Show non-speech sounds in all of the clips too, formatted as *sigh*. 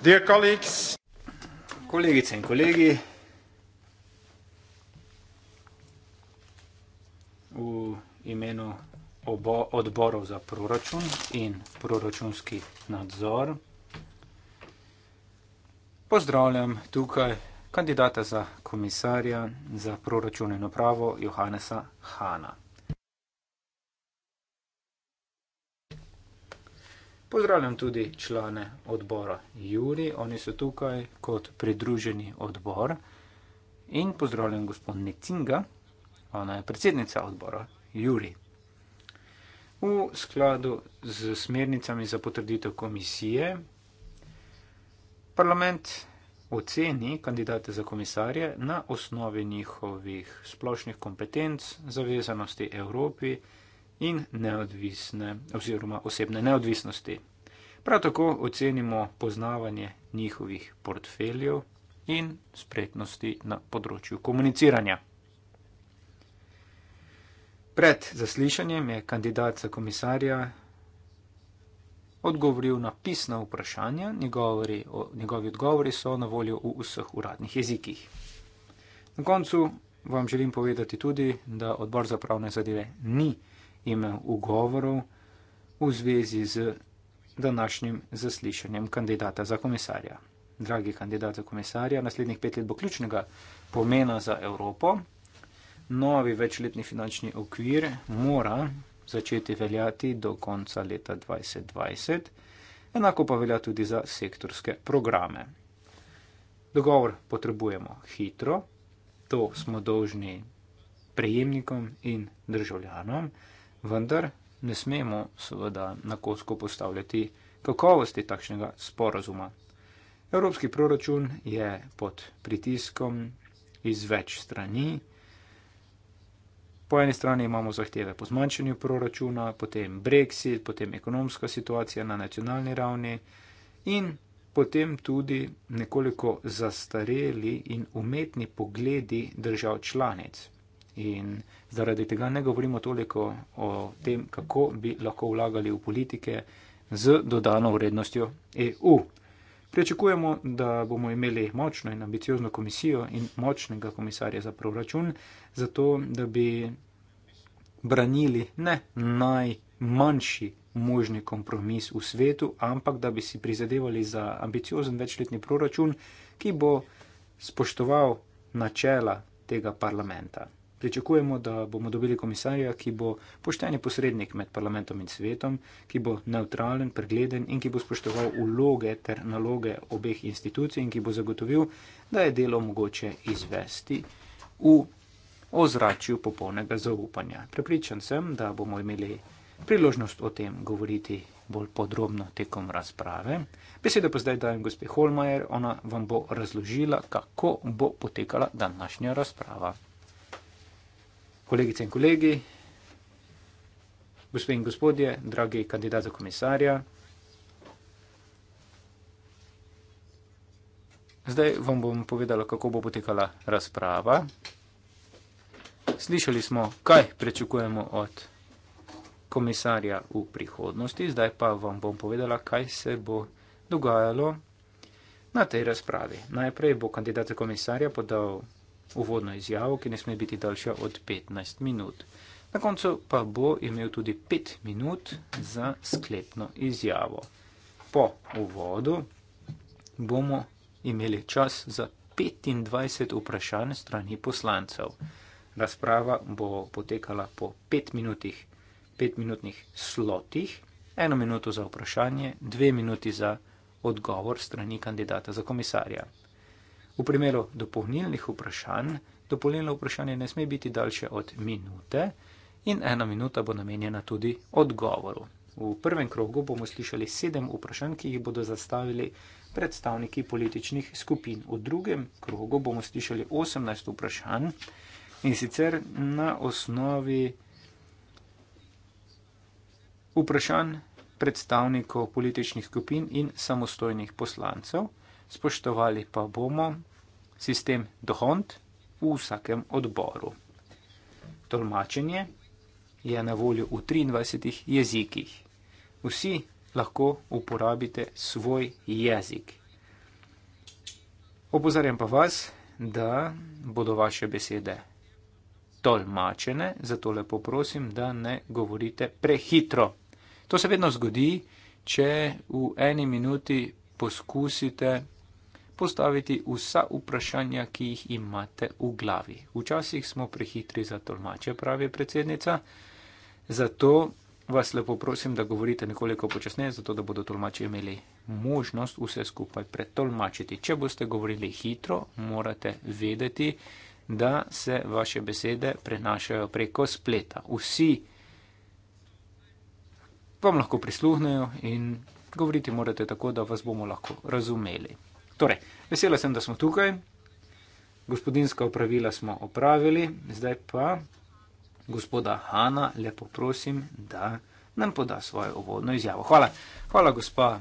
Dear colleagues. Kolegice in kolegi. V imenu obo odborov za proračun in proračunski nadzor. Pozdravljam tukaj kandidata za komisarja za proračun in upravo Johannesa Hana. Pozdravljam tudi člane odbora Juri, oni so tukaj kot pridruženi odbor. In pozdravljam gospod Necinga, ona je predsednica odbora Juri. V skladu z smernicami za potrditev komisije, parlament oceni kandidate za komisarje na osnovi njihovih splošnih kompetenc, zavezanosti Evropi, in neodvisne, oziroma osebne neodvisnosti. Prav tako ocenimo poznavanje njihovih portfeljev in spretnosti na področju komuniciranja. Pred zaslišanjem je kandidat za komisarja odgovoril na pisna vprašanja, njegovi, njegovi odgovori so na voljo v vseh uradnih jezikih. Na koncu vam želim povedati tudi, da odbor za pravne zadeve ni imel ugovorov v zvezi z današnjim zaslišanjem kandidata za komisarja. Dragi kandidat za komisarja, naslednjih pet let bo ključnega pomena za Evropo. Novi večletni finančni okvir mora začeti veljati do konca leta 2020, enako pa velja tudi za sektorske programe. Dogovor potrebujemo hitro, to smo dolžni prejemnikom in državljanom vendar ne smemo seveda na kocko postavljati kakovosti takšnega sporazuma. Evropski proračun je pod pritiskom iz več strani. Po eni strani imamo zahteve po zmanjšanju proračuna, potem Brexit, potem ekonomska situacija na nacionalni ravni in potem tudi nekoliko zastareli in umetni pogledi držav članic. In zaradi tega ne govorimo toliko o tem, kako bi lahko vlagali v politike z dodano vrednostjo EU. Prečakujemo, da bomo imeli močno in ambiciozno komisijo in močnega komisarja za proračun, zato da bi branili ne najmanjši možni kompromis v svetu, ampak da bi si prizadevali za ambiciozen večletni proračun, ki bo spoštoval načela tega parlamenta. Pričakujemo, da bomo dobili komisarja, ki bo pošteni posrednik med parlamentom in svetom, ki bo neutralen, pregleden in ki bo spoštoval uloge ter naloge obeh institucij in ki bo zagotovil, da je delo mogoče izvesti v ozračju popolnega zaupanja. Prepričan sem, da bomo imeli priložnost o tem govoriti bolj podrobno tekom razprave. Besedo pa zdaj dajem gospe Holmajer, ona vam bo razložila, kako bo potekala današnja razprava kolegice in kolegi, gospe in gospodje, dragi kandidat za komisarja. Zdaj vam bom povedala, kako bo potekala razprava. Slišali smo, kaj prečakujemo od komisarja v prihodnosti, zdaj pa vam bom povedala, kaj se bo dogajalo na tej razpravi. Najprej bo kandidat za komisarja podal uvodno izjavo, ki ne sme biti daljša od 15 minut. Na koncu pa bo imel tudi 5 minut za sklepno izjavo. Po uvodu bomo imeli čas za 25 vprašanj strani poslancev. Razprava bo potekala po 5 minutih, 5 minutnih slotih, 1 minuto za vprašanje, 2 minuti za odgovor strani kandidata za komisarja. V primeru dopolnilnih vprašanj, dopolnilno vprašanje ne sme biti daljše od minute in ena minuta bo namenjena tudi odgovoru. V prvem krogu bomo slišali sedem vprašanj, ki jih bodo zastavili predstavniki političnih skupin. V drugem krogu bomo slišali 18 vprašanj in sicer na osnovi vprašanj predstavnikov političnih skupin in samostojnih poslancev spoštovali pa bomo sistem dohond v vsakem odboru. Tolmačenje je na voljo v 23 jezikih. Vsi lahko uporabite svoj jezik. Opozarjam pa vas, da bodo vaše besede tolmačene, zato lepo prosim, da ne govorite prehitro. To se vedno zgodi, če v eni minuti poskusite postaviti vsa vprašanja, ki jih imate v glavi. Včasih smo prehitri za tolmače, pravi predsednica. Zato vas lepo prosim, da govorite nekoliko počasneje, zato da bodo tolmači imeli možnost vse skupaj pretolmačiti. Če boste govorili hitro, morate vedeti, da se vaše besede prenašajo preko spleta. Vsi vam lahko prisluhnejo in govoriti morate tako, da vas bomo lahko razumeli. Torej, vesela sem, da smo tukaj, gospodinska opravila smo opravili, zdaj pa gospoda Hanna, lepo prosim, da nam poda svojo uvodno izjavo. Hvala. Hvala, gospa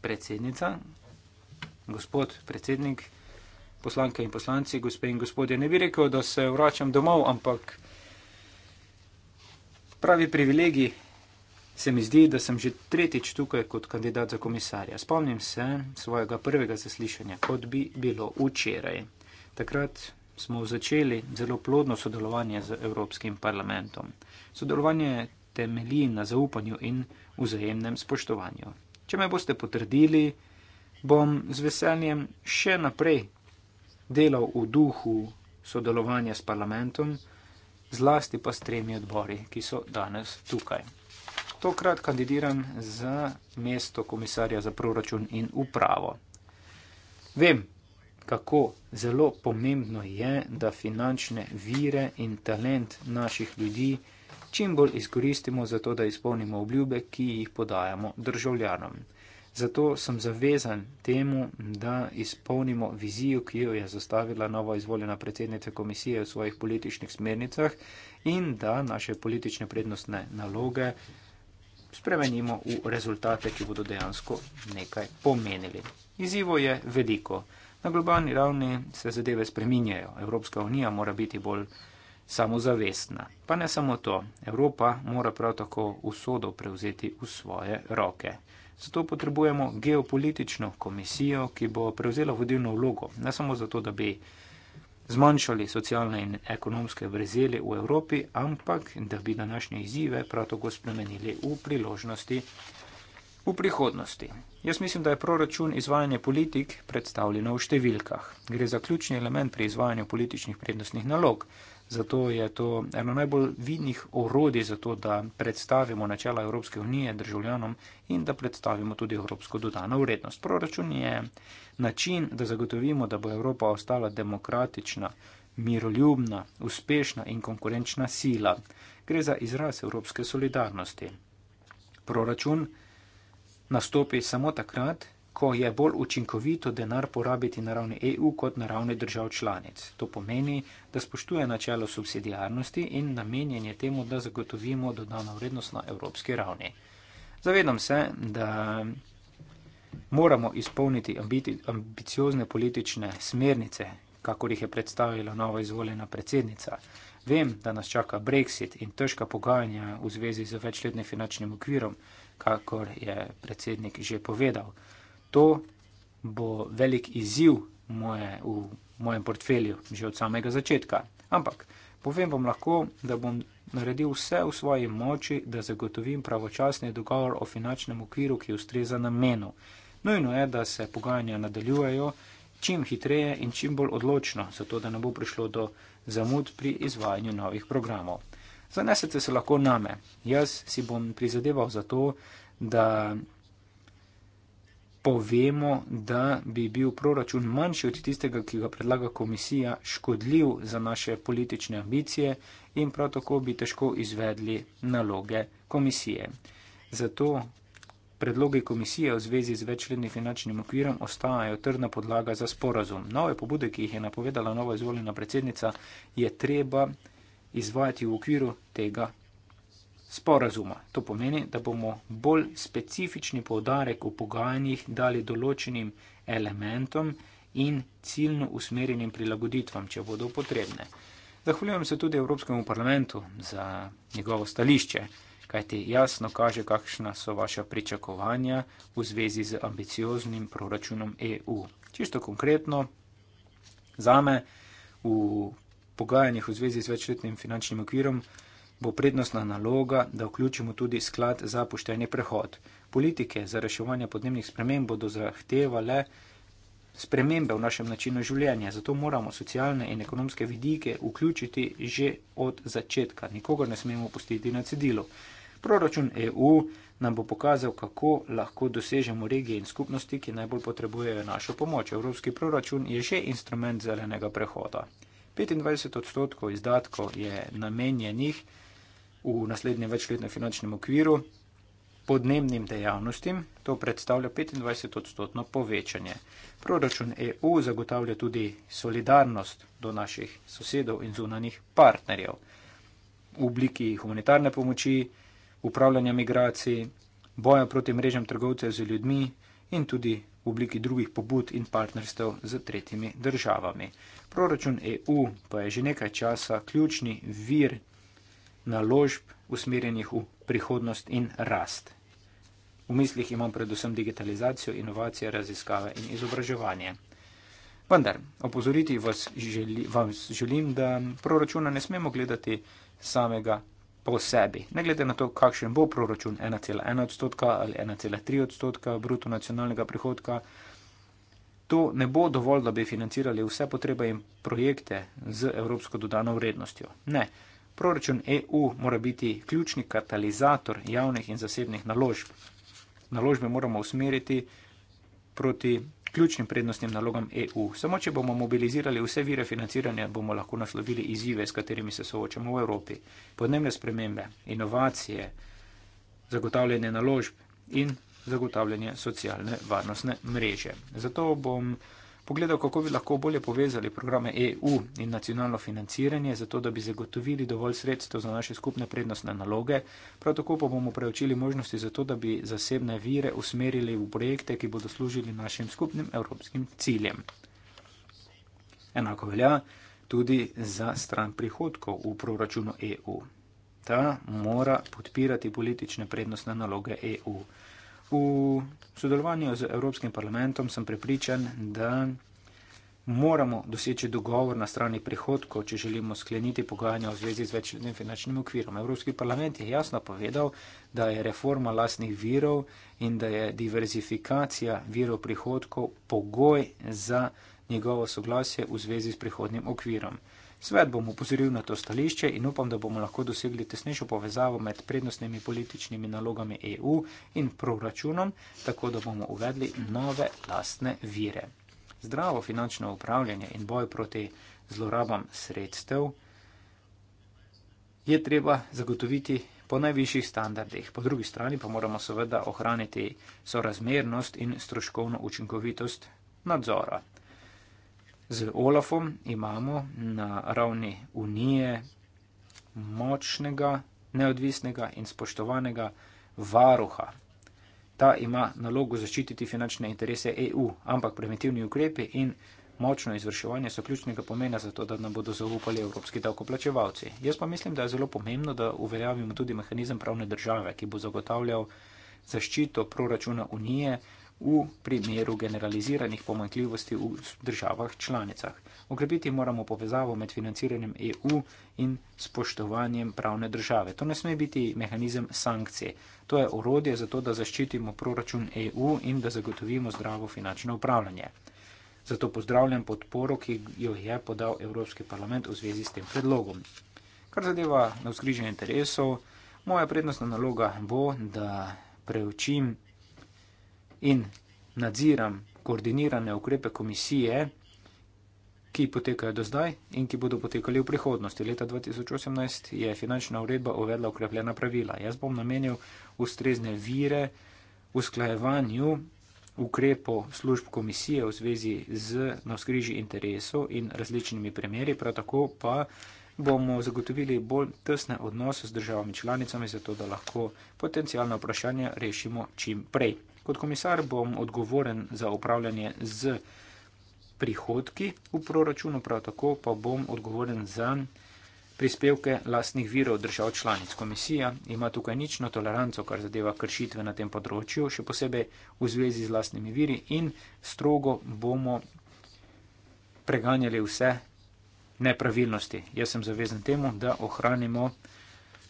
predsednica, gospod predsednik, poslanke in poslanci, gospe in gospodje. Ne bi rekel, da se vračam domov, ampak pravi privilegiji se mi zdi, da sem že tretjič tukaj kot kandidat za komisarja. Spomnim se svojega prvega zaslišanja, kot bi bilo včeraj. Takrat smo začeli zelo plodno sodelovanje z Evropskim parlamentom. Sodelovanje temelji na zaupanju in vzajemnem spoštovanju. Če me boste potrdili, bom z veseljem še naprej delal v duhu sodelovanja s parlamentom, zlasti pa s tremi odbori, ki so danes tukaj tokrat kandidiram za mesto komisarja za proračun in upravo. Vem, kako zelo pomembno je, da finančne vire in talent naših ljudi čim bolj izkoristimo za to, da izpolnimo obljube, ki jih podajamo državljanom. Zato sem zavezan temu, da izpolnimo vizijo, ki jo je zastavila nova izvoljena predsednica komisije v svojih političnih smernicah in da naše politične prednostne naloge spremenimo v rezultate, ki bodo dejansko nekaj pomenili. Izzivo je veliko. Na globalni ravni se zadeve spreminjajo. Evropska unija mora biti bolj samozavestna. Pa ne samo to. Evropa mora prav tako usodo prevzeti v svoje roke. Zato potrebujemo geopolitično komisijo, ki bo prevzela vodilno vlogo. Ne samo zato, da bi zmanjšali socialne in ekonomske vrzeli v Evropi, ampak da bi današnje izzive prav tako spremenili v priložnosti v prihodnosti. Jaz mislim, da je proračun izvajanje politik predstavljeno v številkah. Gre za ključni element pri izvajanju političnih prednostnih nalog. Zato je to eno najbolj vidnih orodij za to, da predstavimo načela Evropske unije državljanom in da predstavimo tudi evropsko dodano vrednost. Proračun je način, da zagotovimo, da bo Evropa ostala demokratična, miroljubna, uspešna in konkurenčna sila. Gre za izraz evropske solidarnosti. Proračun nastopi samo takrat, ko je bolj učinkovito denar porabiti na ravni EU kot na ravni držav članic. To pomeni, da spoštuje načelo subsidijarnosti in namenjenje temu, da zagotovimo dodano vrednost na evropski ravni. Zavedam se, da moramo izpolniti ambiciozne politične smernice, kakor jih je predstavila nova izvoljena predsednica. Vem, da nas čaka brexit in težka pogajanja v zvezi z večletnim finančnim okvirom, kakor je predsednik že povedal to bo velik izziv moje, v mojem portfelju, že od samega začetka. Ampak povem vam lahko, da bom naredil vse v svoji moči, da zagotovim pravočasni dogovor o finančnem okviru, ki ustreza namenu. Nujno je, da se pogajanja nadaljujejo čim hitreje in čim bolj odločno, zato da ne bo prišlo do zamud pri izvajanju novih programov. Zanesete se lahko name. Jaz si bom prizadeval za to, da povemo, da bi bil proračun manjši od tistega, ki ga predlaga komisija, škodljiv za naše politične ambicije in prav tako bi težko izvedli naloge komisije. Zato predloge komisije v zvezi z večletnim finančnim okvirom ostajajo trdna podlaga za sporazum. Nove pobude, ki jih je napovedala nova izvoljena predsednica, je treba izvajati v okviru tega sporazuma. To pomeni, da bomo bolj specifični povdarek v pogajanjih dali določenim elementom in ciljno usmerjenim prilagoditvam, če bodo potrebne. Zahvaljujem se tudi Evropskemu parlamentu za njegovo stališče, kajti jasno kaže, kakšna so vaša pričakovanja v zvezi z ambicioznim proračunom EU. Čisto konkretno, zame v pogajanjih v zvezi z večletnim finančnim okvirom bo prednostna naloga, da vključimo tudi sklad za pošteni prehod. Politike za reševanje podnebnih sprememb bodo zahtevale spremembe v našem načinu življenja, zato moramo socialne in ekonomske vidike vključiti že od začetka. Nikogar ne smemo pustiti na cedilu. Proračun EU nam bo pokazal, kako lahko dosežemo regije in skupnosti, ki najbolj potrebujejo našo pomoč. Evropski proračun je že instrument zelenega prehoda. 25 odstotkov izdatkov je namenjenih njih v naslednjem večletnem finančnem okviru podnebnim dejavnostim. To predstavlja 25 odstotno povečanje. Proračun EU zagotavlja tudi solidarnost do naših sosedov in zunanih partnerjev v obliki humanitarne pomoči, upravljanja migracij, boja proti mrežam trgovcev z ljudmi in tudi v obliki drugih pobud in partnerstev z tretjimi državami. Proračun EU pa je že nekaj časa ključni vir naložb usmerjenih v prihodnost in rast. V mislih imam predvsem digitalizacijo, inovacije, raziskave in izobraževanje. Vendar, opozoriti vas, želi, vas želim, da proračuna ne smemo gledati samega po sebi. Ne glede na to, kakšen bo proračun 1,1 odstotka ali 1,3 odstotka bruto nacionalnega prihodka, to ne bo dovolj, da bi financirali vse potrebe in projekte z evropsko dodano vrednostjo. Ne. Proračun EU mora biti ključni katalizator javnih in zasebnih naložb. Naložbe moramo usmeriti proti ključnim prednostnim nalogam EU. Samo, če bomo mobilizirali vse vire financiranja, bomo lahko naslovili izzive, s katerimi se soočamo v Evropi. Podnebne spremembe, inovacije, zagotavljanje naložb in zagotavljanje socialne varnostne mreže. Zato bom pogledal, kako bi lahko bolje povezali programe EU in nacionalno financiranje, zato da bi zagotovili dovolj sredstev za naše skupne prednostne naloge. Prav tako pa bomo preučili možnosti za to, da bi zasebne vire usmerili v projekte, ki bodo služili našim skupnim evropskim ciljem. Enako velja tudi za stran prihodkov v proračunu EU. Ta mora podpirati politične prednostne naloge EU. V sodelovanju z Evropskim parlamentom sem prepričan, da moramo doseči dogovor na strani prihodkov, če želimo skleniti pogajanja v zvezi z večletnim finančnim okvirom. Evropski parlament je jasno povedal, da je reforma lasnih virov in da je diverzifikacija virov prihodkov pogoj za njegovo soglasje v zvezi s prihodnim okvirom. Svet bom upozoril na to stališče in upam, da bomo lahko dosegli tesnejšo povezavo med prednostnimi političnimi nalogami EU in proračunom, tako da bomo uvedli nove lastne vire. Zdravo finančno upravljanje in boj proti zlorabam sredstev je treba zagotoviti po najvišjih standardih. Po drugi strani pa moramo seveda ohraniti sorazmernost in stroškovno učinkovitost nadzora z Olafom imamo na ravni unije močnega, neodvisnega in spoštovanega varuha. Ta ima nalogo zaščititi finančne interese EU, ampak preventivni ukrepi in močno izvrševanje so ključnega pomena za to, da nam bodo zaupali evropski davkoplačevalci. Jaz pa mislim, da je zelo pomembno, da uveljavimo tudi mehanizem pravne države, ki bo zagotavljal zaščito proračuna unije v primeru generaliziranih pomankljivosti v državah članicah. Okrepiti moramo povezavo med financiranjem EU in spoštovanjem pravne države. To ne sme biti mehanizem sankcije. To je orodje za to, da zaščitimo proračun EU in da zagotovimo zdravo finančno upravljanje. Zato pozdravljam podporo, ki jo je podal Evropski parlament v zvezi s tem predlogom. Kar zadeva na vzkriženje interesov, moja prednostna naloga bo, da preučim in nadziram koordinirane ukrepe komisije, ki potekajo do zdaj in ki bodo potekali v prihodnosti. Leta 2018 je finančna uredba uvedla ukrepljena pravila. Jaz bom namenil ustrezne vire usklajevanju ukrepo služb komisije v zvezi z navskriži interesov in različnimi primeri, prav tako pa bomo zagotovili bolj tesne odnose z državami članicami, zato da lahko potencijalne vprašanja rešimo čim prej. Kot komisar bom odgovoren za upravljanje z prihodki v proračunu, prav tako pa bom odgovoren za prispevke lastnih virov držav članic. Komisija ima tukaj nično toleranco, kar zadeva kršitve na tem področju, še posebej v zvezi z lastnimi viri in strogo bomo preganjali vse nepravilnosti. Jaz sem zavezan temu, da ohranimo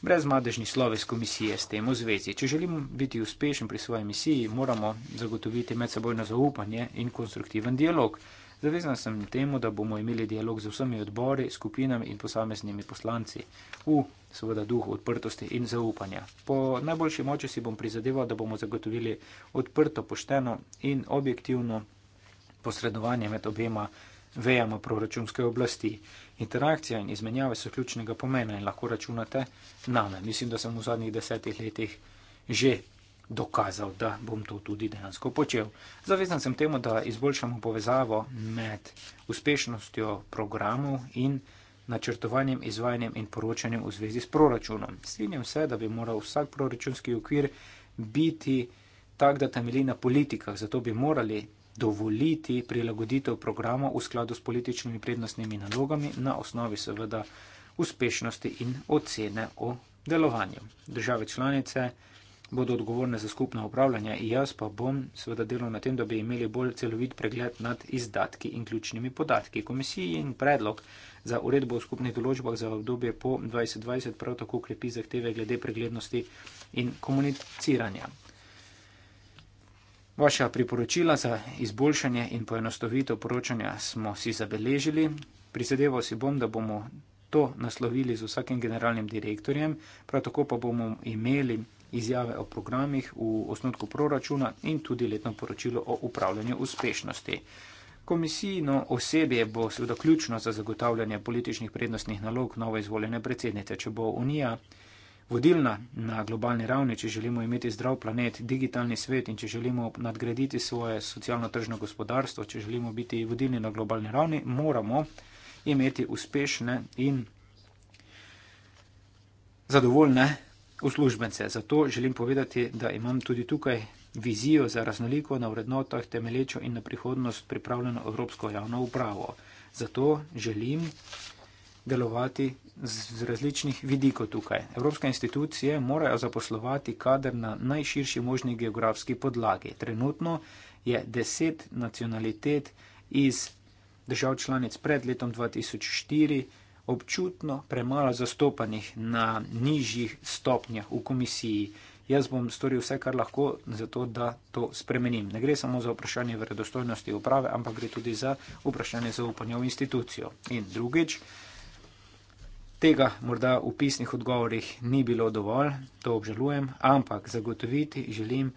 brez madežni sloves komisije s tem v zvezi. Če želimo biti uspešni pri svoji misiji, moramo zagotoviti medsebojno zaupanje in konstruktiven dialog. Zavezan sem temu, da bomo imeli dialog z vsemi odbori, skupinami in posameznimi poslanci v seveda duhu odprtosti in zaupanja. Po najboljši moči si bom prizadeval, da bomo zagotovili odprto, pošteno in objektivno posredovanje med obema vejama proračunske oblasti. Interakcija in izmenjave so ključnega pomena in lahko računate na me. Mislim, da sem v zadnjih desetih letih že dokazal, da bom to tudi dejansko počel. Zavezan sem temu, da izboljšamo povezavo med uspešnostjo programov in načrtovanjem, izvajanjem in poročanjem v zvezi s proračunom. Strinjam se, da bi moral vsak proračunski okvir biti tak, da temelji na politikah, zato bi morali dovoliti prilagoditev programa v skladu s političnimi prednostnimi nalogami na osnovi seveda uspešnosti in ocene o delovanju. Države članice bodo odgovorne za skupno upravljanje, jaz pa bom seveda delal na tem, da bi imeli bolj celovit pregled nad izdatki in ključnimi podatki. Komisiji in predlog za uredbo o skupnih določbah za obdobje po 2020 prav tako krepi zahteve glede preglednosti in komuniciranja. Vaša priporočila za izboljšanje in poenostavitev poročanja smo si zabeležili. Prizadeval si bom, da bomo to naslovili z vsakim generalnim direktorjem, prav tako pa bomo imeli izjave o programih v osnutku proračuna in tudi letno poročilo o upravljanju uspešnosti. Komisijno osebje bo seveda ključno za zagotavljanje političnih prednostnih nalog novo izvoljene predsednice, če bo Unija vodilna na globalni ravni, če želimo imeti zdrav planet, digitalni svet in če želimo nadgraditi svoje socialno-tržno gospodarstvo, če želimo biti vodilni na globalni ravni, moramo imeti uspešne in zadovoljne uslužbence. Zato želim povedati, da imam tudi tukaj vizijo za raznoliko na vrednotah temelječo in na prihodnost pripravljeno evropsko javno upravo. Zato želim delovati z različnih vidikov tukaj. Evropske institucije morajo zaposlovati kader na najširši možni geografski podlagi. Trenutno je deset nacionalitet iz držav članic pred letom 2004 občutno premalo zastopanih na nižjih stopnjah v komisiji. Jaz bom storil vse, kar lahko, zato da to spremenim. Ne gre samo za vprašanje verodostojnosti uprave, ampak gre tudi za vprašanje zaupanja v institucijo. In drugič, Tega morda v pisnih odgovorih ni bilo dovolj, to obžalujem, ampak zagotoviti želim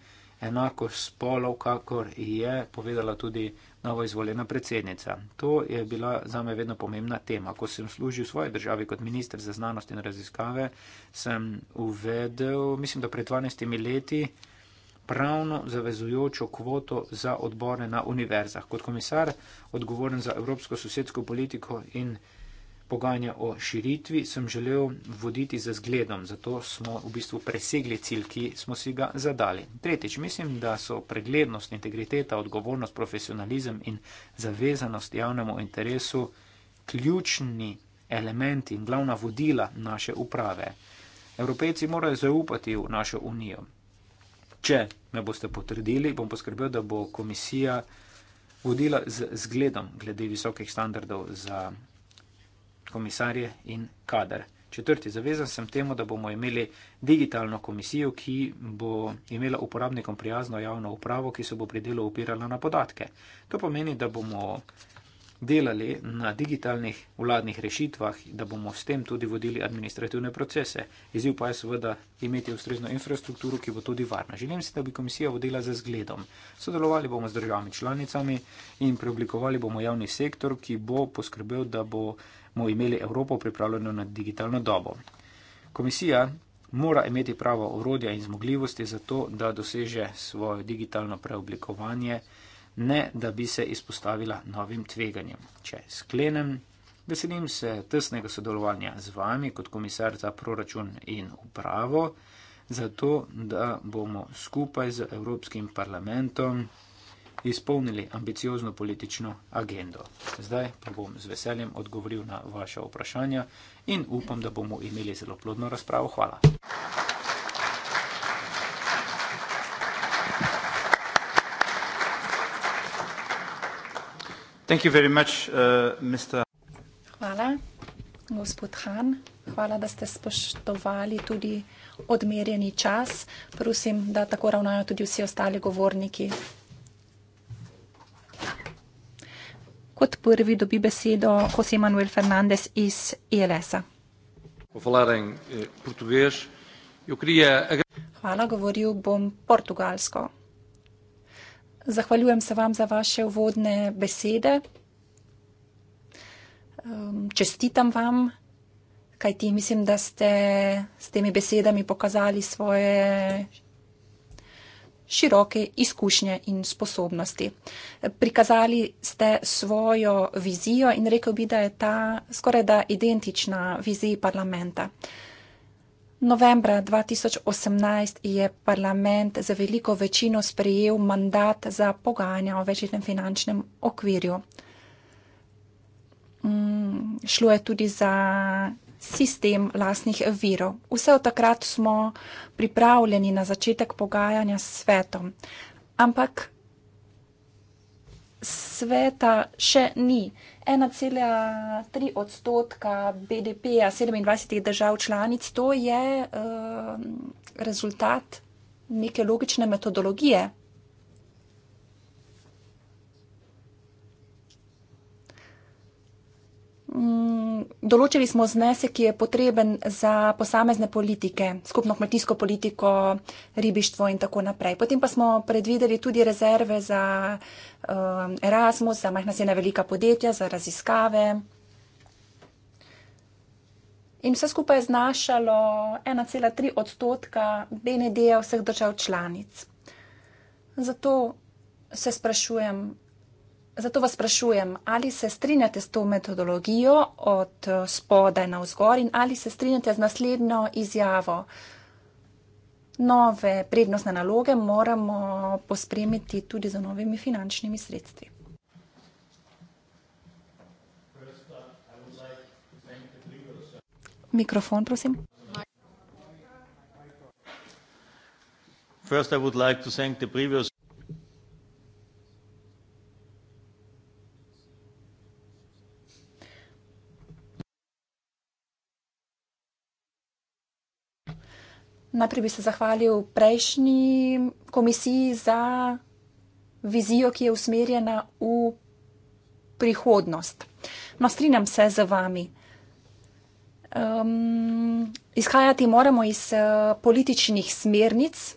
enako spolov, kakor je povedala tudi novo izvoljena predsednica. To je bila za me vedno pomembna tema. Ko sem služil v svoji državi kot minister za znanost in raziskave, sem uvedel, mislim, da pred 12 leti pravno zavezujočo kvoto za odbore na univerzah. Kot komisar, odgovoren za evropsko sosedsko politiko in pogajanja o širitvi sem želel voditi za zgledom, zato smo v bistvu presegli cilj, ki smo si ga zadali. Tretjič, mislim, da so preglednost, integriteta, odgovornost, profesionalizem in zavezanost javnemu interesu ključni elementi in glavna vodila naše uprave. Evropejci morajo zaupati v našo unijo. Če me boste potrdili, bom poskrbel, da bo komisija vodila z zgledom glede visokih standardov za komisarje in kader. Četrti, zavezan sem temu, da bomo imeli digitalno komisijo, ki bo imela uporabnikom prijazno javno upravo, ki se bo pri delu opirala na podatke. To pomeni, da bomo delali na digitalnih vladnih rešitvah, da bomo s tem tudi vodili administrativne procese. Izziv pa je seveda imeti ustrezno infrastrukturo, ki bo tudi varna. Želim si, da bi komisija vodila za zgledom. Sodelovali bomo z državami članicami in preoblikovali bomo javni sektor, ki bo poskrbel, da bo bomo imeli Evropo pripravljeno na digitalno dobo. Komisija mora imeti pravo orodja in zmogljivosti za to, da doseže svoje digitalno preoblikovanje, ne da bi se izpostavila novim tveganjem. Če sklenem, veselim se tesnega sodelovanja z vami kot komisar za proračun in upravo, zato da bomo skupaj z Evropskim parlamentom izpolnili ambiciozno politično agendo. Zdaj pa bom z veseljem odgovoril na vaše vprašanja in upam, da bomo imeli zelo plodno razpravo. Hvala. Much, uh, hvala, gospod Han. Hvala, da ste spoštovali tudi odmerjeni čas. Prosim, da tako ravnajo tudi vsi ostali govorniki. Kot prvi dobi besedo Jose Manuel Fernandez iz ILS-a. E eh, Hvala, govoril bom portugalsko. Zahvaljujem se vam za vaše uvodne besede. Ehm, čestitam vam, kajti mislim, da ste s temi besedami pokazali svoje široke izkušnje in sposobnosti. Prikazali ste svojo vizijo in rekel bi, da je ta skoraj da identična viziji parlamenta. Novembra 2018 je parlament za veliko večino sprejel mandat za pogajanja o večjem finančnem okvirju. Mm, šlo je tudi za sistem lastnih virov. Vse od takrat smo pripravljeni na začetek pogajanja s svetom. Ampak sveta še ni. 1,3 odstotka BDP-ja 27 držav članic, to je uh, rezultat neke logične metodologije, Mm, določili smo znesek, ki je potreben za posamezne politike, skupno kmetijsko politiko, ribištvo in tako naprej. Potem pa smo predvideli tudi rezerve za um, Erasmus, za majhna sena velika podjetja, za raziskave. In vse skupaj je znašalo 1,3 odstotka BND-ja vseh držav članic. Zato se sprašujem, Zato vas sprašujem, ali se strinjate s to metodologijo od spodaj na vzgor in ali se strinjate z naslednjo izjavo. Nove prednostne naloge moramo pospremiti tudi za novimi finančnimi sredstvi. Mikrofon, prosim. First, I would like to thank the previous Najprej bi se zahvalil prejšnji komisiji za vizijo, ki je usmerjena v prihodnost. No, strinjam se z vami. Um, izhajati moramo iz eh, političnih smernic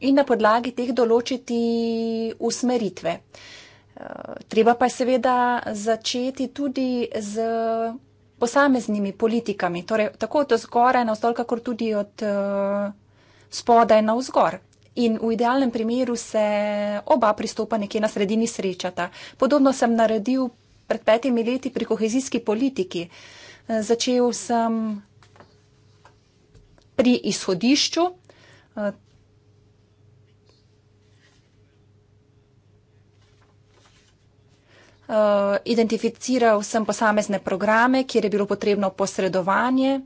in na podlagi teh določiti usmeritve. Eh, treba pa je seveda začeti tudi z posameznimi politikami, torej tako od zgoraj na vzdolj, kakor tudi od uh, spodaj na vzgor. In v idealnem primeru se oba pristopa nekje na sredini srečata. Podobno sem naredil pred petimi leti pri kohezijski politiki. Eh, začel sem pri izhodišču. Uh, Eh, identificiral sem posamezne programe, kjer je bilo potrebno posredovanje.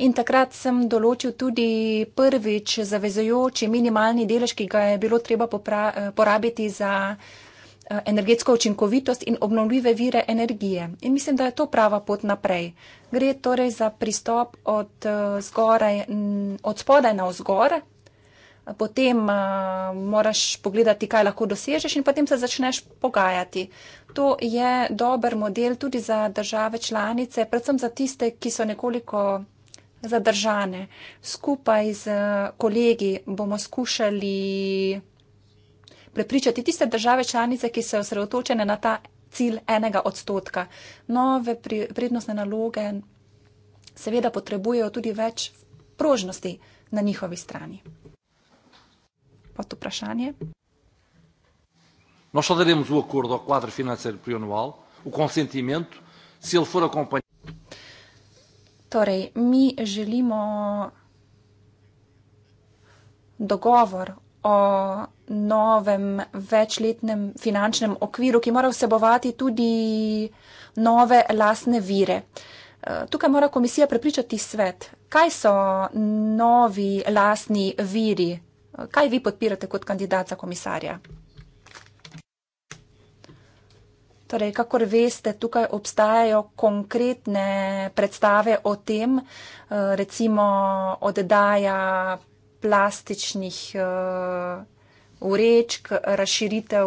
In takrat sem določil tudi prvič zavezojoči minimalni delež, ki ga je bilo treba eh, porabiti za eh, energetsko učinkovitost in obnovljive vire energije. In mislim, da je to prava pot naprej. Gre torej za pristop od, zgoraj, od spodaj na vzgor, potem uh, moraš pogledati, kaj lahko dosežeš in potem se začneš pogajati. To je dober model tudi za države članice, predvsem za tiste, ki so nekoliko zadržane. Skupaj z eh, kolegi bomo skušali prepričati tiste države članice, ki so osredotočene na ta cilj enega odstotka. Nove prednostne naloge seveda potrebujejo tudi več prožnosti na njihovi strani pode vprašanje. Nós só daremos o acordo ao quadro financeiro plurianual, o consentimento, se ele for acompanhado. Torej, mi želimo dogovor o novem večletnem finančnem okviru, ki mora vsebovati tudi nove lasne vire. Eh, tukaj mora komisija prepričati svet, kaj so novi lasni viri Kaj vi podpirate kot kandidat za komisarja? Torej, kakor veste, tukaj obstajajo konkretne predstave o tem, eh, recimo oddaja plastičnih urečk, eh, razširitev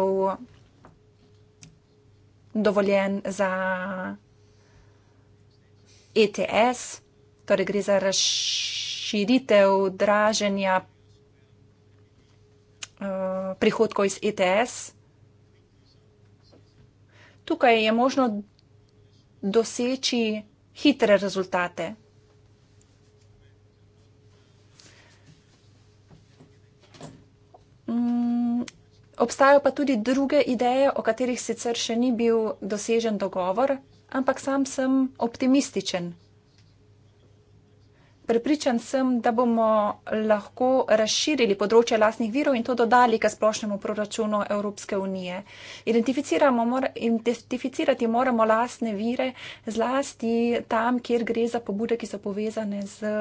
dovoljen za ETS, torej gre za razširitev draženja Eh, prihodkov iz ETS. Tukaj je možno doseči hitre rezultate. Mm, obstajajo pa tudi druge ideje, o katerih sicer še ni bil dosežen dogovor, ampak sam sem optimističen. Prepričan sem, da bomo lahko razširili področje lastnih virov in to dodali k splošnemu proračunu Evropske unije. Identificiramo, mora, identificirati moramo lastne vire zlasti tam, kjer gre za pobude, ki so povezane z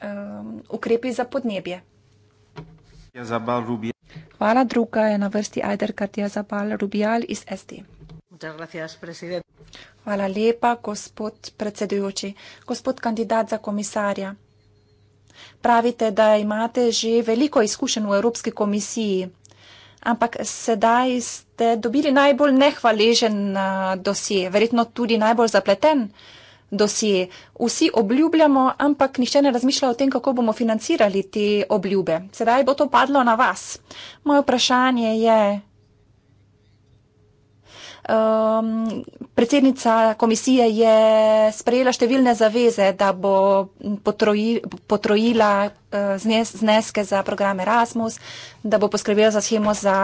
um, ukrepi za podnebje. Hvala, druga je na vrsti Ajder Katja Zabal Rubijal iz SD. Hvala lepa, gospod predsedujoči. Gospod kandidat za komisarja, pravite, da imate že veliko izkušenj v Evropski komisiji, ampak sedaj ste dobili najbolj nehvaležen dosje, verjetno tudi najbolj zapleten dosje. Vsi obljubljamo, ampak nihče ne razmišlja o tem, kako bomo financirali te obljube. Sedaj bo to padlo na vas. Moje vprašanje je, Um, predsednica komisije je sprejela številne zaveze, da bo potroji, potrojila eh, znes, zneske za program Erasmus, da bo poskrbela za schemo za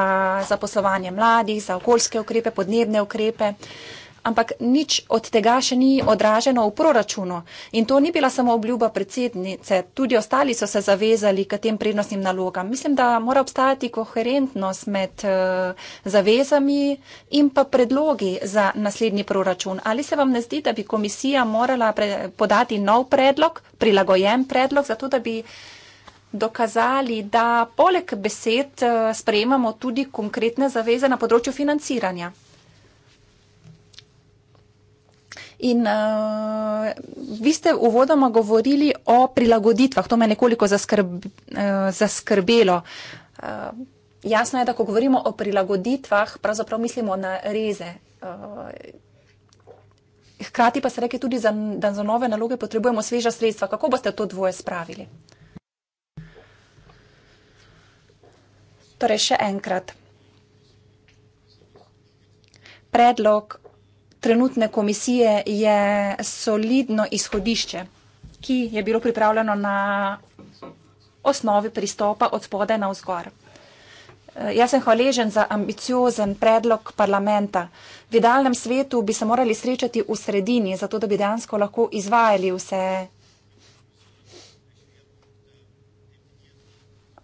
zaposlovanje mladih, za okoljske ukrepe, podnebne ukrepe. Uh, ampak nič od tega še ni odraženo v proračunu. In to ni bila samo obljuba predsednice, tudi ostali so se zavezali k tem prednostnim nalogam. Mislim, da mora obstajati koherentnost med eh, zavezami in pa predlogi za naslednji proračun. Ali se vam ne zdi, da bi komisija morala podati nov predlog, prilagojen predlog, zato da bi dokazali, da poleg besed eh, sprejemamo tudi konkretne zaveze na področju financiranja. In uh, vi ste uvodoma govorili o prilagoditvah, to me je nekoliko zaskrb, uh, zaskrbelo. Uh, jasno je, da ko govorimo o prilagoditvah, pravzaprav mislimo na reze. Uh, Hkrati pa se reke tudi, za, da za nove naloge potrebujemo sveža sredstva. Kako boste to dvoje spravili? Torej, še enkrat. Predlog trenutne komisije je solidno izhodišče, ki je bilo pripravljeno na osnovi pristopa od spode na vzgor. Eh, jaz sem hvaležen za ambiciozen predlog parlamenta. V idealnem svetu bi se morali srečati v sredini, zato da bi dejansko lahko izvajali vse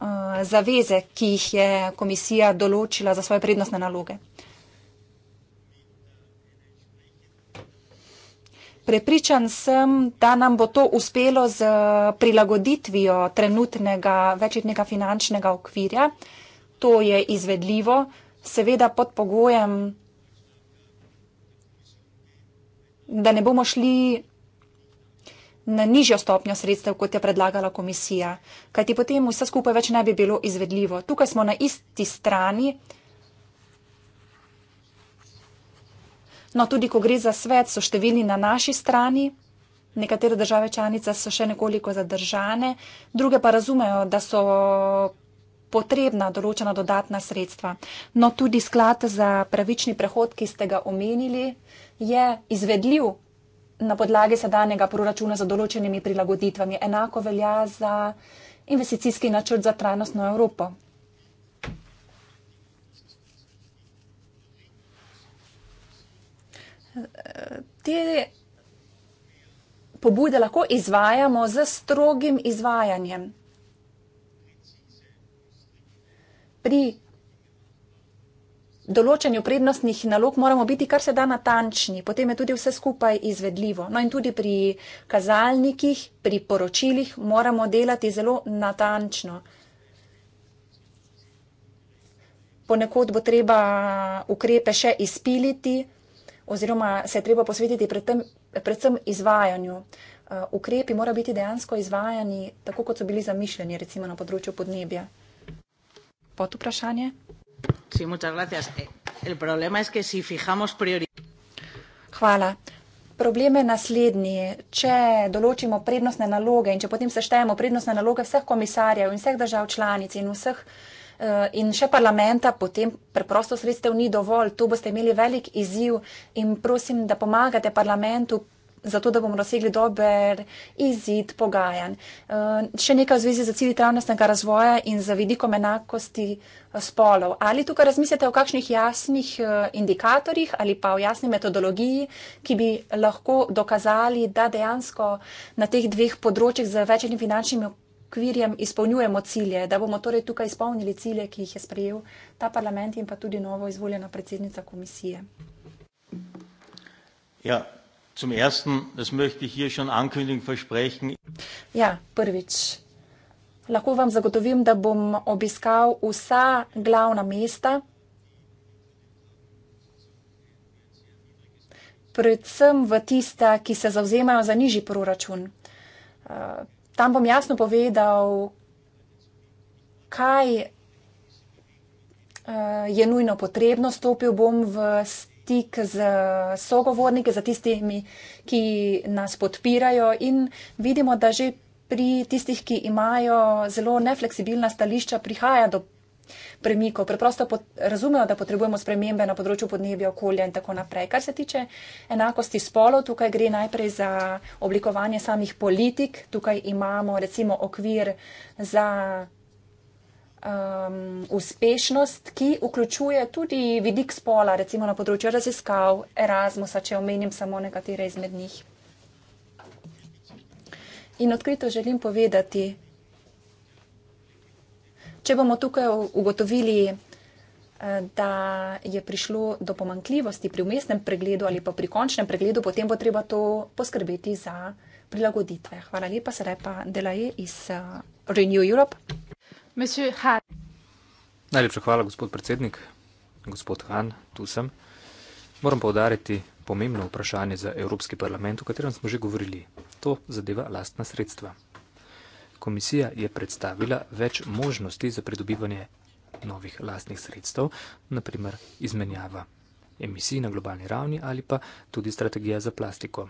eh, zaveze, ki jih je komisija določila za svoje prednostne naloge. Prepričan sem, da nam bo to uspelo z prilagoditvijo trenutnega večletnega finančnega okvirja. To je izvedljivo, seveda pod pogojem, da ne bomo šli na nižjo stopnjo sredstev, kot je predlagala komisija, kajti potem vse skupaj več ne bi bilo izvedljivo. Tukaj smo na isti strani. No, tudi ko gre za svet, so številni na naši strani, nekatere države članice so še nekoliko zadržane, druge pa razumejo, da so potrebna določena dodatna sredstva. No, tudi sklad za pravični prehod, ki ste ga omenili, je izvedljiv na podlagi sedanjega proračuna za določenimi prilagoditvami. Enako velja za investicijski načrt za trajnostno Evropo. te pobude lahko izvajamo z strogim izvajanjem. Pri določanju prednostnih nalog moramo biti kar se da natančni, potem je tudi vse skupaj izvedljivo. No in tudi pri kazalnikih, pri poročilih moramo delati zelo natančno. Ponekod bo treba ukrepe še izpiliti oziroma se je treba posvetiti predtem, predvsem izvajanju. Eh, ukrepi morajo biti dejansko izvajani tako, kot so bili zamišljeni, recimo na področju podnebja. Pod vprašanje? Eh, Hvala. Problem je naslednji. Če določimo prednostne naloge in če potem seštejemo prednostne naloge vseh komisarjev in vseh držav članic in vseh uh, Eh, in še parlamenta, potem preprosto sredstev ni dovolj. Tu boste imeli velik izziv in prosim, da pomagate parlamentu. Zato, da bomo dosegli dober izid pogajanj. Eh, še nekaj v zvezi z cilji trajnostnega razvoja in z vidikom enakosti eh, spolov. Ali tukaj razmislite o kakšnih jasnih indikatorjih ali pa o jasni metodologiji, ki bi lahko dokazali, da dejansko na teh dveh področjih z večjimi finančnimi okvirjem izpolnjujemo cilje, da bomo torej tukaj izpolnili cilje, ki jih je sprejel ta parlament in pa tudi novo izvoljena predsednica komisije. Ja. Zum Ersten, das möchte ich hier schon ankündigen, versprechen. Ja, prvič. Lahko vam zagotovim, da bom obiskal vsa glavna mesta, predvsem v tista, ki se zauzemajo za nižji proračun. Eh, Tam bom jasno povedal, kaj uh, je nujno potrebno. Stopil bom v stik z sogovorniki, z tistimi, ki nas podpirajo in vidimo, da že pri tistih, ki imajo zelo nefleksibilna stališča, prihaja do premikov. Preprosto pot, razumejo, da potrebujemo spremembe na področju podnebja, okolja in tako naprej. Kar se tiče enakosti spolov, tukaj gre najprej za oblikovanje samih politik. Tukaj imamo recimo okvir za. Um, uspešnost, ki vključuje tudi vidik spola, recimo na področju raziskav, Erasmusa, če omenim samo nekatere izmed njih. In odkrito želim povedati, Če bomo tukaj ugotovili, eh, da je prišlo do pomankljivosti pri umestnem pregledu ali pa pri končnem pregledu, potem bo treba to poskrbeti za prilagoditve. Hvala lepa, sedaj pa Delaje iz eh, Renew Europe. Najlepša hvala, gospod predsednik, gospod Han, tu sem. Moram povdariti pomembno vprašanje za Evropski parlament, o katerem smo že govorili. To zadeva lastna sredstva. Komisija je predstavila več možnosti za pridobivanje novih lastnih sredstev, naprimer izmenjava emisij na globalni ravni ali pa tudi strategija za plastiko.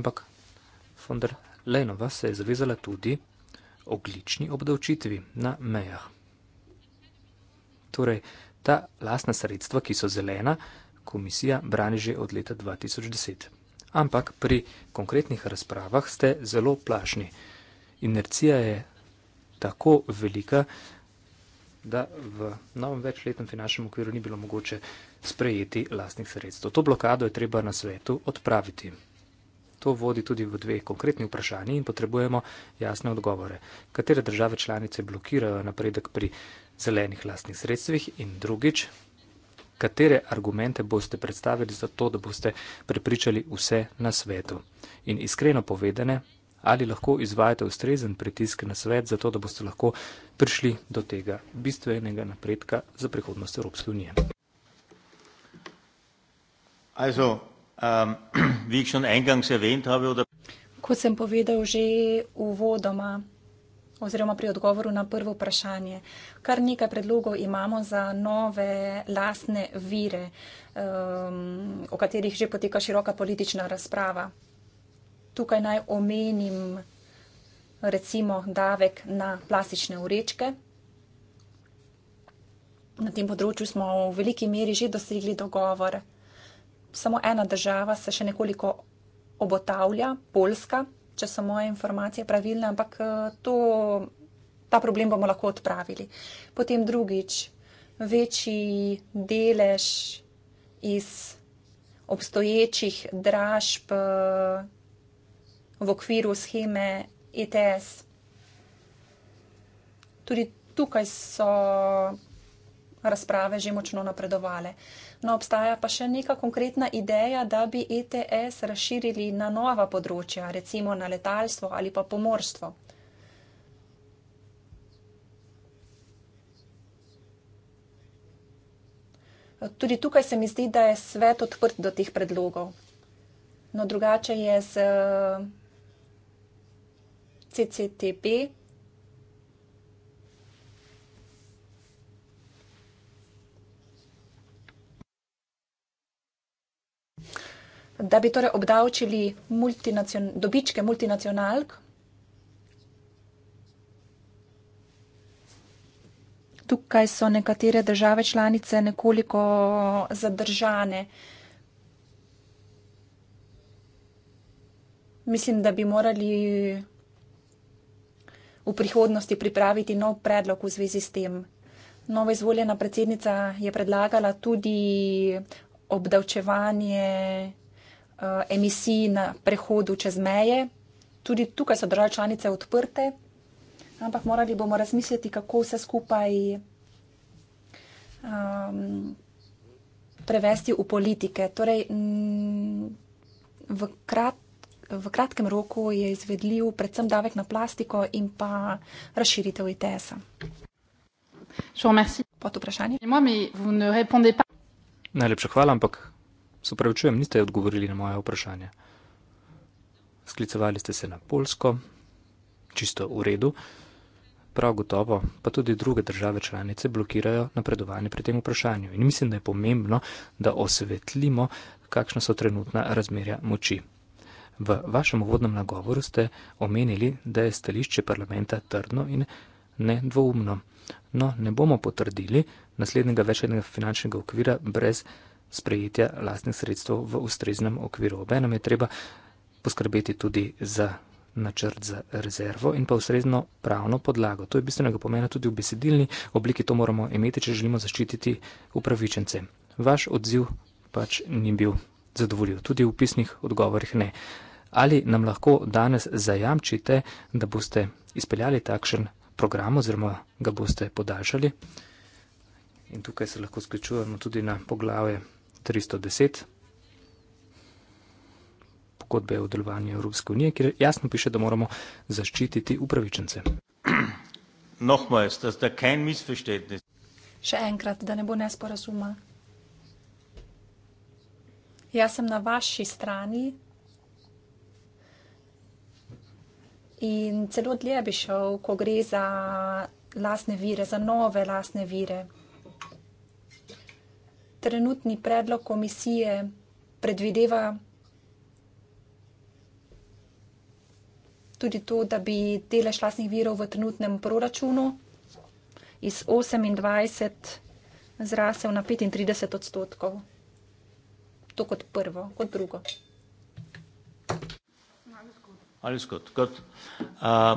Ampak von der Leinova se je zavezala tudi oglični obdavčitvi na mejah. Torej, ta lastna sredstva, ki so zelena, komisija brani že od leta 2010. Ampak pri konkretnih razpravah ste zelo plašni inercija je tako velika, da v novem večletnem finančnem okviru ni bilo mogoče sprejeti lastnih sredstev. To blokado je treba na svetu odpraviti. To vodi tudi v dve konkretni vprašanji in potrebujemo jasne odgovore. Katere države članice blokirajo napredek pri zelenih lastnih sredstvih in drugič, katere argumente boste predstavili za to, da boste prepričali vse na svetu. In iskreno povedene, ali lahko izvajate ustrezen pritisk na svet, zato da boste lahko prišli do tega bistvenega napredka za prihodnost Evropske unije. Also, um, *clears throat* Kot sem povedal že uvodoma oziroma pri odgovoru na prvo vprašanje, kar nekaj predlogov imamo za nove lastne vire, um, o katerih že poteka široka politična razprava. Tukaj naj omenim recimo davek na plastične urečke. Na tem področju smo v veliki meri že dosegli dogovor. Samo ena država se še nekoliko obotavlja, Poljska, če so moje informacije pravilne, ampak eh, to, ta problem bomo lahko odpravili. Potem drugič, večji delež iz obstoječih dražb eh, v okviru scheme ETS. Tudi tukaj so razprave že močno napredovale. No, obstaja pa še neka konkretna ideja, da bi ETS razširili na nova področja, recimo na letalstvo ali pa pomorstvo. Tudi tukaj se mi zdi, da je svet odprt do teh predlogov. No, drugače je z CCTB. Da bi torej obdavčili multinacion dobičke multinacionalk. Tukaj so nekatere države članice nekoliko zadržane. Mislim, da bi morali v prihodnosti pripraviti nov predlog v zvezi s tem. Nova izvoljena predsednica je predlagala tudi obdavčevanje uh, emisij na prehodu čez meje. Tudi tukaj so države članice odprte, ampak morali bomo razmisliti, kako vse skupaj um, prevesti v politike. Torej, m, v krat, v kratkem roku je izvedljiv predvsem davek na plastiko in pa razširitev ITS-a. Pod vprašanje. Najlepša hvala, ampak se upravičujem, niste odgovorili na moje vprašanje. Sklicovali ste se na Polsko, čisto v redu. Prav gotovo, pa tudi druge države članice blokirajo napredovanje pri tem vprašanju. In mislim, da je pomembno, da osvetlimo, kakšna so trenutna razmerja moči. V vašem uvodnem nagovoru ste omenili, da je stališče parlamenta trdno in nedvoumno. No, ne bomo potrdili naslednjega večjega finančnega okvira brez sprejetja lastnih sredstev v ustreznem okviru. Obenem je treba poskrbeti tudi za načrt za rezervo in pa ustrezno pravno podlago. To je bistvenega pomena tudi v besedilni obliki, to moramo imeti, če želimo zaščititi upravičence. Vaš odziv pač ni bil zadovoljil, tudi v pisnih odgovorih ne. Ali nam lahko danes zajamčite, da boste izpeljali takšen program oziroma ga boste podaljšali? In tukaj se lahko sklečujemo tudi na poglave 310 pogodbe o delovanju Evropske unije, kjer jasno piše, da moramo zaščititi upravičence. Še enkrat, da ne bo nesporazuma. Jaz sem na vaši strani. In celo dlje bi šel, ko gre za lasne vire, za nove lasne vire. Trenutni predlog komisije predvideva tudi to, da bi delež lasnih virov v trenutnem proračunu iz 28 zrasel na 35 odstotkov. To kot prvo, kot drugo. Alles gut. Alles gut. Uh...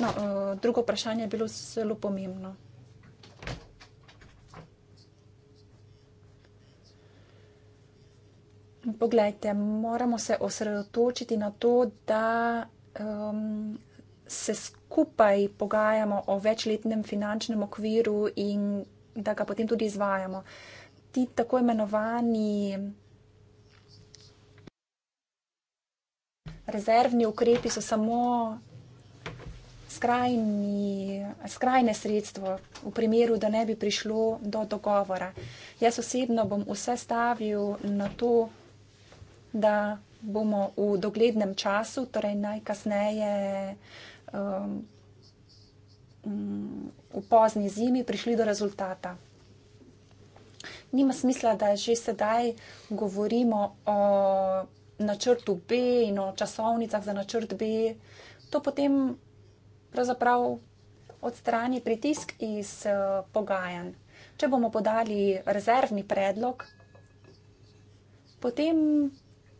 No, uh, drugo vprašanje je bilo zelo pomembno. Poglejte, moramo se osredotočiti na to, da um, se skupaj pogajamo o večletnem finančnem okviru in da ga potem tudi izvajamo. Ti tako imenovani rezervni ukrepi so samo skrajni, skrajne sredstvo v primeru, da ne bi prišlo do dogovora. Jaz osebno bom vse stavil na to, da bomo v doglednem času, torej najkasneje, um, Mm, v pozni zimi prišli do rezultata. Nima smisla, da že sedaj govorimo o načrtu B in o časovnicah za načrt B. To potem pravzaprav odstrani pritisk iz eh, pogajanj. Če bomo podali rezervni predlog, potem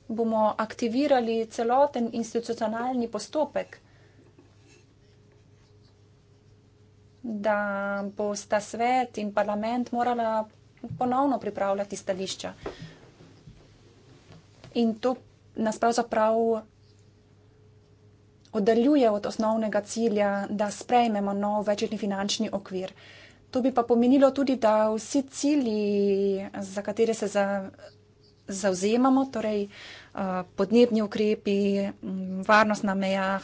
bomo aktivirali celoten institucionalni postopek. da bo sta svet in parlament morala ponovno pripravljati stališča. In to nas pravzaprav oddaljuje od osnovnega cilja, da sprejmemo nov večletni finančni okvir. To bi pa pomenilo tudi, da vsi cilji, za katere se za, zauzemamo, torej uh, podnebni ukrepi, varnost na mejah,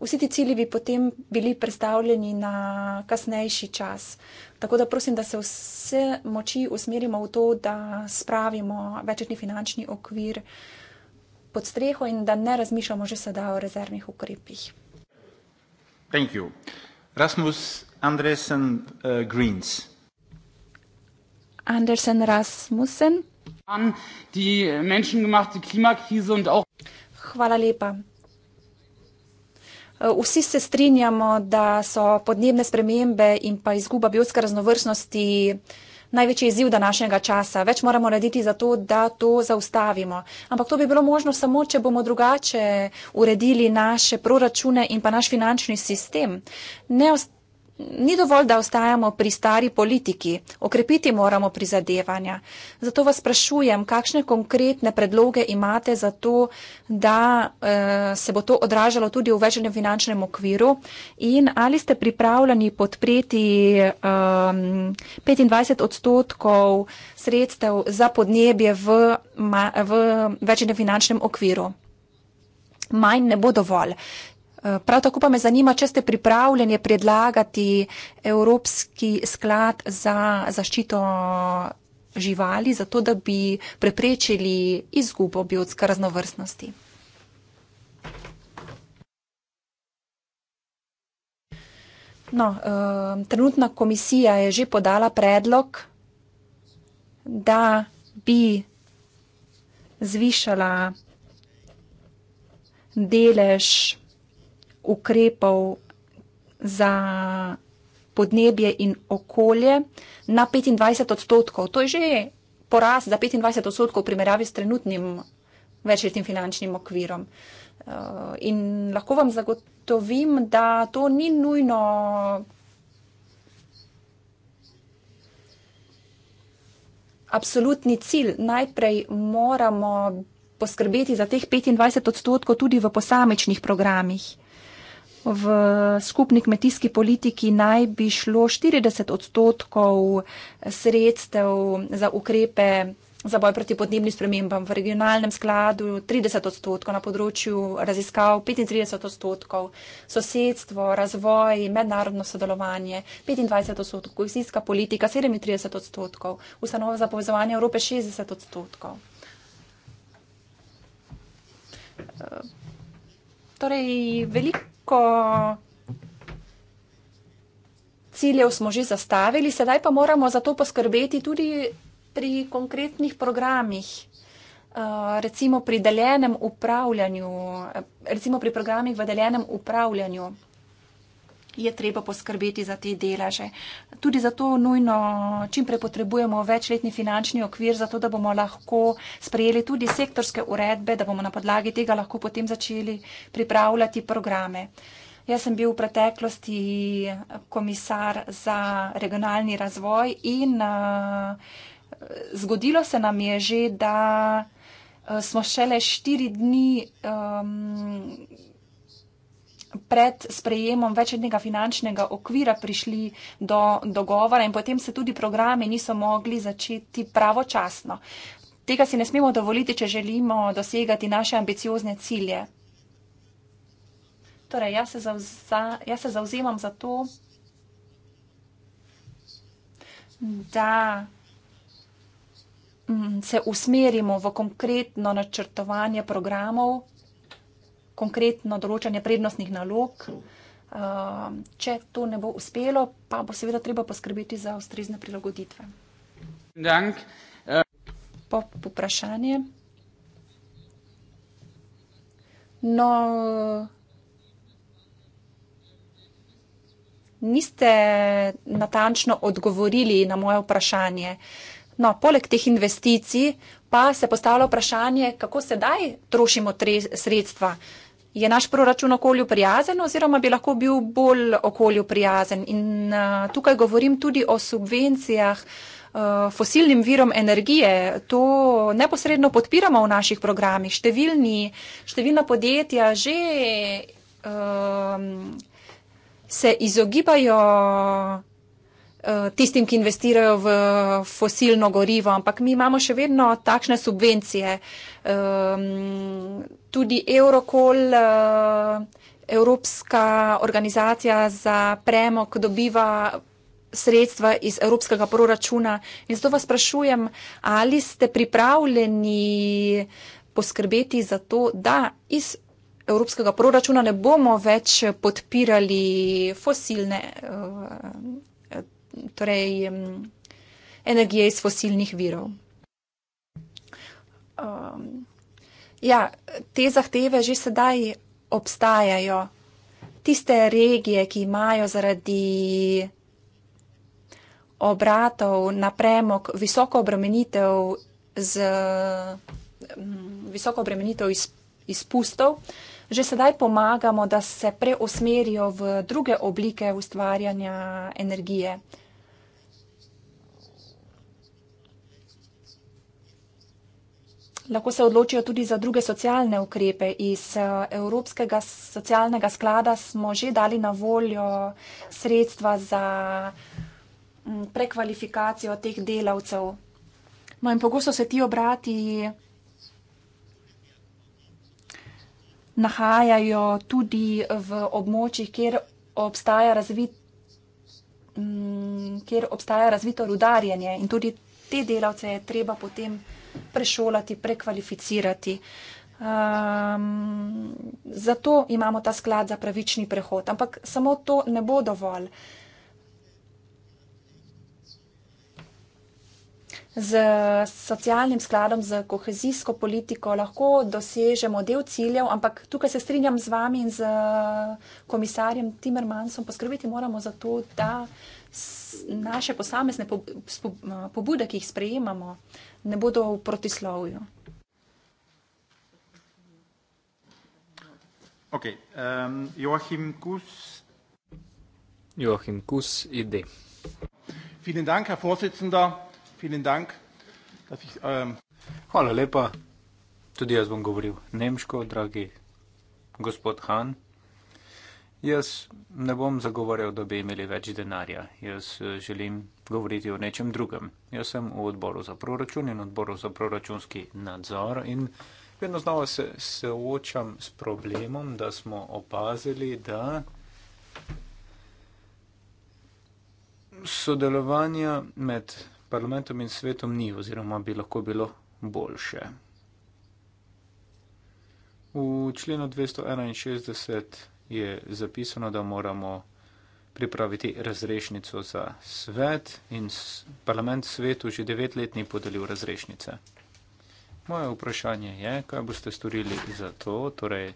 vsi ti cilji bi potem bili predstavljeni na kasnejši čas. Tako da prosim, da se vse moči usmerimo v to, da spravimo večetni finančni okvir pod streho in da ne razmišljamo že sedaj o rezervnih ukrepih. Thank you. Rasmus Andresen uh, Greens. Andersen Rasmussen. Hvala lepa. Eh, vsi se strinjamo, da so podnebne spremembe in pa izguba biotske raznovrstnosti največji izziv današnjega časa. Več moramo narediti za to, da to zaustavimo. Ampak to bi bilo možno samo, če bomo drugače uredili naše proračune in pa naš finančni sistem. Ne ost ni dovolj, da ostajamo pri stari politiki, okrepiti moramo prizadevanja. Zato vas sprašujem, kakšne konkretne predloge imate za to, da eh, se bo to odražalo tudi v večjem finančnem okviru in ali ste pripravljeni podpreti eh, 25 odstotkov sredstev za podnebje v, v večjem finančnem okviru. Manj ne bo dovolj. Eh, prav tako pa me zanima, če ste pripravljeni predlagati Evropski sklad za zaščito živali, zato da bi preprečili izgubo biotske raznovrstnosti. No, um, trenutna komisija je že podala predlog, da bi zvišala delež ukrepov za podnebje in okolje na 25 odstotkov. To je že poraz za 25 odstotkov v primerjavi s trenutnim večletnim finančnim okvirom. Eh, in lahko vam zagotovim, da to ni nujno. Absolutni cilj. Najprej moramo poskrbeti za teh 25 odstotkov tudi v posamečnih programih. V skupni kmetijski politiki naj bi šlo 40 odstotkov sredstev za ukrepe za boj proti podnebnim spremembam v regionalnem skladu, 30 odstotkov na področju raziskav, 35 odstotkov sosedstvo, razvoj, mednarodno sodelovanje, 25 odstotkov kohezijska politika, 37 odstotkov, ustanova za povezovanje Evrope 60 odstotkov. Torej, veliko veliko ciljev smo že zastavili, sedaj pa moramo za to poskrbeti tudi pri konkretnih programih, eh, recimo pri deljenem upravljanju, eh, recimo pri programih v deljenem upravljanju je treba poskrbeti za te delaže. Tudi zato nujno čimprej potrebujemo večletni finančni okvir, zato da bomo lahko sprejeli tudi sektorske uredbe, da bomo na podlagi tega lahko potem začeli pripravljati programe. Jaz sem bil v preteklosti komisar za regionalni razvoj in uh, zgodilo se nam je že, da uh, smo šele štiri dni. Um, pred sprejemom večletnega finančnega okvira prišli do dogovora in potem se tudi programe niso mogli začeti pravočasno. Tega si ne smemo dovoliti, če želimo dosegati naše ambiciozne cilje. Torej, jaz se, zavza, jaz se zauzemam za to, da mm, se usmerimo v konkretno načrtovanje programov konkretno določanje prednostnih nalog. Eh, če to ne bo uspelo, pa bo seveda treba poskrbeti za ustrezne prilagoditve. Dank. Po vprašanje. No, niste natančno odgovorili na moje vprašanje. No, poleg teh investicij pa se postavlja vprašanje, kako sedaj trošimo sredstva. Uh, je naš proračun okolju prijazen oziroma bi lahko bil bolj okolju prijazen. In uh, tukaj govorim tudi o subvencijah eh, fosilnim virom energije. To neposredno podpiramo v naših programih. Številni, številna podjetja že um, se izogibajo Eh, tistim, ki investirajo v fosilno gorivo, ampak mi imamo še vedno takšne subvencije. Ehm, tudi Eurocol, eh, Evropska organizacija za premog, dobiva sredstva iz evropskega proračuna. In zato vas sprašujem, ali ste pripravljeni poskrbeti za to, da iz evropskega proračuna ne bomo več podpirali fosilne. Eh, torej, um, energije iz fosilnih virov. Um, ja, te zahteve že sedaj obstajajo. Tiste regije, ki imajo zaradi obratov na premog visoko obremenitev, z, um, visoko obremenitev iz, izpustov, že sedaj pomagamo, da se preusmerijo v druge oblike ustvarjanja energije. lahko se odločijo tudi za druge socialne ukrepe. Iz eh, Evropskega socialnega sklada smo že dali na voljo sredstva za mm, prekvalifikacijo teh delavcev. No in pogosto se ti obrati nahajajo tudi v območjih, kjer obstaja razvit mm, kjer obstaja razvito rudarjenje in tudi te delavce je treba potem prešolati, prekvalificirati. Um, zato imamo ta sklad za pravični prehod. Ampak samo to ne bo dovolj. Uh, z socialnim skladom, z kohezijsko politiko lahko dosežemo del ciljev, ampak tukaj se strinjam z vami in z eh, komisarjem Timmermansom, poskrbiti moramo za to, da naše posamezne eh, pobude, ki jih sprejemamo, ne bodo v protislovju. Ok, um, Joachim Kus. Joachim Kus, ide. Vielen Dank, Herr Vorsitzender. Vielen Dank. Ich, um... Hvala lepa. Tudi jaz bom govoril nemško, dragi gospod Han. Jaz ne bom zagovarjal, da bi imeli več denarja. Jaz eh, želim govoriti o nečem drugem. Jaz sem v odboru za proračun in odboru za proračunski nadzor in vedno znova se soočam s problemom, da smo opazili, da sodelovanja med parlamentom in svetom ni oziroma bi lahko bilo boljše. V členu 261 je zapisano, da moramo pripraviti razrešnico za svet in parlament svetu že devet let ni podelil razrešnice. Moje vprašanje je, kaj boste storili za to, torej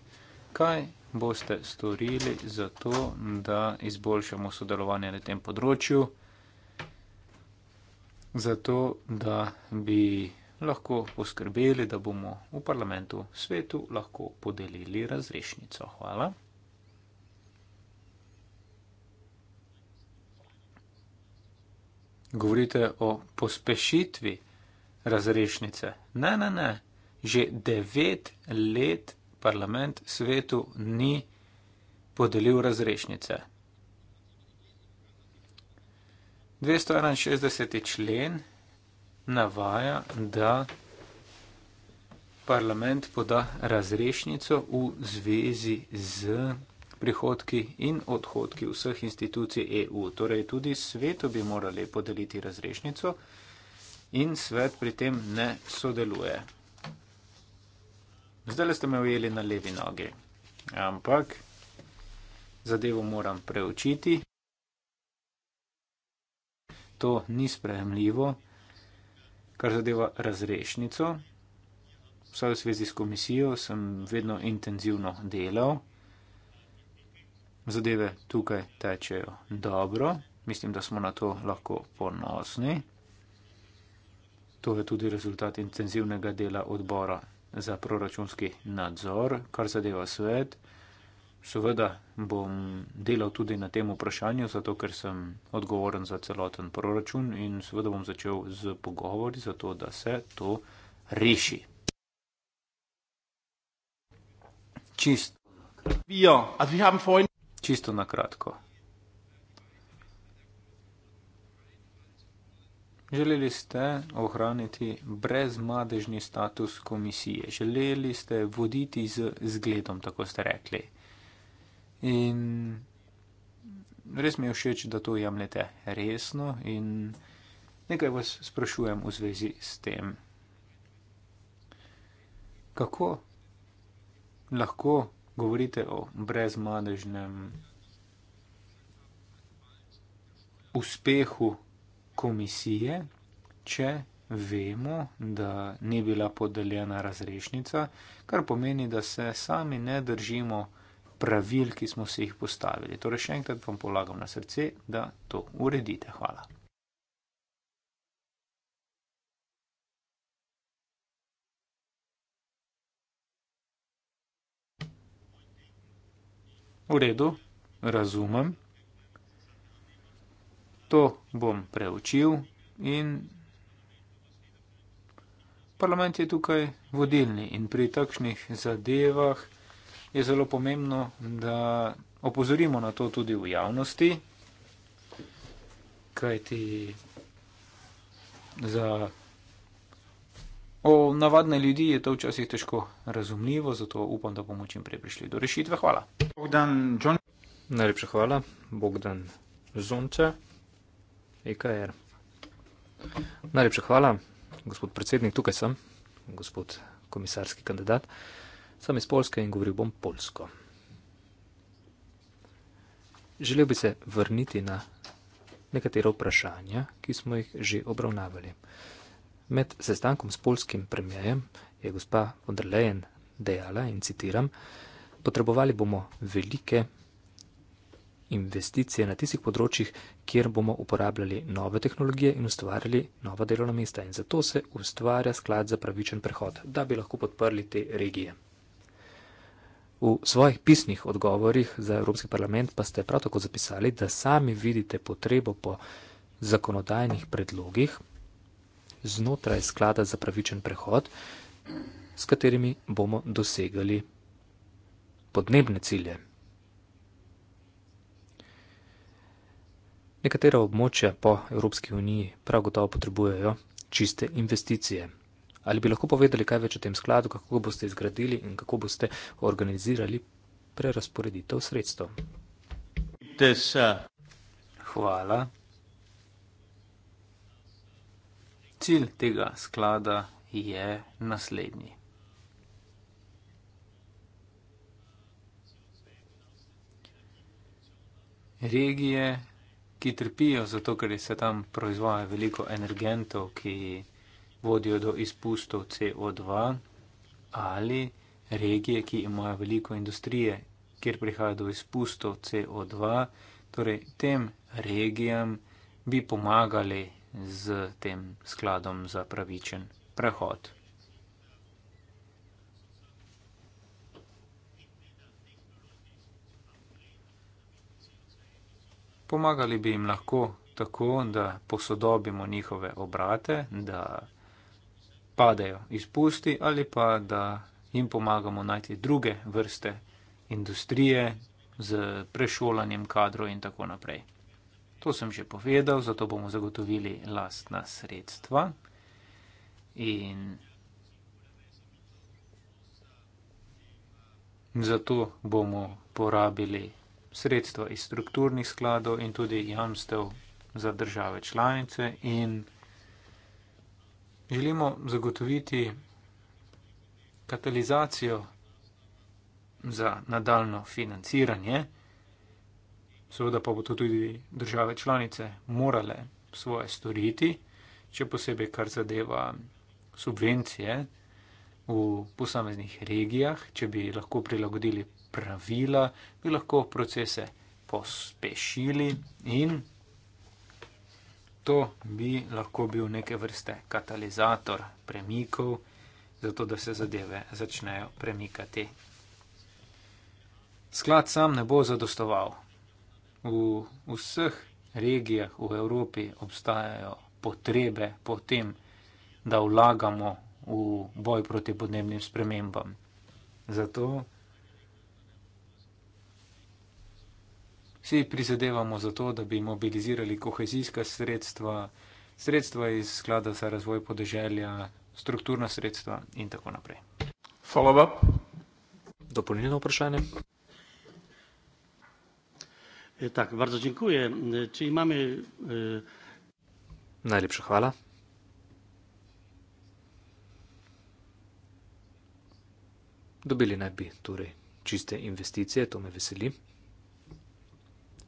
kaj boste storili za to, da izboljšamo sodelovanje na tem področju zato da bi lahko poskrbeli, da bomo v parlamentu svetu lahko podelili razrešnico. Hvala. Govorite o pospešitvi razrešnice. Ne, ne, ne. Že devet let parlament svetu ni podelil razrešnice. 261. člen navaja, da parlament poda razrešnico v zvezi z prihodki in odhodki vseh institucij EU. Torej tudi svetu bi morali podeliti razrešnico in svet pri tem ne sodeluje. Zdaj le ste me ujeli na levi nogi, ampak zadevo moram preučiti to ni sprejemljivo, kar zadeva razrešnico. Vse v svezi s komisijo sem vedno intenzivno delal. Zadeve tukaj tečejo dobro, mislim, da smo na to lahko ponosni. To je tudi rezultat intenzivnega dela odbora za proračunski nadzor, kar zadeva svet. Seveda bom delal tudi na tem vprašanju, zato ker sem odgovoren za celoten proračun in seveda bom začel z pogovori, zato da se to reši. Čisto, ja, Čisto na kratko. Želeli ste ohraniti brezmadežni status komisije, želeli ste voditi z zgledom, tako ste rekli. In res mi je všeč, da to jemljete resno in nekaj vas sprašujem v zvezi s tem. Kako lahko govorite o brezmadežnem uspehu komisije, če vemo, da ni bila podeljena razrešnica, kar pomeni, da se sami ne držimo pravil, ki smo si jih postavili. Torej, še enkrat vam polagam na srce, da to uredite. Hvala. V redu, razumem. To bom preučil in parlament je tukaj vodilni in pri takšnih zadevah je zelo pomembno, da opozorimo na to tudi v javnosti, kajti za o navadne ljudi je to včasih težko razumljivo, zato upam, da bomo čim prej prišli do rešitve. Hvala. Bogdan John. Najlepša hvala, Bogdan Zonče, EKR. Najlepša hvala, gospod predsednik, tukaj sem, gospod komisarski kandidat sem iz Polske in govoril bom polsko. Želel bi se vrniti na nekatera vprašanja, ki smo jih že obravnavali. Med sestankom s polskim premijejem je gospa von der Leyen dejala in citiram: Potrebovali bomo velike investicije na tistih področjih, kjer bomo uporabljali nove tehnologije in ustvarjali nova delovna mesta. In zato se ustvarja sklad za pravičen prehod, da bi lahko podprli te regije. V svojih pisnih odgovorih za Evropski parlament pa ste prav tako zapisali, da sami vidite potrebo po zakonodajnih predlogih znotraj sklada za pravičen prehod, s katerimi bomo dosegali podnebne cilje. Nekatera območja po Evropski uniji prav gotovo potrebujejo čiste investicije. Ali bi lahko povedali kaj več o tem skladu, kako ga boste izgradili in kako boste organizirali prerasporeditev sredstev? Uh, Hvala. Cilj tega sklada je naslednji. Regije, ki trpijo zato, ker se tam proizvaja veliko energentov, ki vodijo do izpustov CO2 ali regije, ki imajo veliko industrije, kjer prihaja do izpustov CO2, torej tem regijam bi pomagali z tem skladom za pravičen prehod. Pomagali bi jim lahko tako, da posodobimo njihove obrate, da padejo izpusti ali pa da jim pomagamo najti druge vrste industrije z prešolanjem kadrov in tako naprej. To sem že povedal, zato bomo zagotovili lastna sredstva in zato bomo porabili sredstva iz strukturnih skladov in tudi jamstev za države članice in Želimo zagotoviti katalizacijo za nadaljno financiranje, seveda pa bo to tudi države članice morale svoje storiti, če posebej kar zadeva subvencije v posameznih regijah, če bi lahko prilagodili pravila, bi lahko procese pospešili in to bi lahko bil neke vrste katalizator premikov, zato da se zadeve začnejo premikati. Sklad sam ne bo zadostoval. V vseh regijah v Evropi obstajajo potrebe po tem, da vlagamo v boj proti podnebnim spremembam. Zato si prizadevamo za to, da bi mobilizirali kohezijska sredstva, sredstva iz sklada za razvoj podeželja, strukturna sredstva in tako naprej. Follow up. Dopolnilno vprašanje. E, tak, bardzo dziękuję. E, czy mamy... E... Najlepsza chwala. Dobili naj bi torej čiste investicije, to me veseli.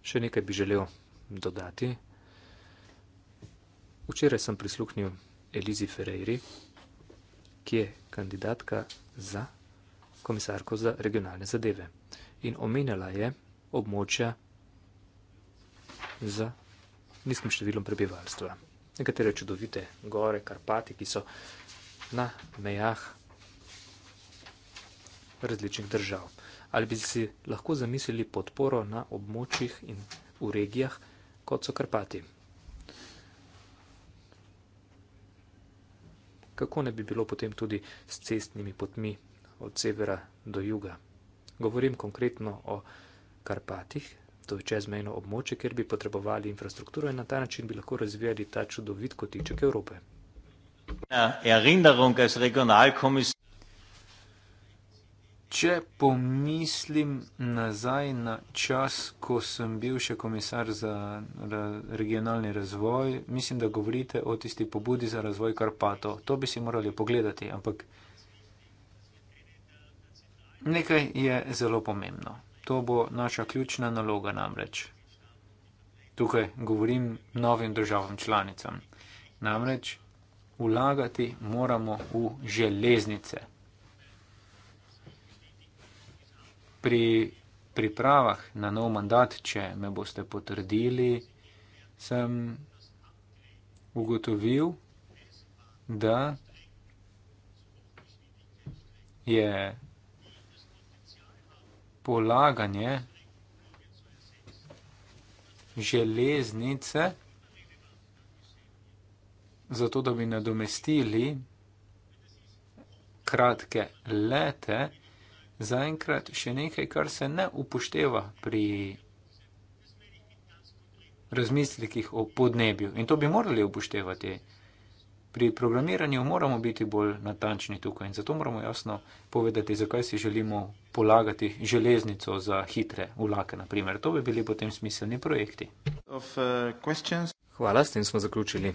Še nekaj bi želel dodati. Včeraj sem prisluhnil Elizi Ferreiri, ki je kandidatka za komisarko za regionalne zadeve in omenjala je območja z nizkim številom prebivalstva. Nekatere čudovite gore, Karpati, ki so na mejah različnih držav. Ali bi si lahko zamislili podporo na območjih in v regijah, kot so Karpati? Kako ne bi bilo potem tudi s cestnimi potmi od severa do juga? Govorim konkretno o Karpatih, to je čezmejno območje, kjer bi potrebovali infrastrukturo in na ta način bi lahko razvijali ta čudovit kotiček Evrope. Na erinderung, es Če pomislim nazaj na čas, ko sem bil še komisar za regionalni razvoj, mislim, da govorite o tisti pobudi za razvoj Karpato. To bi si morali pogledati, ampak nekaj je zelo pomembno. To bo naša ključna naloga namreč. Tukaj govorim novim državam članicam. Namreč vlagati moramo v železnice. pri pripravah na nov mandat, če me boste potrdili, sem ugotovil, da je polaganje železnice zato, da bi nadomestili kratke lete, zaenkrat še nekaj, kar se ne upošteva pri razmislekih o podnebju. In to bi morali upoštevati. Pri programiranju moramo biti bolj natančni tukaj in zato moramo jasno povedati, zakaj si želimo polagati železnico za hitre vlake, na primer. To bi bili potem smiselni projekti. Of, uh, Hvala, s tem smo zaključili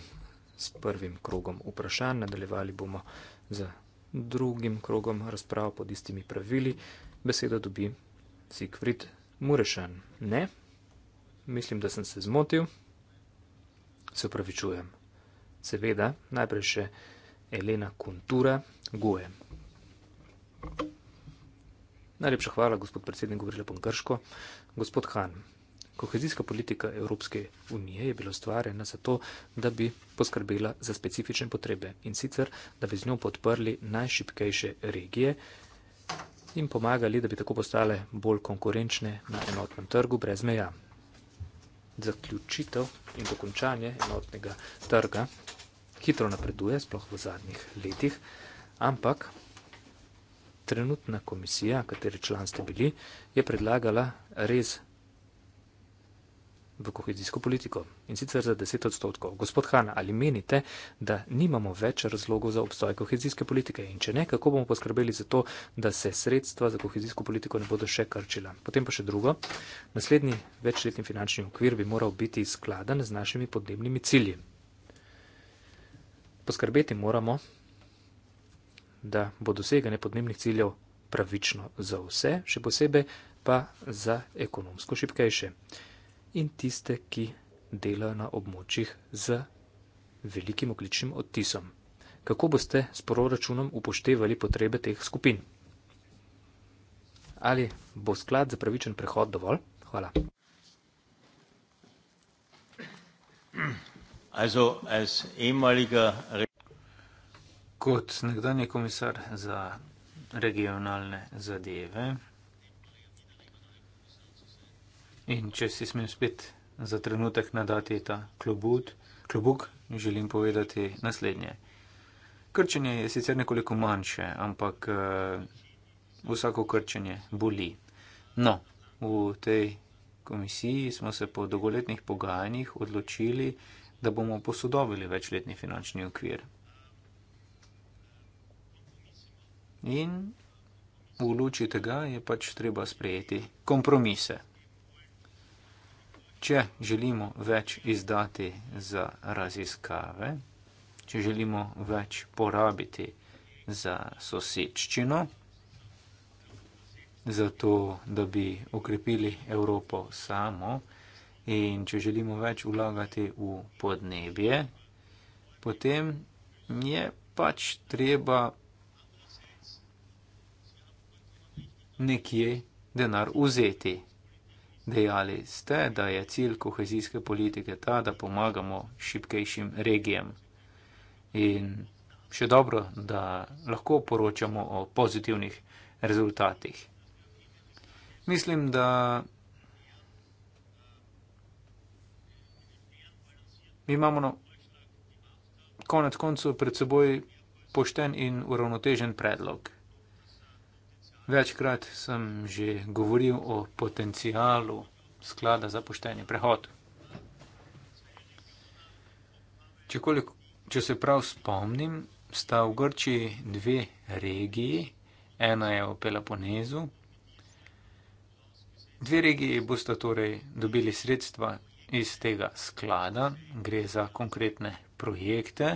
s prvim krogom vprašanj. Nadaljevali bomo z drugim krogom razprav pod istimi pravili, besedo dobi Sigfrid Murešan. Ne, mislim, da sem se zmotil. Se upravičujem. Seveda, najprej še Elena Kuntura Goje. Najlepša hvala, gospod predsednik, govorila bom grško. Gospod Han, Kohezijska politika Evropske unije je bila ustvarjena zato, da bi poskrbela za specifične potrebe in sicer, da bi z njo podprli najšipkejše regije in pomagali, da bi tako postale bolj konkurenčne na enotnem trgu brez meja. Zaključitev in dokončanje enotnega trga hitro napreduje, sploh v zadnjih letih, ampak trenutna komisija, kateri član ste bili, je predlagala res v kohezijsko politiko in sicer za 10 odstotkov. Gospod Han, ali menite, da nimamo več razlogov za obstoj kohezijske politike in če ne, kako bomo poskrbeli za to, da se sredstva za kohezijsko politiko ne bodo še krčila? Potem pa še drugo. Naslednji večletni finančni okvir bi moral biti skladan z našimi podnebnimi cilji. Poskrbeti moramo, da bo doseganje podnebnih ciljev pravično za vse, še posebej pa za ekonomsko šipkejše in tiste, ki delajo na območjih z velikim okličnim odtisom. Kako boste s proračunom upoštevali potrebe teh skupin? Ali bo sklad za pravičen prehod dovolj? Hvala. Also, als ehemaliger... Kot nekdanji komisar za regionalne zadeve, In če si smem spet za trenutek nadati ta klobut, klobuk, želim povedati naslednje. Krčenje je sicer nekoliko manjše, ampak uh, vsako krčenje boli. No, v tej komisiji smo se po dolgoletnih pogajanjih odločili, da bomo posodobili večletni finančni okvir. In v luči tega je pač treba sprejeti kompromise če želimo več izdati za raziskave, če želimo več porabiti za sosedščino, zato da bi okrepili Evropo samo in če želimo več vlagati v podnebje, potem je pač treba nekje denar vzeti. Dejali ste, da je cilj kohezijske politike ta, da pomagamo šipkejšim regijam. In še dobro, da lahko poročamo o pozitivnih rezultatih. Mislim, da imamo na konec koncu pred seboj pošten in uravnotežen predlog. Večkrat sem že govoril o potencijalu sklada za pošteni prehod. Če, koliko, če se prav spomnim, sta v Grčiji dve regiji, ena je v Peloponezu. Dve regiji boste torej dobili sredstva iz tega sklada, gre za konkretne projekte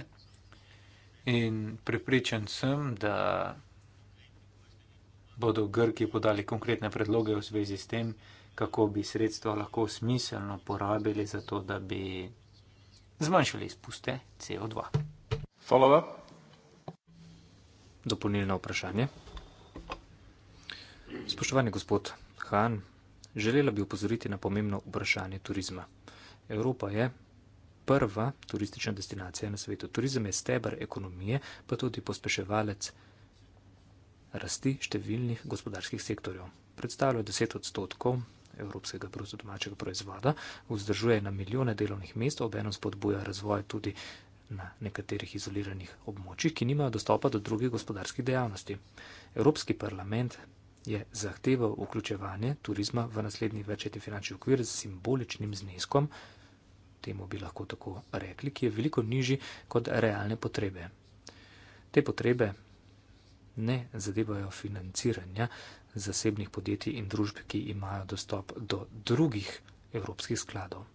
in prepričan sem, da bodo Grki podali konkretne predloge v zvezi s tem, kako bi sredstva lahko smiselno porabili za to, da bi zmanjšali izpuste CO2. Follow up. Dopolnilno vprašanje. Spoštovani gospod Han, želela bi upozoriti na pomembno vprašanje turizma. Evropa je prva turistična destinacija na svetu. Turizem je stebr ekonomije, pa tudi pospeševalec rasti številnih gospodarskih sektorjev. Predstavlja 10 odstotkov evropskega bruto domačega proizvoda, vzdržuje na milijone delovnih mest, obenem spodbuja razvoj tudi na nekaterih izoliranih območjih, ki nimajo dostopa do drugih gospodarskih dejavnosti. Evropski parlament je zahteval vključevanje turizma v naslednji večletni finančni okvir z simboličnim zneskom, temu bi lahko tako rekli, ki je veliko nižji kot realne potrebe. Te potrebe ne zadevajo financiranja zasebnih podjetij in družb, ki imajo dostop do drugih evropskih skladov.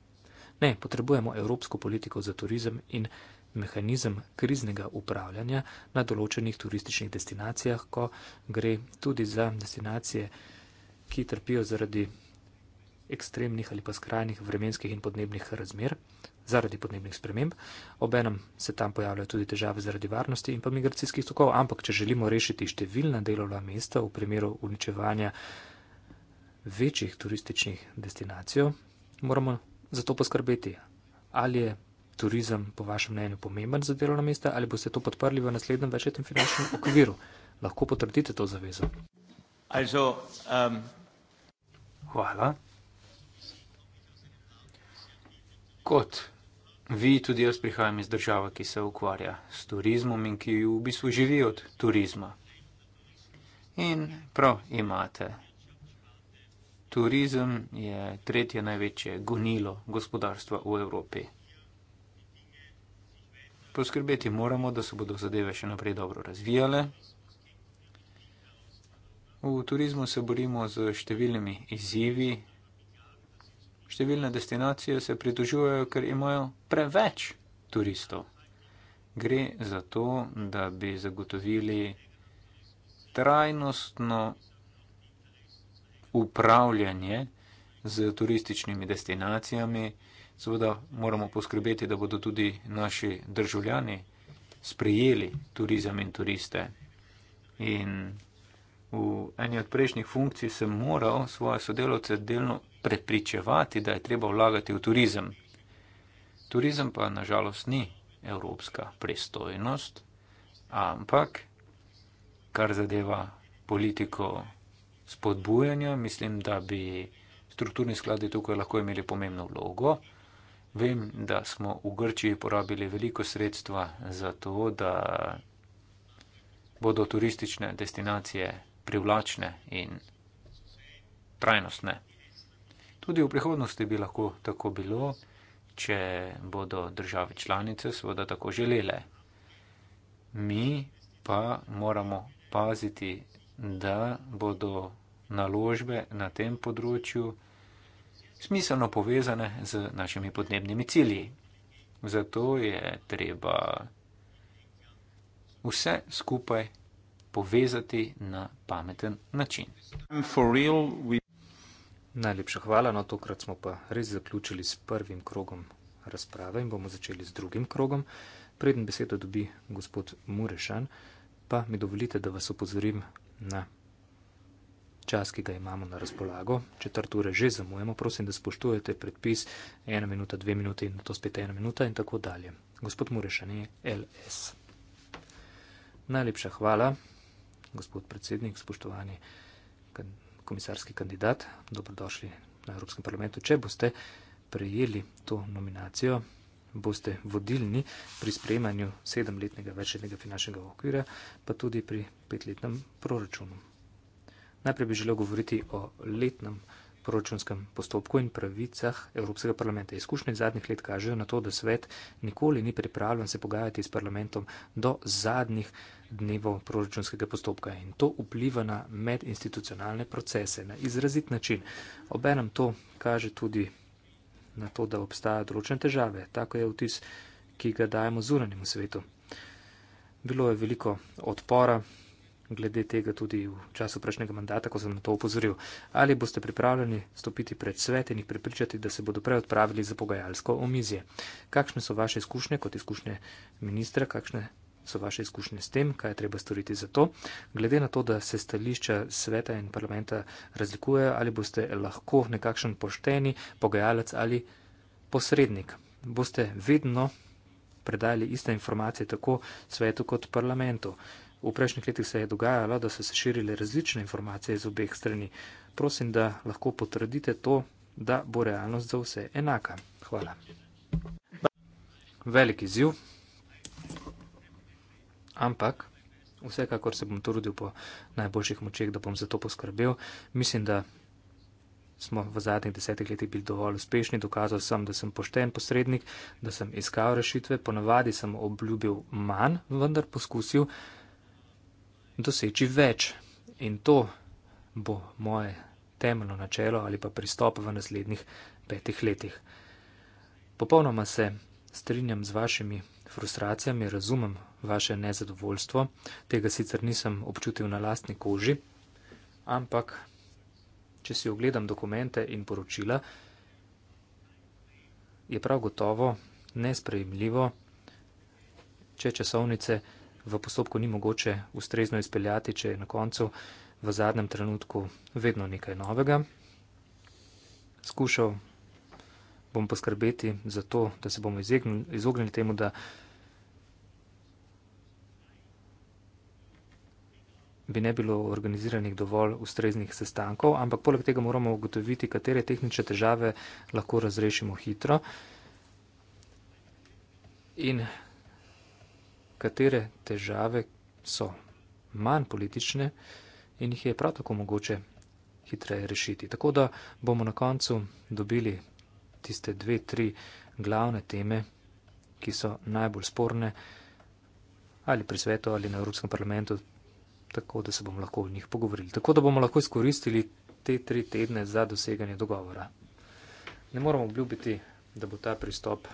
Ne, potrebujemo evropsko politiko za turizem in mehanizem kriznega upravljanja na določenih turističnih destinacijah, ko gre tudi za destinacije, ki trpijo zaradi ekstremnih ali pa skrajnih vremenskih in podnebnih razmer, zaradi podnebnih sprememb. Obenem se tam pojavljajo tudi težave zaradi varnosti in pa migracijskih tokov, ampak če želimo rešiti številna delovna mesta v primeru uničevanja večjih turističnih destinacij, moramo za to poskrbeti. Ali je turizem po vašem mnenju pomemben za delovna mesta ali boste to podprli v naslednjem večjetem finančnem okviru? Lahko potrdite to zavezo. Also, um... Hvala. Kot Vi, tudi jaz prihajam iz države, ki se ukvarja s turizmom in ki v bistvu živi od turizma. In prav imate. Turizem je tretje največje gonilo gospodarstva v Evropi. Poskrbeti moramo, da se bodo zadeve še naprej dobro razvijale. V turizmu se borimo z številnimi izzivi, Številne destinacije se pritožujejo, ker imajo preveč turistov. Gre za to, da bi zagotovili trajnostno upravljanje z turističnimi destinacijami. Seveda moramo poskrbeti, da bodo tudi naši državljani sprejeli turizem in turiste. In v eni od prejšnjih funkcij sem moral svoje sodelovce delno prepričevati, da je treba vlagati v turizem. Turizem pa nažalost ni evropska prestojnost, ampak kar zadeva politiko spodbujanja, mislim, da bi strukturni skladi tukaj lahko imeli pomembno vlogo. Vem, da smo v Grčiji porabili veliko sredstva za to, da bodo turistične destinacije privlačne in trajnostne. Tudi v prihodnosti bi lahko tako bilo, če bodo države članice seveda tako želele. Mi pa moramo paziti, da bodo naložbe na tem področju smiselno povezane z našimi podnebnimi cilji. Zato je treba vse skupaj povezati na pameten način. Najlepša hvala. No, tokrat smo pa res zaključili s prvim krogom razprave in bomo začeli s drugim krogom. Preden besedo dobi gospod Murešan, pa mi dovolite, da vas opozorim na čas, ki ga imamo na razpolago. Četrt ure že zamujemo, prosim, da spoštujete predpis ena minuta, dve minute in to spet ena minuta in tako dalje. Gospod Murešan je LS. Najlepša hvala, gospod predsednik, spoštovani komisarski kandidat. Dobrodošli na Evropskem parlamentu. Če boste prejeli to nominacijo, boste vodilni pri sprejemanju sedemletnega večletnega finančnega okvira, pa tudi pri petletnem proračunu. Najprej bi želel govoriti o letnem proračunu proračunskem postopku in pravicah Evropskega parlamenta. Izkušnje zadnjih let kažejo na to, da svet nikoli ni pripravljen se pogajati s parlamentom do zadnjih dnevov proračunskega postopka in to vpliva na medinstitucionalne procese na izrazit način. Obenem to kaže tudi na to, da obstaja določene težave. Tako je vtis, ki ga dajemo zunanjemu svetu. Bilo je veliko odpora glede tega tudi v času prejšnjega mandata, ko sem na to upozoril. Ali boste pripravljeni stopiti pred svet in jih pripričati, da se bodo prej odpravili za pogajalsko omizje? Kakšne so vaše izkušnje kot izkušnje ministra? Kakšne so vaše izkušnje s tem, kaj je treba storiti za to? Glede na to, da se stališča sveta in parlamenta razlikujejo, ali boste lahko nekakšen pošteni pogajalec ali posrednik? Boste vedno predali iste informacije tako svetu kot parlamentu? V prejšnjih letih se je dogajalo, da so se širile različne informacije iz obeh strani. Prosim, da lahko potrdite to, da bo realnost za vse enaka. Hvala. Veliki ziv, ampak vsekakor se bom trudil po najboljših močeh, da bom za to poskrbel. Mislim, da smo v zadnjih desetih letih bili dovolj uspešni, dokazal sem, da sem pošten posrednik, da sem iskal rešitve, ponavadi sem obljubil manj, vendar poskusil doseči več. In to bo moje temeljno načelo ali pa pristop v naslednjih petih letih. Popolnoma se strinjam z vašimi frustracijami, razumem vaše nezadovoljstvo, tega sicer nisem občutil na lastni koži, ampak če si ogledam dokumente in poročila, je prav gotovo nesprejemljivo, če časovnice v postopku ni mogoče ustrezno izpeljati, če je na koncu v zadnjem trenutku vedno nekaj novega. Skušal bom poskrbeti za to, da se bomo izognili temu, da bi ne bilo organiziranih dovolj ustreznih sestankov, ampak poleg tega moramo ugotoviti, katere tehnične težave lahko razrešimo hitro. In katere težave so manj politične in jih je prav tako mogoče hitreje rešiti. Tako da bomo na koncu dobili tiste dve, tri glavne teme, ki so najbolj sporne ali pri svetu ali na Evropskem parlamentu, tako da se bomo lahko o njih pogovorili. Tako da bomo lahko izkoristili te tri tedne za doseganje dogovora. Ne moramo obljubiti, da bo ta pristop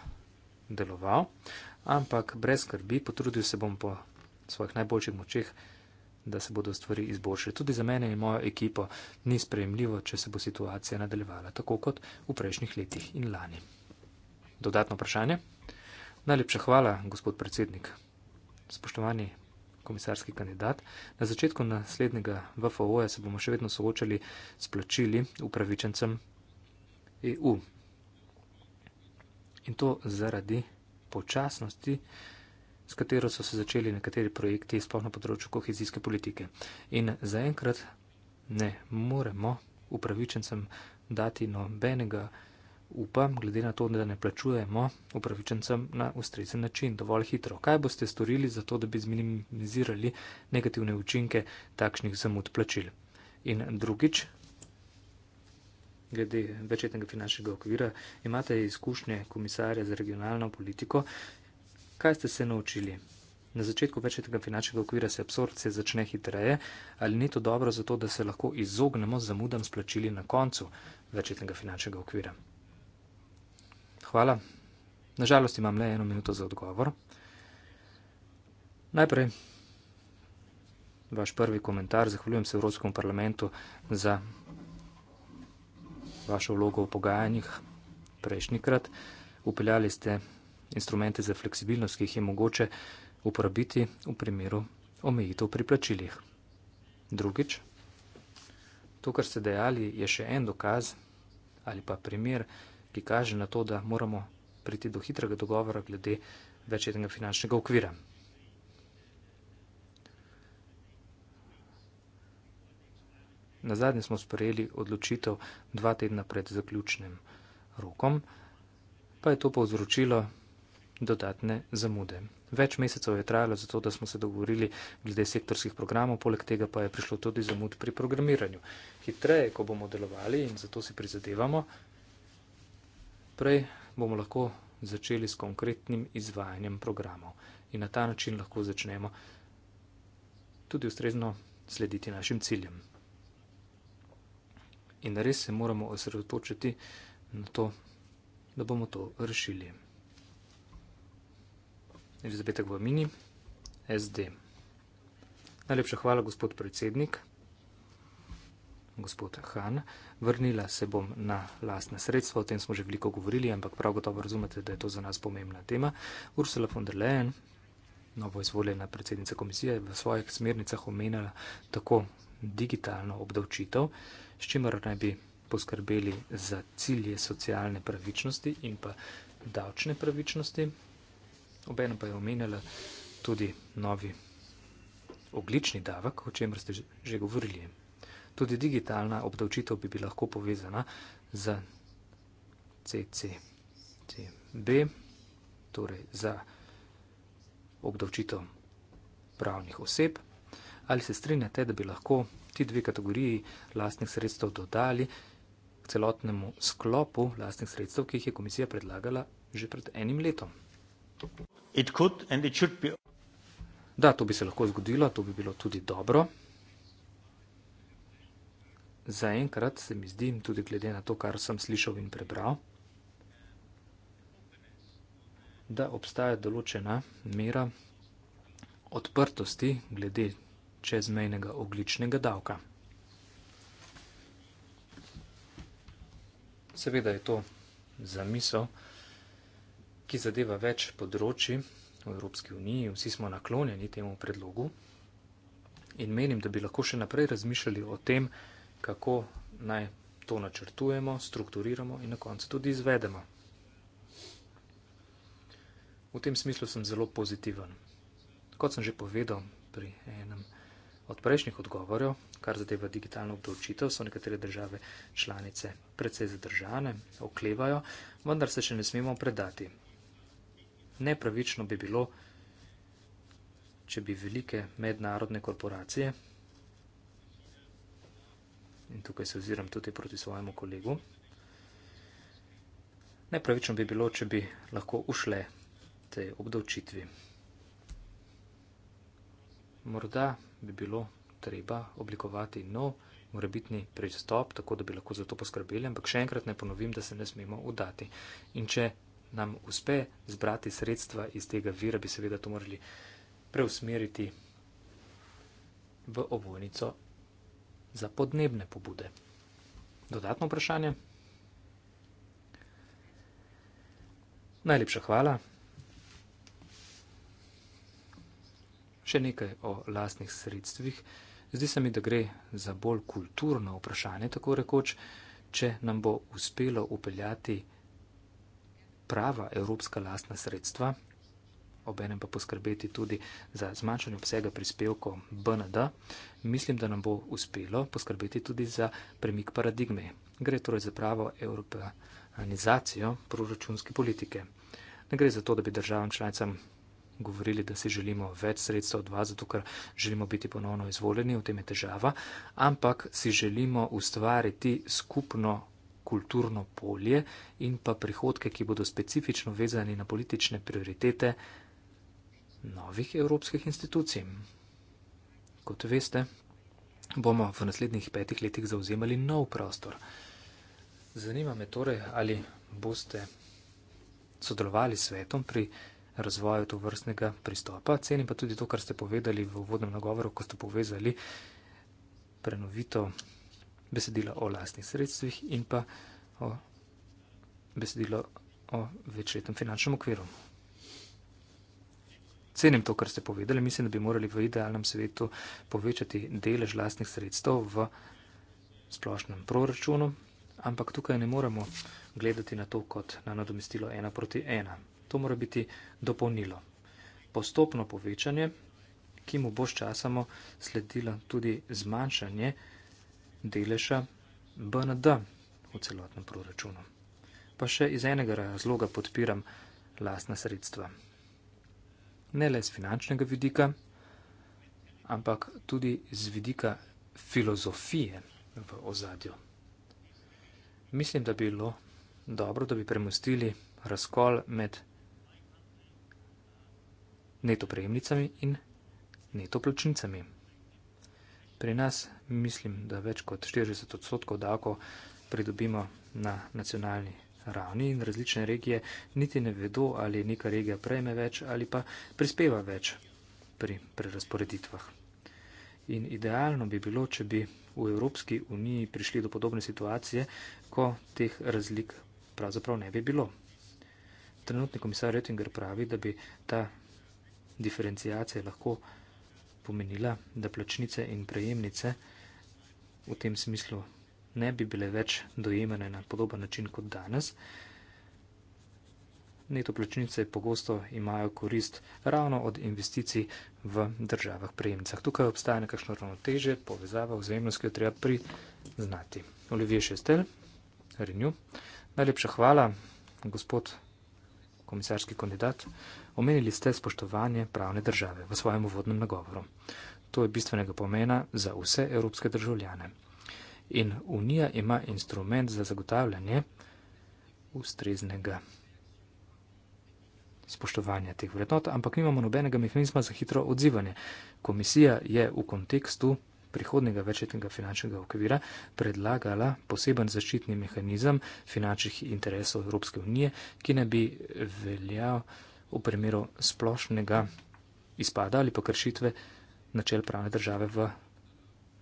deloval ampak brez skrbi, potrudil se bom po svojih najboljših močeh, da se bodo stvari izboljšale. Tudi za mene in mojo ekipo ni sprejemljivo, če se bo situacija nadaljevala tako kot v prejšnjih letih in lani. Dodatno vprašanje? Najlepša hvala, gospod predsednik. Spoštovani komisarski kandidat, na začetku naslednjega VFO-ja se bomo še vedno soočali s plačili upravičencem EU. In to zaradi počasnosti, s katero so se začeli nekateri projekti, sploh na področju kohezijske politike. In zaenkrat ne moremo upravičencem dati nobenega upa, glede na to, da ne plačujemo upravičencem na ustrezen način, dovolj hitro. Kaj boste storili za to, da bi zminimizirali negativne učinke takšnih zamud plačil? In drugič, glede večetnega finančnega okvira, imate izkušnje komisarja za regionalno politiko. Kaj ste se naučili? Na začetku večetnega finančnega okvira se absorpcija začne hitreje, ali ni to dobro za to, da se lahko izognemo zamudam splačili na koncu večetnega finančnega okvira? Hvala. Nažalost imam le eno minuto za odgovor. Najprej vaš prvi komentar. Zahvaljujem se Evropskemu parlamentu za vašo vlogo v pogajanjih prejšnjikrat. Upeljali ste instrumente za fleksibilnost, ki jih je mogoče uporabiti v primeru omejitev pri plačilih. Drugič, to, kar ste dejali, je še en dokaz ali pa primer, ki kaže na to, da moramo priti do hitrega dogovora glede večjega finančnega okvira. Na zadnje smo sprejeli odločitev dva tedna pred zaključnim rokom, pa je to povzročilo dodatne zamude. Več mesecev je trajalo zato, da smo se dogovorili glede sektorskih programov, poleg tega pa je prišlo tudi zamud pri programiranju. Hitreje, ko bomo delovali in zato si prizadevamo, prej bomo lahko začeli s konkretnim izvajanjem programov in na ta način lahko začnemo tudi ustrezno slediti našim ciljem in res se moramo osredotočiti na to, da bomo to rešili. Elizabeta Gvamini, SD. Najlepša hvala, gospod predsednik, gospod Han. Vrnila se bom na lastne sredstva, o tem smo že veliko govorili, ampak prav gotovo razumete, da je to za nas pomembna tema. Ursula von der Leyen, novo izvoljena predsednica komisije, je v svojih smernicah omenjala tako digitalno obdavčitev, s čimer naj bi poskrbeli za cilje socialne pravičnosti in pa davčne pravičnosti. Obenem pa je omenjala tudi novi oglični davek, o čemer ste že govorili. Tudi digitalna obdavčitev bi bila lahko povezana z CCCB, torej za obdavčitev pravnih oseb. Ali se strinjate, da bi lahko ti dve kategoriji lastnih sredstev dodali k celotnemu sklopu lastnih sredstev, ki jih je komisija predlagala že pred enim letom. Da, to bi se lahko zgodilo, to bi bilo tudi dobro. Zaenkrat se mi zdi, tudi glede na to, kar sem slišal in prebral, da obstaja določena mera odprtosti glede čezmejnega ogličnega davka. Seveda je to zamisel, ki zadeva več področji v Evropski uniji, vsi smo naklonjeni temu predlogu in menim, da bi lahko še naprej razmišljali o tem, kako naj to načrtujemo, strukturiramo in na koncu tudi izvedemo. V tem smislu sem zelo pozitiven. Kot sem že povedal pri enem od prejšnjih odgovorov, kar zadeva digitalno obdavčitev, so nekatere države članice precej zadržane, oklevajo, vendar se še ne smemo predati. Nepravično bi bilo, če bi velike mednarodne korporacije, in tukaj se oziram tudi proti svojemu kolegu, nepravično bi bilo, če bi lahko ušle tej obdavčitvi. Morda bi bilo treba oblikovati nov, morebitni pristop, tako da bi lahko za to poskrbeli, ampak še enkrat ne ponovim, da se ne smemo udati. In če nam uspe zbrati sredstva iz tega vira, bi seveda to morali preusmeriti v ovojnico za podnebne pobude. Dodatno vprašanje? Najlepša hvala. Še nekaj o lastnih sredstvih. Zdi se mi, da gre za bolj kulturno vprašanje, tako rekoč, če nam bo uspelo upeljati prava evropska lastna sredstva, obenem pa poskrbeti tudi za zmanjšanje obsega prispevkov BND, mislim, da nam bo uspelo poskrbeti tudi za premik paradigme. Gre torej za pravo evropeanizacijo proračunske politike. Ne gre za to, da bi državam članicam govorili, da si želimo več sredstev od vas, zato ker želimo biti ponovno izvoljeni, v tem je težava, ampak si želimo ustvariti skupno kulturno polje in pa prihodke, ki bodo specifično vezani na politične prioritete novih evropskih institucij. Kot veste, bomo v naslednjih petih letih zauzemali nov prostor. Zanima me torej, ali boste sodelovali s svetom pri razvoju to vrstnega pristopa. Cenim pa tudi to, kar ste povedali v uvodnem nagovoru, ko ste povezali prenovito besedilo o lastnih sredstvih in pa o besedilo o večletnem finančnem okviru. Cenim to, kar ste povedali. Mislim, da bi morali v idealnem svetu povečati delež lastnih sredstev v splošnem proračunu, ampak tukaj ne moremo gledati na to kot na nadomestilo ena proti ena. To mora biti dopolnilo. Postopno povečanje, ki mu bo sčasoma sledilo tudi zmanjšanje deleža BND v celotnem proračunu. Pa še iz enega razloga podpiram lastna sredstva. Ne le z finančnega vidika, ampak tudi z vidika filozofije v ozadju. Mislim, da bi bilo dobro, da bi premustili razkol med neto prejemnicami in neto plačnicami. Pri nas mislim, da več kot 40 odstotkov davko pridobimo na nacionalni ravni in različne regije niti ne vedo, ali neka regija prejme več ali pa prispeva več pri prerasporeditvah. In idealno bi bilo, če bi v Evropski uniji prišli do podobne situacije, ko teh razlik pravzaprav ne bi bilo. Trenutni komisar Rettinger pravi, da bi ta diferencijacija lahko pomenila, da plačnice in prejemnice v tem smislu ne bi bile več dojemene na podoben način kot danes. Neto plačnice pogosto imajo korist ravno od investicij v državah prejemnicah. Tukaj obstaja nekakšno ravnoteže, povezava vzajemnost, ki jo treba priznati. Olivier Šestel, Renju, najlepša hvala, gospod komisarski kandidat, omenili ste spoštovanje pravne države v svojem uvodnem nagovoru. To je bistvenega pomena za vse evropske državljane. In Unija ima instrument za zagotavljanje ustreznega spoštovanja teh vrednot, ampak nimamo nobenega mehanizma za hitro odzivanje. Komisija je v kontekstu prihodnega večletnega finančnega okvira predlagala poseben zaščitni mehanizem finančnih interesov Evropske unije, ki ne bi veljal v primeru splošnega izpada ali pa kršitve načel pravne države v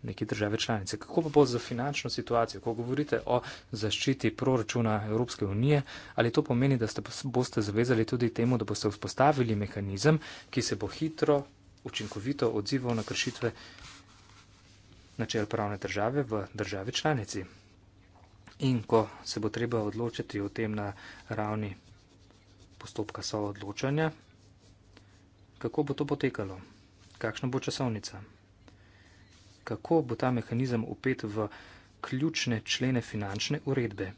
neki države članice. Kako pa bo za finančno situacijo, ko govorite o zaščiti proračuna Evropske unije, ali to pomeni, da ste, boste zavezali tudi temu, da boste vzpostavili mehanizem, ki se bo hitro, učinkovito odzival na kršitve načel pravne države v državi članici. In ko se bo treba odločiti o tem na ravni postopka soodločanja, kako bo to potekalo, kakšna bo časovnica, kako bo ta mehanizem upet v ključne člene finančne uredbe,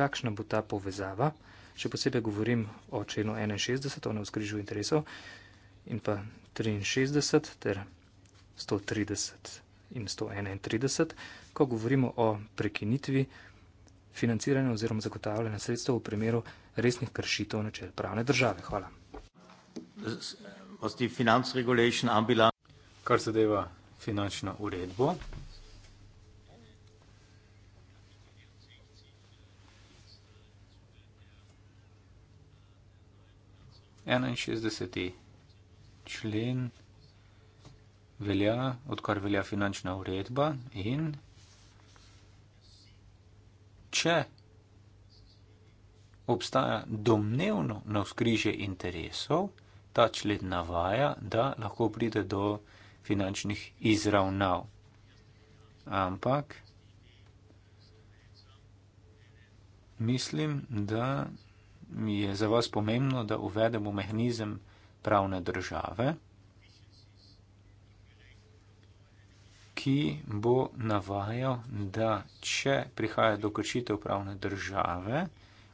kakšna bo ta povezava, še posebej govorim o členu 61, o neuskrižju interesov, in pa 63 ter 130 in 131, ko govorimo o prekinitvi financiranja oziroma zagotavljanja sredstev v primeru resnih kršitev načel pravne države. Hvala. Kar zadeva finančno uredbo. Enainšestdeseti člen velja, odkar velja finančna uredba in če obstaja domnevno navskrižje interesov, ta člen navaja, da lahko pride do finančnih izravnav. Ampak mislim, da je za vas pomembno, da uvedemo mehanizem pravne države. ki bo navajal, da če prihaja do kršitev pravne države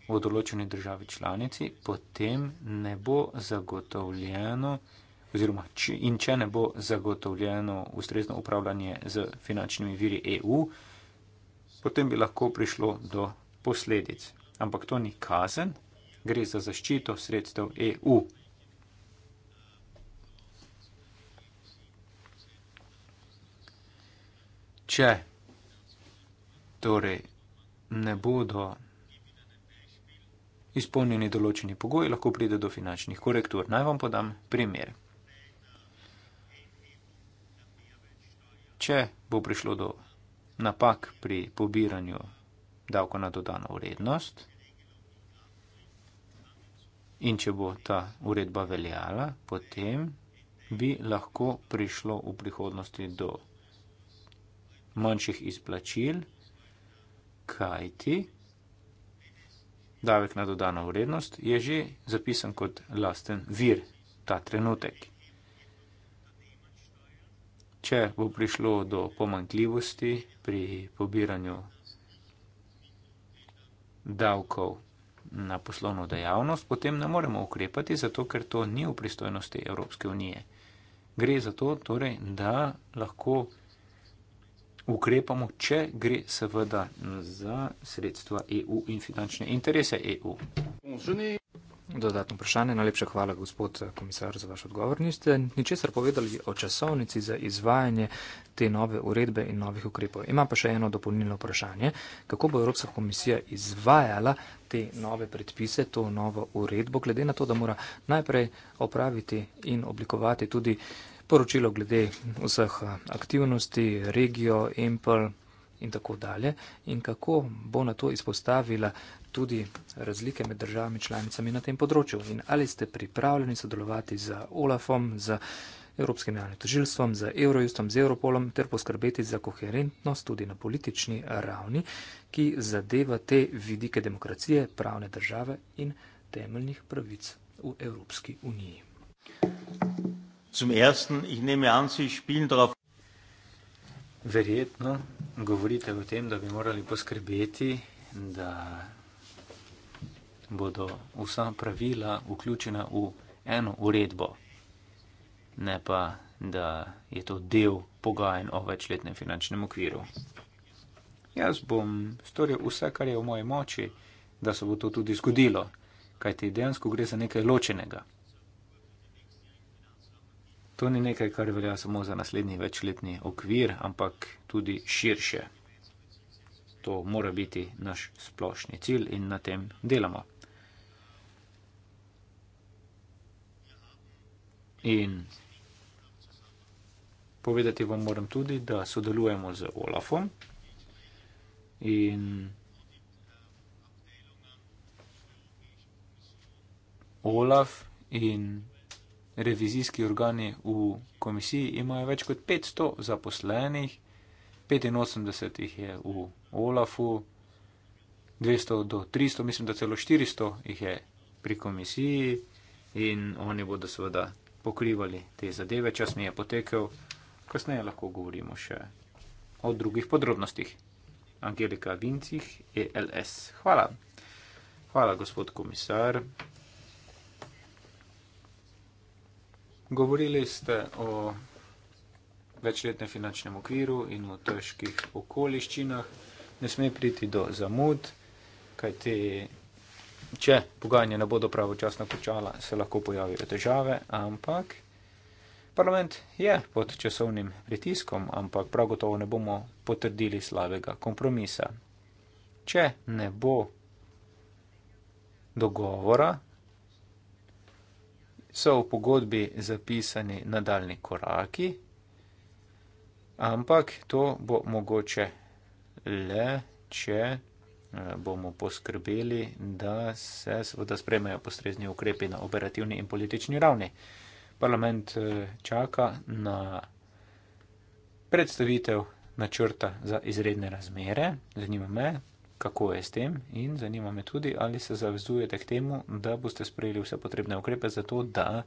v določeni državi članici, potem ne bo zagotovljeno oziroma če, in če ne bo zagotovljeno ustrezno upravljanje z finančnimi viri EU, potem bi lahko prišlo do posledic. Ampak to ni kazen, gre za zaščito sredstev EU. če torej ne bodo izpolnjeni določeni pogoji, lahko pride do finančnih korektur. Naj vam podam primer. Če bo prišlo do napak pri pobiranju davka na dodano vrednost in če bo ta uredba veljala, potem bi lahko prišlo v prihodnosti do manjših izplačil, kajti davek na dodano vrednost je že zapisan kot lasten vir ta trenutek. Če bo prišlo do pomankljivosti pri pobiranju davkov na poslovno dejavnost, potem ne moremo ukrepati, zato ker to ni v pristojnosti Evropske unije. Gre za to, torej, da lahko ukrepamo, če gre seveda za sredstva EU in finančne interese EU. Dodatno vprašanje. Najlepša hvala, gospod komisar, za vaš odgovor. Niste ničesar povedali o časovnici za izvajanje te nove uredbe in novih ukrepov. Imam pa še eno dopolnilno vprašanje. Kako bo Evropska komisija izvajala te nove predpise, to novo uredbo, glede na to, da mora najprej opraviti in oblikovati tudi poročilo glede vseh aktivnosti, regijo, empl in tako dalje in kako bo na to izpostavila tudi razlike med državami članicami na tem področju in ali ste pripravljeni sodelovati z OLAFom, z Evropskim javnim tožilstvom, z Eurojustom, z Europolom ter poskrbeti za koherentnost tudi na politični ravni, ki zadeva te vidike demokracije, pravne države in temeljnih pravic v Evropski uniji. Zum ersten, ich nehme an, Sie spielen darauf. Verjetno govorite o tem, da bi morali poskrbeti, da bodo vsa pravila vključena v eno uredbo, ne pa, da je to del pogajanj o večletnem finančnem okviru. Jaz bom storil vse, kar je v moji moči, da se bo to tudi zgodilo, kajti dejansko gre za nekaj ločenega. To ni nekaj, kar velja samo za naslednji večletni okvir, ampak tudi širše. To mora biti naš splošni cilj in na tem delamo. In povedati vam moram tudi, da sodelujemo z Olafom in Olaf in revizijski organi v komisiji imajo več kot 500 zaposlenih, 85 jih je v OLAF-u, 200 do 300, mislim, da celo 400 jih je pri komisiji in oni bodo seveda pokrivali te zadeve. Čas mi je potekel, kasneje lahko govorimo še o drugih podrobnostih. Angelika Vincih, ELS. Hvala. Hvala, gospod komisar. Govorili ste o večletnem finančnem okviru in o težkih okoliščinah. Ne sme priti do zamud, kajti če pogajanja ne bodo pravočasno končala, se lahko pojavijo težave, ampak parlament je pod časovnim pritiskom, ampak prav gotovo ne bomo potrdili slabega kompromisa. Če ne bo dogovora, so v pogodbi zapisani nadaljni koraki, ampak to bo mogoče le, če eh, bomo poskrbeli, da se seveda spremejo postrezni ukrepi na operativni in politični ravni. Parlament eh, čaka na predstavitev načrta za izredne razmere. Zanima me, kako je s tem in zanima me tudi, ali se zavezujete k temu, da boste sprejeli vse potrebne ukrepe za to, da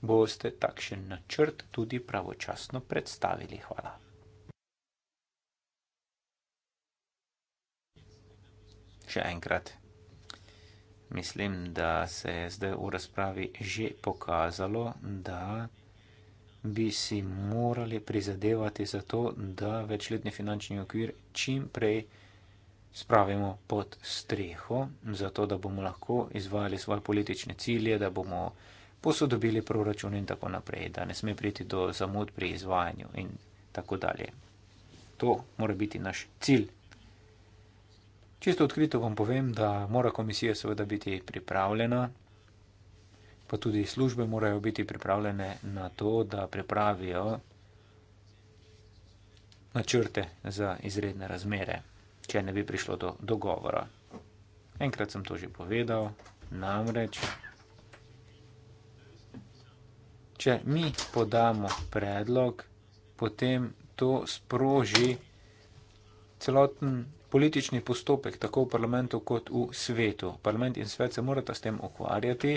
boste takšen načrt tudi pravočasno predstavili. Hvala. Še enkrat. Mislim, da se je zdaj v razpravi že pokazalo, da bi si morali prizadevati za to, da večletni finančni okvir čim prej spravimo pod streho, zato da bomo lahko izvajali svoje politične cilje, da bomo posodobili proračun in tako naprej, da ne sme priti do zamud pri izvajanju in tako dalje. To mora biti naš cilj. Čisto odkrito vam povem, da mora komisija seveda biti pripravljena, pa tudi službe morajo biti pripravljene na to, da pripravijo načrte za izredne razmere če ne bi prišlo do dogovora. Enkrat sem to že povedal, namreč, če mi podamo predlog, potem to sproži celoten politični postopek, tako v parlamentu kot v svetu. Parlament in svet se morata s tem ukvarjati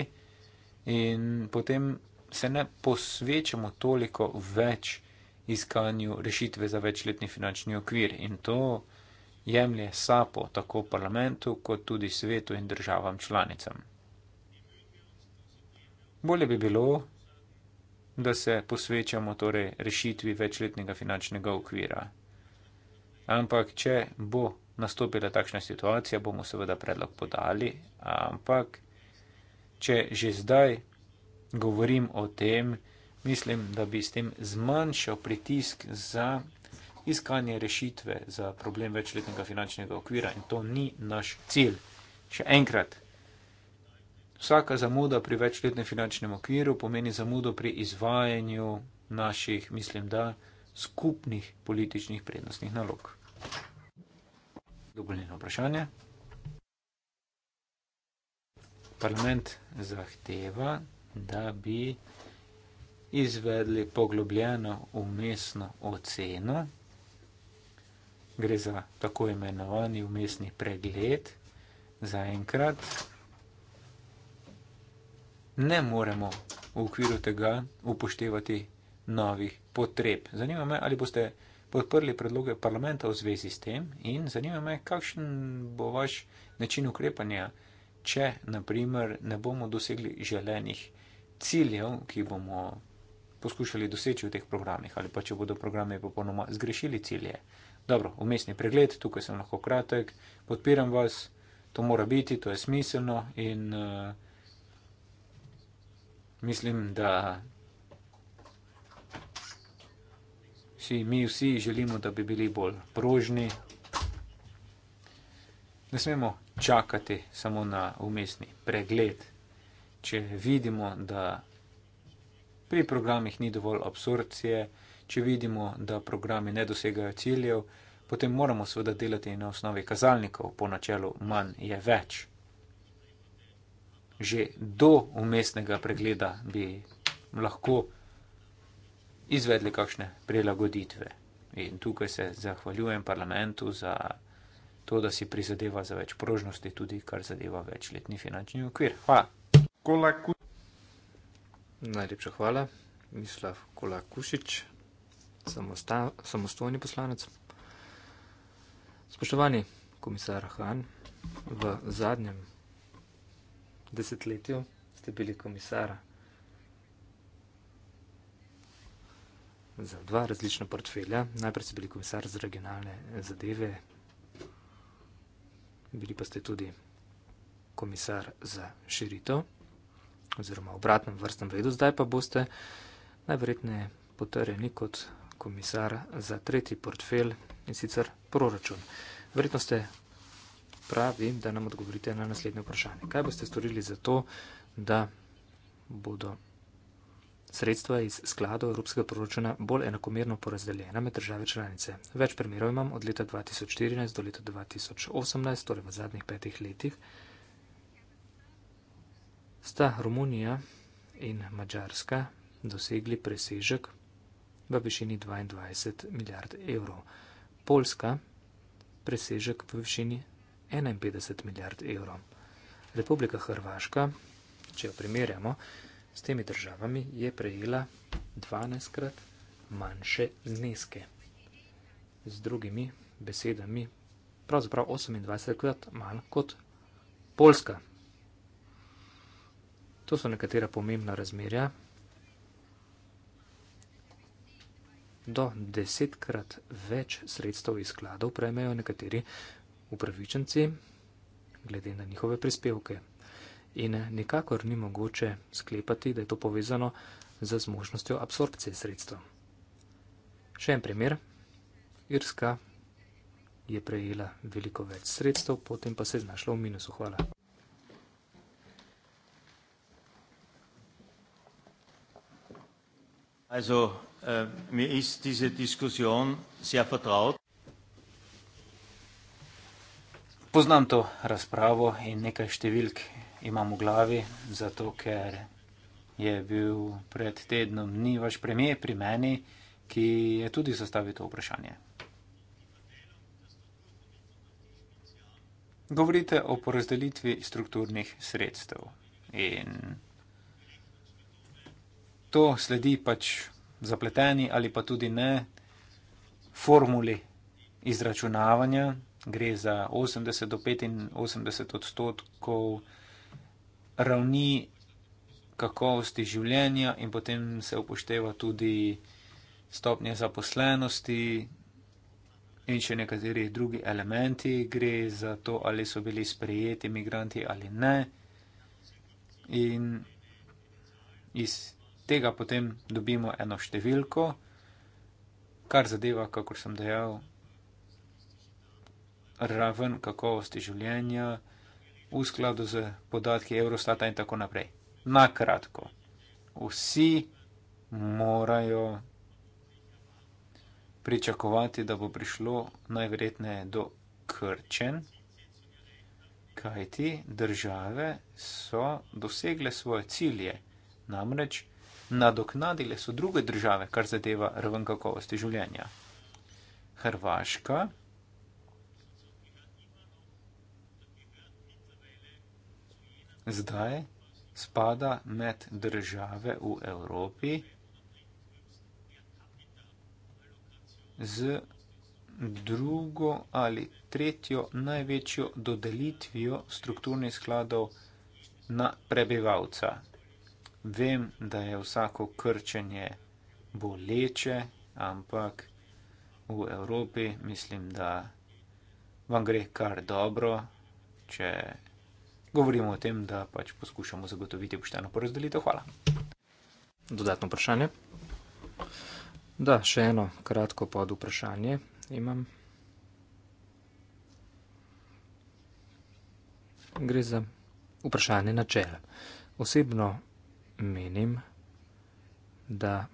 in potem se ne posvečamo toliko več iskanju rešitve za večletni finančni okvir. In to jemlje sapo tako parlamentu, kot tudi svetu in državam članicam. Bolje bi bilo, da se posvečamo torej rešitvi večletnega finančnega okvira. Ampak, če bo nastopila takšna situacija, bomo seveda predlog podali, ampak, če že zdaj govorim o tem, mislim, da bi s tem zmanjšal pritisk za iskanje rešitve za problem večletnega finančnega okvira in to ni naš cilj. Še enkrat, vsaka zamuda pri večletnem finančnem okviru pomeni zamudo pri izvajanju naših, mislim, da skupnih političnih prednostnih nalog. Dopolnjeno vprašanje. Parlament zahteva, da bi izvedli poglobljeno umestno oceno gre za tako imenovani umestni pregled, zaenkrat ne moremo v okviru tega upoštevati novih potreb. Zanima me, ali boste podprli predloge parlamenta v zvezi s tem in zanima me, kakšen bo vaš način ukrepanja, če naprimer ne bomo dosegli želenih ciljev, ki bomo poskušali doseči v teh programih ali pa če bodo programe popolnoma zgrešili cilje dobro, umestni pregled, tukaj sem lahko kratek, podpiram vas, to mora biti, to je smiselno in uh, mislim, da vsi, mi vsi želimo, da bi bili bolj prožni. Ne smemo čakati samo na umestni pregled, če vidimo, da pri programih ni dovolj absorpcije, uh, če vidimo, da programi ne dosegajo ciljev, potem moramo seveda delati na osnovi kazalnikov po načelu manj je več. Že do umestnega pregleda bi lahko izvedli kakšne prilagoditve. In tukaj se zahvaljujem parlamentu za to, da si prizadeva za več prožnosti, tudi kar zadeva večletni finančni okvir. Hvala. Kola, ku... Najlepša hvala, Mislav Kolakušič samosta, samostojni poslanec. Spoštovani komisar Han, v zadnjem desetletju ste bili komisara za dva različna portfelja. Najprej ste bili komisar za regionalne zadeve, bili pa ste tudi komisar za širito oziroma obratnem vrstnem redu, zdaj pa boste najverjetneje potrjeni kot komisar za tretji portfelj in sicer proračun. Verjetno ste pravi, da nam odgovorite na naslednje vprašanje. Kaj boste storili za to, da bodo sredstva iz skladov Evropskega proračuna bolj enakomerno porazdeljena med države članice? Več primerov imam od leta 2014 do leta 2018, torej v zadnjih petih letih. Sta Romunija in Mačarska dosegli presežek v višini 22 milijard evrov. Poljska presežek v višini 51 milijard evrov. Republika Hrvaška, če jo primerjamo s temi državami, je prejela 12 krat manjše zneske. Z drugimi besedami, pravzaprav 28 krat manj kot Poljska. To so nekatera pomembna razmerja. do desetkrat več sredstev iz skladov prejmejo nekateri upravičenci, glede na njihove prispevke. In nikakor ni mogoče sklepati, da je to povezano z zmožnostjo absorpcije sredstev. Še en primer. Irska je prejela veliko več sredstev, potem pa se je znašla v minusu. Hvala. Also äh, mir ist diese Diskussion sehr vertraut. Poznam to razpravo in nekaj številk imam v glavi, zato ker je bil pred tednom dni vaš premije pri meni, ki je tudi zastavil to vprašanje. Govorite o porazdelitvi strukturnih sredstev in to sledi pač zapleteni ali pa tudi ne formuli izračunavanja. Gre za 80 do 85 odstotkov ravni kakovosti življenja in potem se upošteva tudi stopnje zaposlenosti in še nekateri drugi elementi. Gre za to, ali so bili sprejeti imigranti ali ne. In iz tega potem dobimo eno številko, kar zadeva, kako sem dejal, raven kakovosti življenja v skladu z podatki Eurostata in tako naprej. Na kratko, vsi morajo pričakovati, da bo prišlo najverjetneje do krčen, kajti države so dosegle svoje cilje, namreč, nadoknadile so druge države, kar zadeva raven kakovosti življenja. Hrvaška. Zdaj spada med države v Evropi z drugo ali tretjo največjo dodelitvijo strukturnih skladov na prebivalca. Vem, da je vsako krčenje boleče, ampak v Evropi mislim, da vam gre kar dobro, če govorimo o tem, da pač poskušamo zagotoviti pošteno porazdelitev. Hvala. Dodatno vprašanje. Da, še eno kratko pod vprašanje imam. Gre za vprašanje načela. Osebno menim, da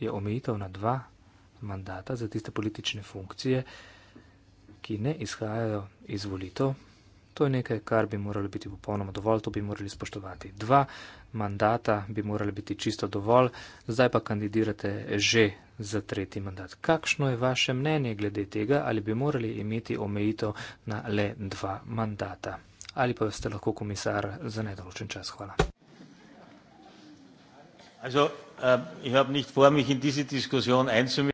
je omejitev na dva mandata za tiste politične funkcije, ki ne izhajajo iz volitev. To je nekaj, kar bi moralo biti popolnoma dovolj, to bi morali spoštovati. Dva mandata bi morali biti čisto dovolj, zdaj pa kandidirate že za tretji mandat. Kakšno je vaše mnenje glede tega, ali bi morali imeti omejitev na le dva mandata? Ali pa ste lahko komisar za nedoločen čas? Hvala. Also, äh, ich habe nicht vor, mich in diese Diskussion einzumischen.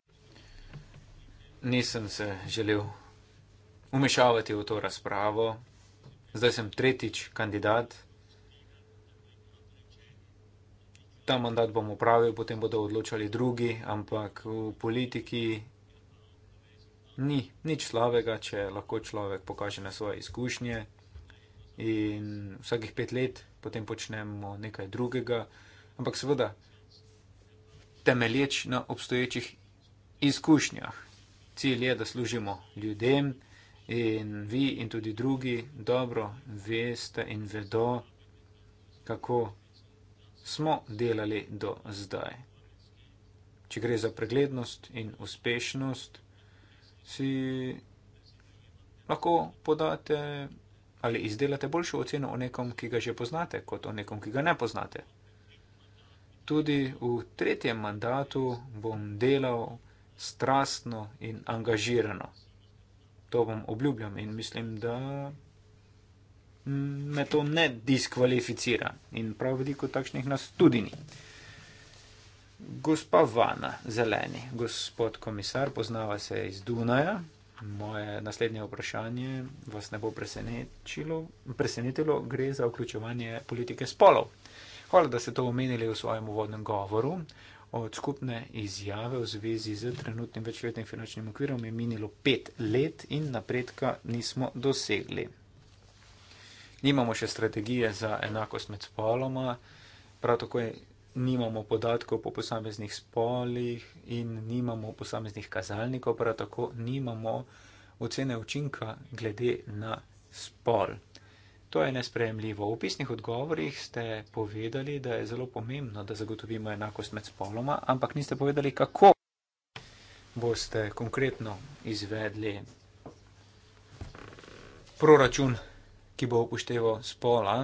Nisem se želel umešavati v to razpravo. Zdaj sem tretjič kandidat. Ta mandat bom upravil, potem bodo odločali drugi, ampak v politiki ni nič slabega, če lahko človek pokaže na svoje izkušnje in vsakih pet let potem počnemo nekaj drugega ampak seveda temelječ na obstoječih izkušnjah. Cilj je, da služimo ljudem in vi in tudi drugi dobro veste in vedo, kako smo delali do zdaj. Če gre za preglednost in uspešnost, si lahko podate ali izdelate boljšo oceno o nekom, ki ga že poznate, kot o nekom, ki ga ne poznate tudi v tretjem mandatu bom delal strastno in angažirano. To vam obljubljam in mislim, da me to ne diskvalificira in prav veliko takšnih nas tudi ni. Gospa Vana, zeleni, gospod komisar, poznava se iz Dunaja. Moje naslednje vprašanje vas ne bo presenetilo, presenetilo gre za vključevanje politike spolov. Hvala, da ste to omenili v svojem uvodnem govoru. Od skupne izjave v zvezi z trenutnim večletnim finančnim okvirom je minilo pet let in napredka nismo dosegli. Nimamo še strategije za enakost med spoloma, prav tako je, nimamo podatkov po posameznih spolih in nimamo posameznih kazalnikov, prav tako nimamo ocene učinka glede na spol. To je nespremljivo. V pisnih odgovorih ste povedali, da je zelo pomembno, da zagotovimo enakost med spoloma, ampak niste povedali, kako boste konkretno izvedli proračun, ki bo upošteval spola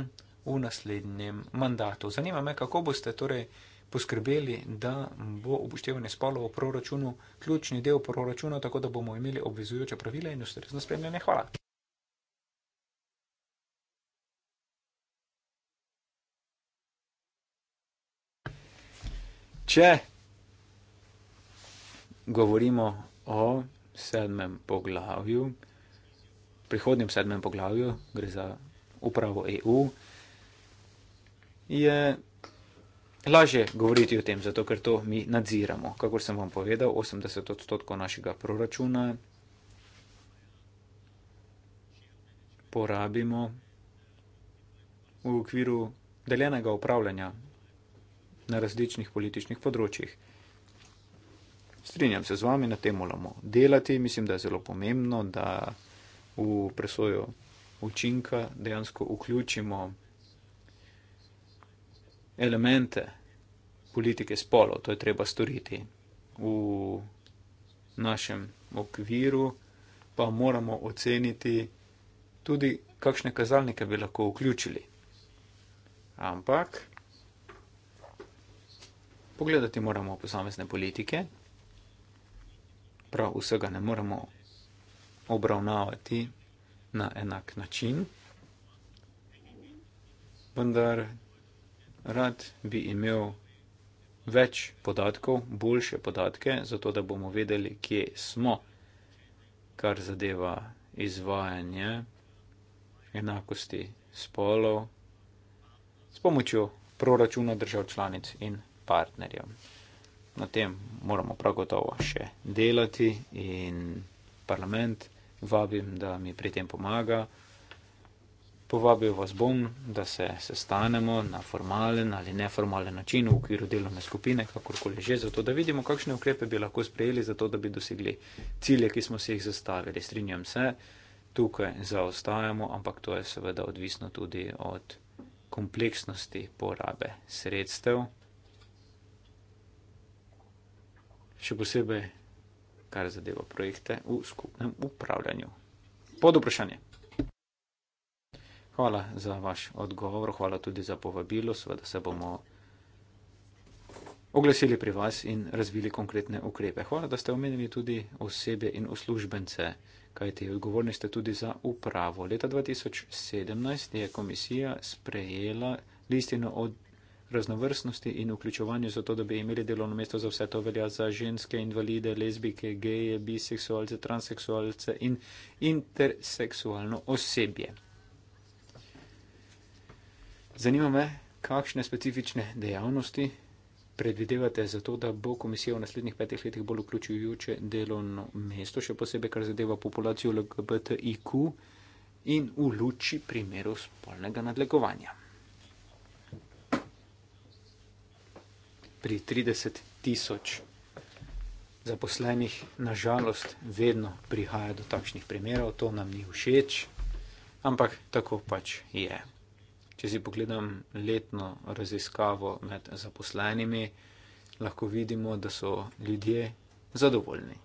v naslednjem mandatu. Zanima me, kako boste torej poskrbeli, da bo upoštevanje spolov v proračunu ključni del proračuna, tako da bomo imeli obvezujoče pravila in ustrezno spremljanje. Hvala. Če govorimo o sedmem poglavju, prihodnjem sedmem poglavju, gre za upravo EU, je lažje govoriti o tem, zato ker to mi nadziramo. Kako sem vam povedal, 80 odstotkov našega proračuna porabimo v okviru deljenega upravljanja na različnih političnih področjih. Strinjam se z vami, na tem moramo delati. Mislim, da je zelo pomembno, da v presojo učinka dejansko vključimo elemente politike spolov. To je treba storiti v našem okviru, pa moramo oceniti tudi, kakšne kazalnike bi lahko vključili. Ampak. Pogledati moramo posamezne politike, prav vsega ne moramo obravnavati na enak način, vendar rad bi imel več podatkov, boljše podatke, zato da bomo vedeli, kje smo, kar zadeva izvajanje enakosti spolov s pomočjo proračuna držav članic in partnerjem. Na tem moramo prav gotovo še delati in parlament vabim, da mi pri tem pomaga. Povabil vas bom, da se sestanemo na formalen ali neformalen način v okviru delovne skupine, kakorkoli že, zato da vidimo, kakšne ukrepe bi lahko sprejeli, zato da bi dosegli cilje, ki smo si jih zastavili. Strinjam se, tukaj zaostajamo, ampak to je seveda odvisno tudi od kompleksnosti porabe sredstev. še posebej, kar zadeva projekte v skupnem upravljanju. Pod vprašanje. Hvala za vaš odgovor, hvala tudi za povabilo. Seveda se bomo oglasili pri vas in razvili konkretne ukrepe. Hvala, da ste omenili tudi osebe in uslužbence, kajti odgovorni ste tudi za upravo. Leta 2017 je komisija sprejela listino od raznovrstnosti in vključevanju, zato da bi imeli delovno mesto za vse to velja za ženske, invalide, lezbike, geje, biseksualce, transseksualce in interseksualno osebje. Zanima me, kakšne specifične dejavnosti predvidevate za to, da bo komisija v naslednjih petih letih bolj vključujoče delovno mesto, še posebej kar zadeva populacijo LGBTIQ in v luči primerov spolnega nadlegovanja. pri 30 tisoč zaposlenih, nažalost, vedno prihaja do takšnih primerov, to nam ni všeč, ampak tako pač je. Če si pogledam letno raziskavo med zaposlenimi, lahko vidimo, da so ljudje zadovoljni.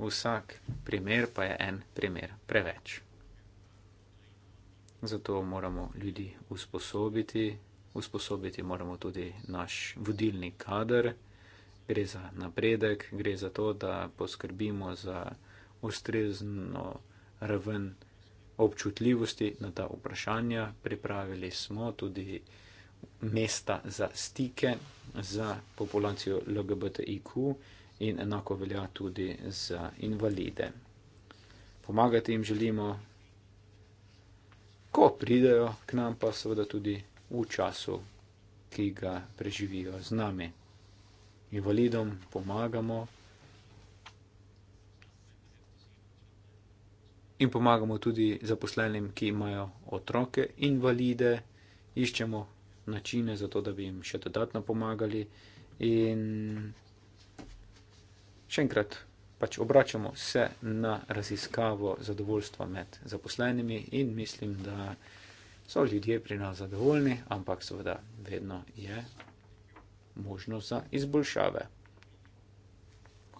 Vsak primer pa je en primer preveč. Zato moramo ljudi usposobiti, usposobiti moramo tudi naš vodilni kader. Gre za napredek, gre za to, da poskrbimo za ustrezno raven občutljivosti na ta vprašanja. Pripravili smo tudi mesta za stike za populacijo LGBTIQ in enako velja tudi za invalide. Pomagati jim želimo, ko pridejo k nam, pa seveda tudi v času, ki ga preživijo z nami. Invalidom pomagamo in pomagamo tudi zaposlenim, ki imajo otroke invalide, iščemo načine za to, da bi jim še dodatno pomagali in še enkrat pač obračamo se na raziskavo zadovoljstva med zaposlenimi in mislim, da so ljudje pri nas zadovoljni, ampak seveda vedno je možnost za izboljšave.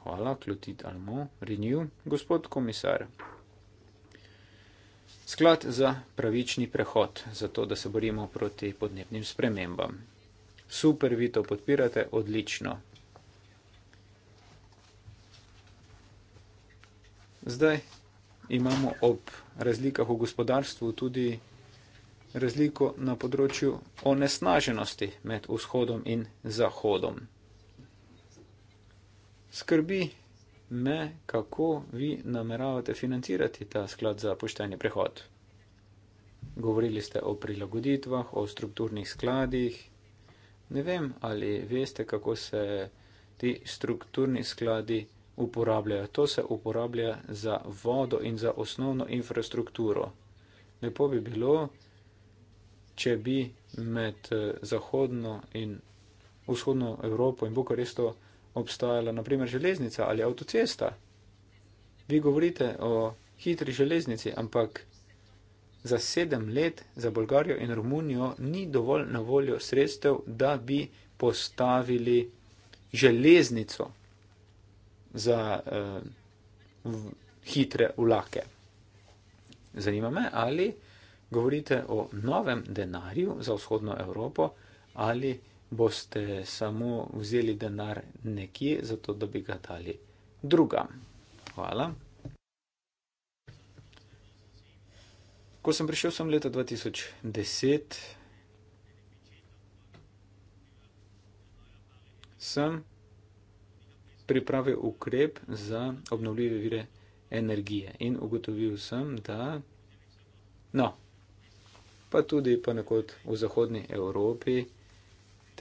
Hvala, Klutit Almo, Renew, gospod komisar. Sklad za pravični prehod, zato da se borimo proti podnebnim spremembam. Super, vi to podpirate, odlično. Zdaj imamo ob razlikah v gospodarstvu tudi razliko na področju onesnaženosti med vzhodom in zahodom. Skrbi me, kako vi nameravate financirati ta sklad za pošteni prehod. Govorili ste o prilagoditvah, o strukturnih skladih. Ne vem, ali veste, kako se ti strukturni skladi uporabljajo. To se uporablja za vodo in za osnovno infrastrukturo. Lepo bi bilo, če bi med eh, zahodno in vzhodno Evropo in Bukaresto obstajala naprimer železnica ali avtocesta. Vi govorite o hitri železnici, ampak za sedem let za Bolgarijo in Romunijo ni dovolj na voljo sredstev, da bi postavili železnico za eh, v, hitre vlake. Zanima me, ali Govorite o novem denarju za vzhodno Evropo ali boste samo vzeli denar nekje, zato da bi ga dali drugam? Hvala. Ko sem prišel sem leta 2010, sem pripravil ukrep za obnovljive vire energije in ugotovil sem, da no, pa tudi ponekod v zahodni Evropi,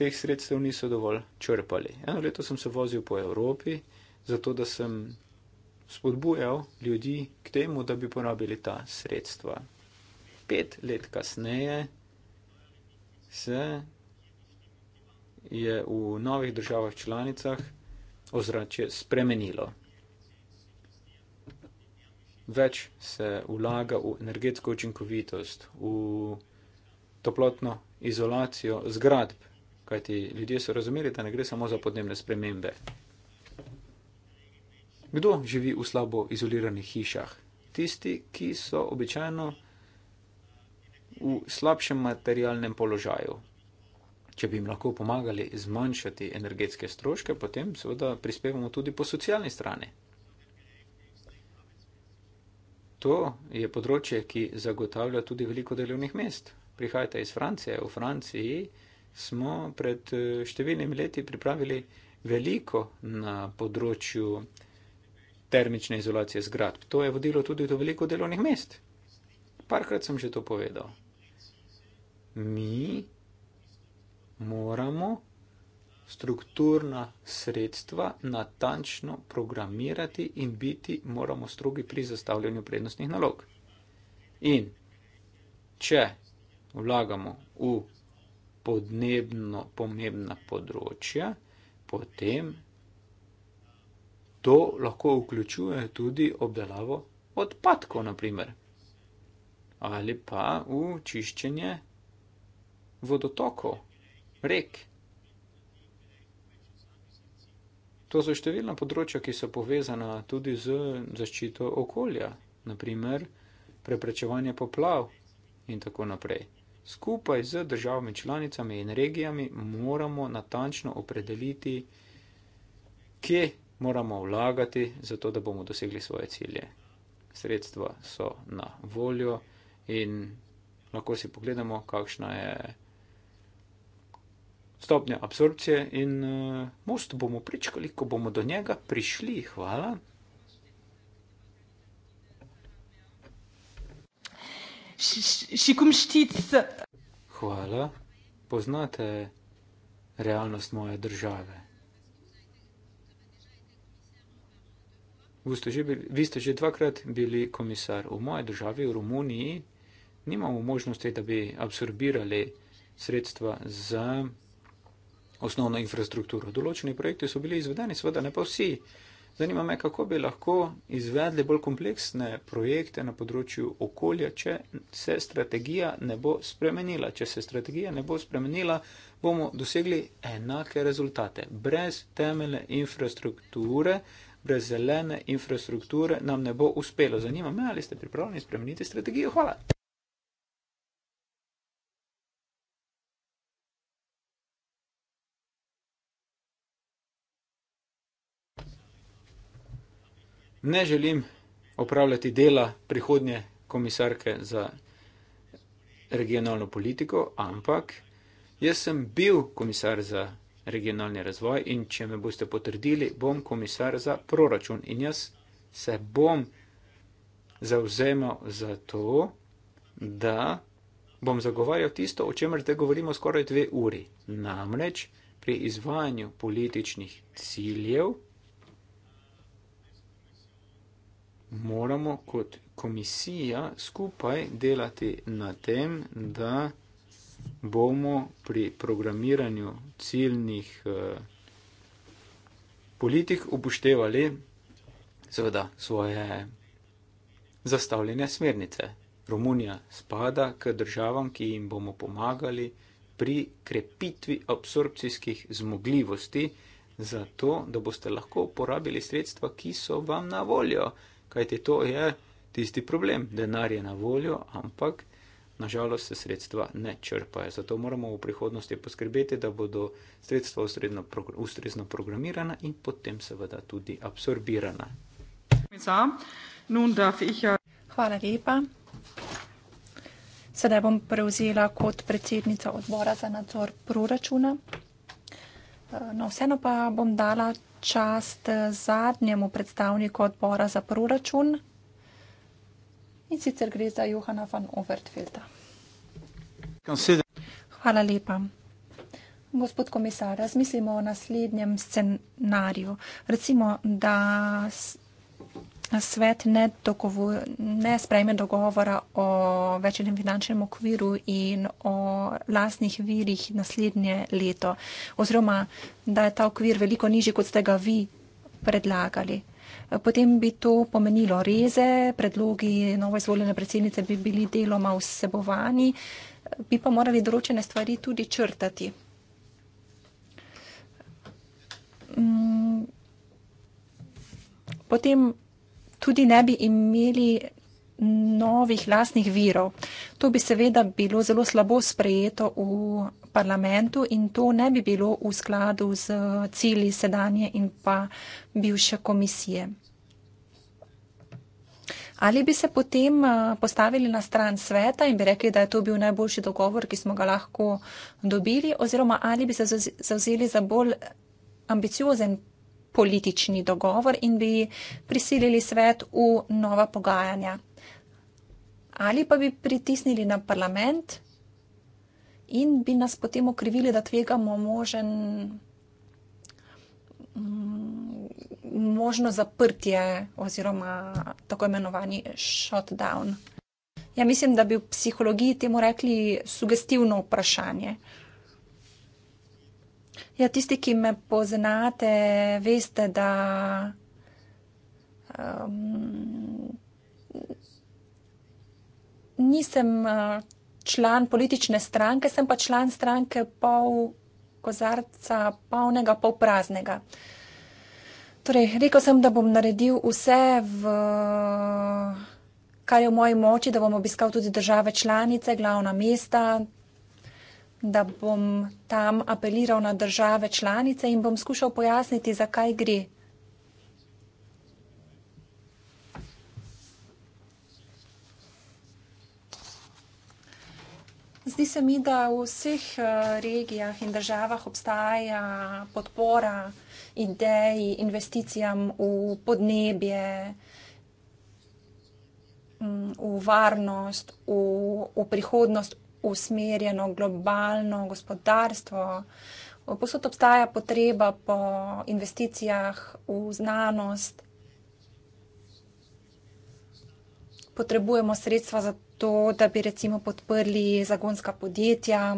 teh sredstev niso dovolj črpali. Eno leto sem se vozil po Evropi, zato da sem spodbujal ljudi k temu, da bi porabili ta sredstva. Pet let kasneje se je v novih državah članicah ozračje spremenilo več se vlaga v energetsko učinkovitost, v toplotno izolacijo zgradb, kajti ljudje so razumeli, da ne gre samo za podnebne spremembe. Kdo živi v slabo izoliranih hišah? Tisti, ki so običajno v slabšem materialnem položaju. Če bi jim lahko pomagali zmanjšati energetske stroške, potem seveda prispevamo tudi po socialni strani to je področje, ki zagotavlja tudi veliko delovnih mest. Prihajate iz Francije. V Franciji smo pred eh, številnimi leti pripravili veliko na področju termične izolacije zgradb. To je vodilo tudi do veliko delovnih mest. Parkrat sem že to povedal. Mi moramo strukturna sredstva natančno programirati in biti moramo strogi pri zastavljanju prednostnih nalog. In če vlagamo v podnebno pomembna področja, potem to lahko vključuje tudi obdelavo odpadkov, naprimer, ali pa v čiščenje vodotokov, rek. To so številna področja, ki so povezana tudi z zaščito okolja, naprimer preprečevanje poplav in tako naprej. Skupaj z državami članicami in regijami moramo natančno opredeliti, kje moramo vlagati, zato da bomo dosegli svoje cilje. Sredstva so na voljo in lahko si pogledamo, kakšna je stopnja absorpcije in uh, most bomo pričkali, ko bomo do njega prišli. Hvala. Hvala. Poznate realnost moje države. Vi ste, že bili, vi ste že dvakrat bili komisar v moje državi, v Romuniji. Nimamo možnosti, da bi absorbirali sredstva za osnovno infrastrukturo. Določeni projekti so bili izvedeni, seveda ne pa vsi. Zanima me, kako bi lahko izvedli bolj kompleksne projekte na področju okolja, če se strategija ne bo spremenila. Če se strategija ne bo spremenila, bomo dosegli enake rezultate. Brez temeljne infrastrukture, brez zelene infrastrukture nam ne bo uspelo. Zanima me, ali ste pripravljeni spremeniti strategijo. Hvala. ne želim opravljati dela prihodnje komisarke za regionalno politiko, ampak jaz sem bil komisar za regionalni razvoj in če me boste potrdili, bom komisar za proračun in jaz se bom zauzemal za to, da bom zagovarjal tisto, o čemer te govorimo skoraj dve uri. Namreč pri izvajanju političnih ciljev, moramo kot komisija skupaj delati na tem, da bomo pri programiranju ciljnih eh, politik upoštevali seveda svoje zastavljene smernice. Romunija spada k državam, ki jim bomo pomagali pri krepitvi absorpcijskih zmogljivosti, zato da boste lahko uporabili sredstva, ki so vam na voljo kajti to je tisti problem. Denar je na voljo, ampak nažalost se sredstva ne črpajo. Zato moramo v prihodnosti poskrbeti, da bodo sredstva ustrezno, ustrezno programirana in potem seveda tudi absorbirana. Ja- Hvala lepa. Sedaj bom prevzela kot predsednica odbora za nadzor proračuna. Eh, no, vseeno pa bom dala čast eh, zadnjemu predstavniku odbora za proračun in sicer gre za Johana van Overtfelda. Hvala lepa. Gospod komisar, razmislimo o naslednjem scenariju. Recimo, da svet ne, ne sprejme dogovora o večjem finančnem okviru in o lastnih virih naslednje leto, oziroma da je ta okvir veliko nižji, kot ste ga vi predlagali. Potem bi to pomenilo reze, predlogi novo izvoljene predsednice bi bili deloma vsebovani, bi pa morali določene stvari tudi črtati. Mm. Potem tudi ne bi imeli novih lasnih virov. To bi seveda bilo zelo slabo sprejeto v parlamentu in to ne bi bilo v skladu z cilji sedanje in pa bivše komisije. Ali bi se potem eh, postavili na stran sveta in bi rekli, da je to bil najboljši dogovor, ki smo ga lahko dobili, oziroma ali bi se zavzeli za bolj ambiciozen politični dogovor in bi prisilili svet v nova pogajanja. Ali pa bi pritisnili na parlament in bi nas potem okrivili, da tvegamo možen, mm, možno zaprtje oziroma tako imenovani shutdown. Ja, mislim, da bi v psihologiji temu rekli sugestivno vprašanje. Ja, tisti, ki me poznate, veste, da um, nisem uh, član politične stranke, sem pa član stranke pol kozarca, polnega, pol praznega. Torej, rekel sem, da bom naredil vse, v, kar je v moji moči, da bom obiskal tudi države članice, glavna mesta, da bom tam apeliral na države članice in bom skušal pojasniti, zakaj gre. Zdi se mi, da v vseh eh, regijah in državah obstaja podpora ideji, investicijam v podnebje, mm, v varnost, v, v prihodnost, usmerjeno globalno gospodarstvo. Posod obstaja potreba po investicijah v znanost. Potrebujemo sredstva za to, da bi recimo podprli zagonska podjetja.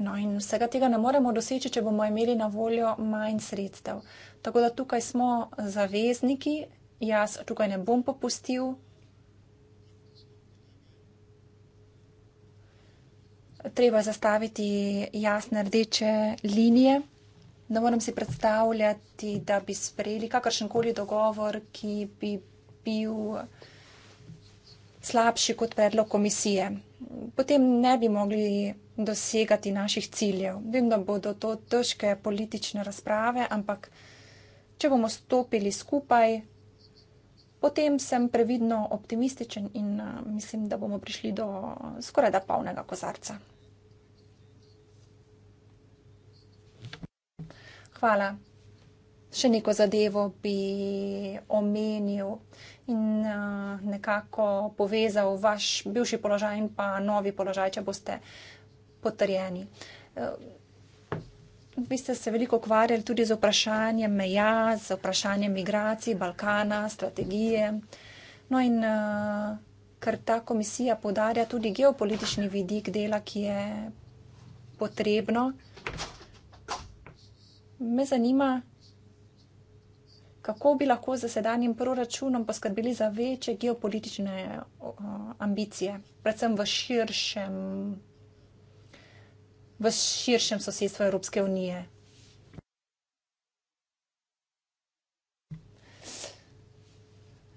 No in vsega tega ne moremo doseči, če bomo imeli na voljo manj sredstev. Tako da tukaj smo zavezniki, jaz tukaj ne bom popustil, treba zastaviti jasne rdeče linije. Ne moram si predstavljati, da bi sprejeli kakršenkoli dogovor, ki bi bil slabši kot predlog komisije. Potem ne bi mogli dosegati naših ciljev. Vem, da bodo to težke politične razprave, ampak če bomo stopili skupaj, Potem sem previdno optimističen in eh, mislim, da bomo prišli do skoraj da polnega kozarca. Hvala. Še neko zadevo bi omenil in eh, nekako povezal vaš bivši položaj in pa novi položaj, če boste potrjeni. Eh, Vi ste se veliko ukvarjali tudi z vprašanjem meja, z vprašanjem migracij, Balkana, strategije. No in eh, ker ta komisija podarja tudi geopolitični vidik dela, ki je potrebno, me zanima, kako bi lahko za sedanjim proračunom poskrbeli za večje geopolitične eh, ambicije, predvsem v širšem v širšem sosedstvu Evropske unije.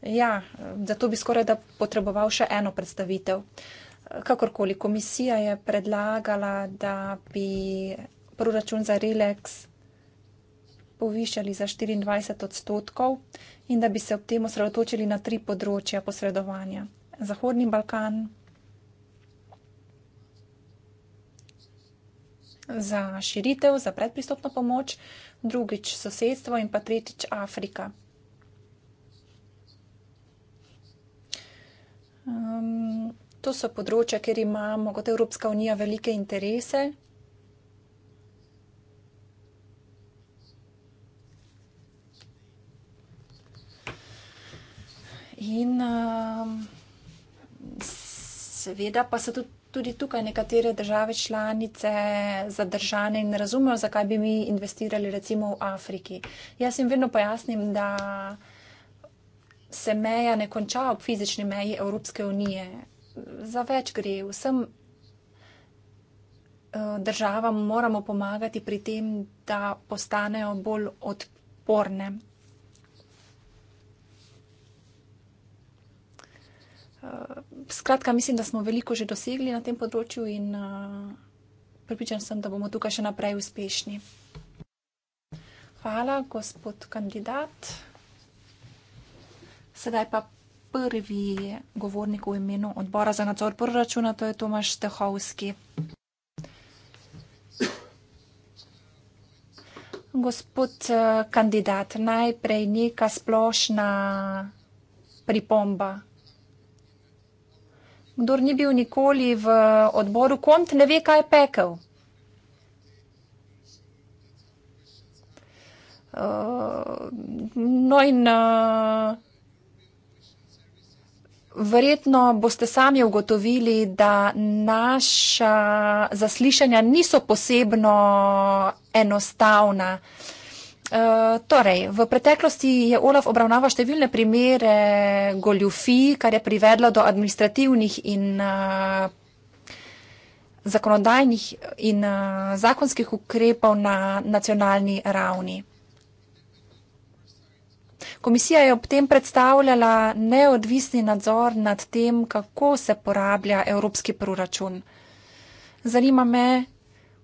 Ja, zato bi skoraj da potreboval še eno predstavitev. Kakorkoli, komisija je predlagala, da bi proračun za RELEX povišali za 24 odstotkov in da bi se ob tem osredotočili na tri področja posredovanja. Zahodni Balkan, za širitev, za predpristopno pomoč, drugič sosedstvo in pa tretjič Afrika. Um, to so področja, kjer imamo kot Evropska unija velike interese. In um, seveda pa so tudi tudi tukaj nekatere države članice zadržane in ne razumejo, zakaj bi mi investirali recimo v Afriki. Jaz jim vedno pojasnim, da se meja ne konča ob fizični meji Evropske unije. Za več gre. Vsem eh, državam moramo pomagati pri tem, da postanejo bolj odporne. Uh, skratka, mislim, da smo veliko že dosegli na tem področju in uh, pripričan sem, da bomo tukaj še naprej uspešni. Hvala, gospod kandidat. Sedaj pa prvi govornik v imenu odbora za nadzor proračuna, to je Tomaš Tehovski. Gospod eh, kandidat, najprej neka splošna pripomba Kdor ni bil nikoli v odboru kont, ne ve, kaj je pekel. Eh, no in eh, verjetno boste sami ugotovili, da naša zaslišanja niso posebno enostavna. Eh, torej, v preteklosti je Olaf obravnaval številne primere goljufij, kar je privedlo do administrativnih in uh, zakonodajnih in uh, zakonskih ukrepov na nacionalni ravni. Komisija je ob tem predstavljala neodvisni nadzor nad tem, kako se porablja evropski proračun. Zanima me,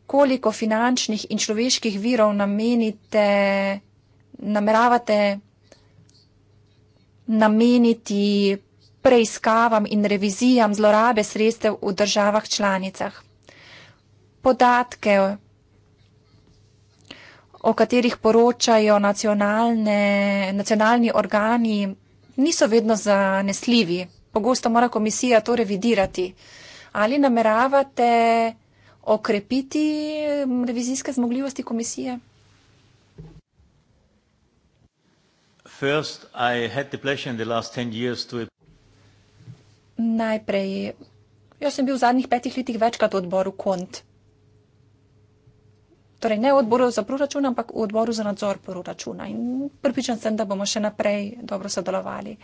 koliko finančnih in človeških virov namenite, nameravate nameniti preiskavam in revizijam zlorabe sredstev v državah članicah. Podatke, o katerih poročajo nacionalni organi, niso vedno zanesljivi. Pogosto mora komisija to revidirati. Ali nameravate okrepiti mm, revizijske zmogljivosti komisije? First, I had the pleasure in the last 10 years to... Najprej, jaz sem bil v zadnjih petih letih večkrat v odboru KONT. Torej, ne v odboru za proračun, ampak v odboru za nadzor proračuna. In pripričan sem, da bomo še naprej dobro sodelovali.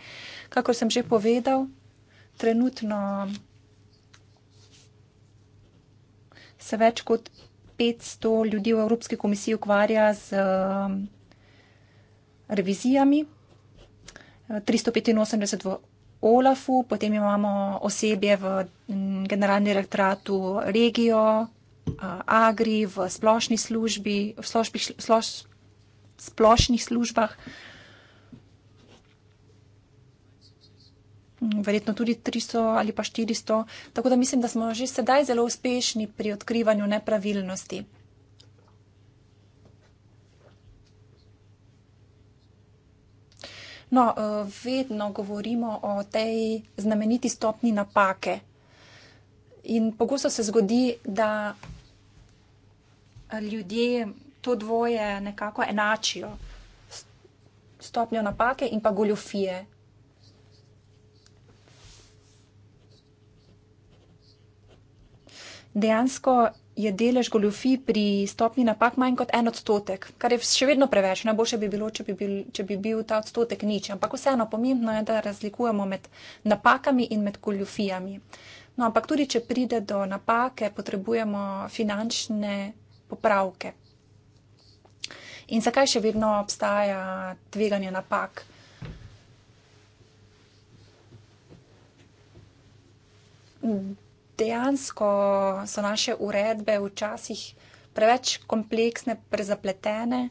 Kakor sem že povedal, trenutno se več kot 500 ljudi v Evropski komisiji ukvarja z um, revizijami, 385 eh, v OLAF-u, potem imamo osebje v generalni rektoratu regijo, eh, agri, v splošni službi, v splošnih službah. Mm, verjetno tudi 300 ali pa 400. Tako da mislim, da smo že sedaj zelo uspešni pri odkrivanju nepravilnosti. No, eh, vedno govorimo o tej znameniti stopni napake. In pogosto se zgodi, da ljudje to dvoje nekako enačijo. Stopnjo napake in pa goljofije. dejansko je delež goljufi pri stopni napak manj kot en odstotek, kar je še vedno preveč. Najboljše bi bilo, če bi bil, če bi bil ta odstotek nič. Ampak vseeno pomembno je, da razlikujemo med napakami in med goljufijami. No, ampak tudi, če pride do napake, potrebujemo finančne popravke. In zakaj še vedno obstaja tveganje napak? Mm dejansko so naše uredbe včasih preveč kompleksne, prezapletene.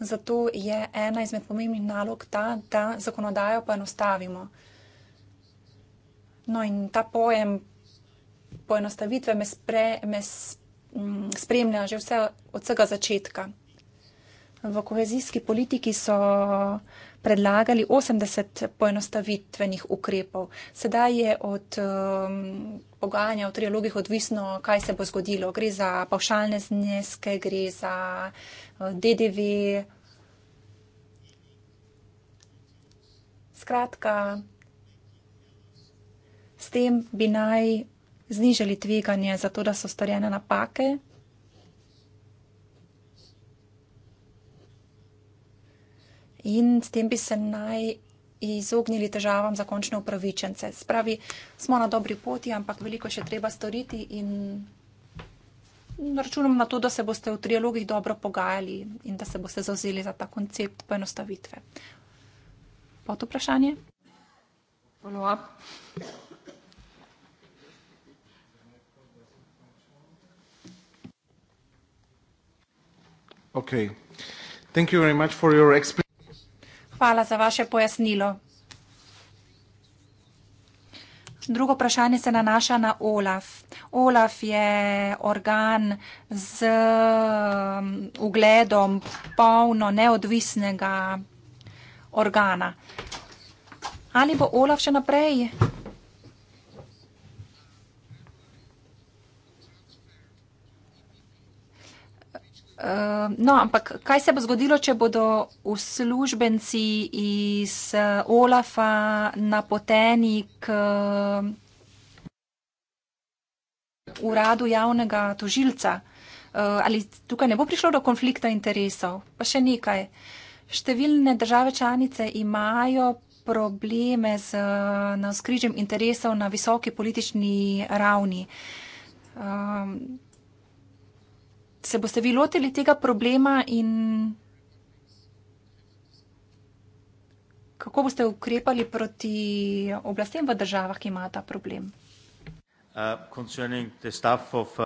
Zato je ena izmed pomembnih nalog ta, da zakonodajo poenostavimo. No, in ta pojem poenostavitve me, spre, me spremlja že vse, od vsega začetka. V kohezijski politiki so predlagali 80 poenostavitvenih ukrepov. Sedaj je od um, pogajanja v trialogih odvisno, kaj se bo zgodilo. Gre za pavšalne zneske, gre za uh, DDV. Skratka, s tem bi naj znižali tveganje za to, da so storjene napake. in s tem bi se naj izognili težavam za končne upravičence. Spravi, smo na dobri poti, ampak veliko še treba storiti in računam na to, da se boste v trialogih dobro pogajali in da se boste zauzeli za ta koncept poenostavitve. Pot vprašanje? Follow-up. Okay. Thank you very much for your explanation. Hvala za vaše pojasnilo. Drugo vprašanje se nanaša na OLAF. OLAF je organ z um, ugledom polno neodvisnega organa. Ali bo OLAF še naprej no, ampak kaj se bo zgodilo, če bodo uslužbenci iz eh, OLAF-a napoteni k eh, uradu javnega tožilca? Eh, ali tukaj ne bo prišlo do konflikta interesov? Pa še nekaj. Številne države članice imajo probleme z navskrižjem interesov na visoki politični ravni. Um, se boste vi lotili tega problema in kako boste ukrepali proti oblastem v državah, ki imajo ta problem? Uh, of... Uh,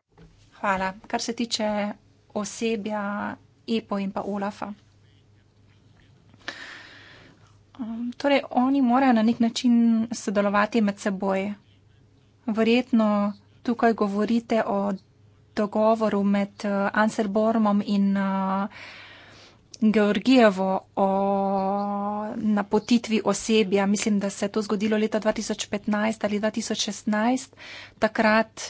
Hvala. Kar se tiče osebja Epo in pa Olafa. Um, torej, oni morajo na nek način sodelovati med seboj. Verjetno tukaj govorite o dogovoru med uh, eh, Ansel Bormom in uh, Georgijevo o napotitvi osebja. Mislim, da se je to zgodilo leta 2015 ali 2016. Takrat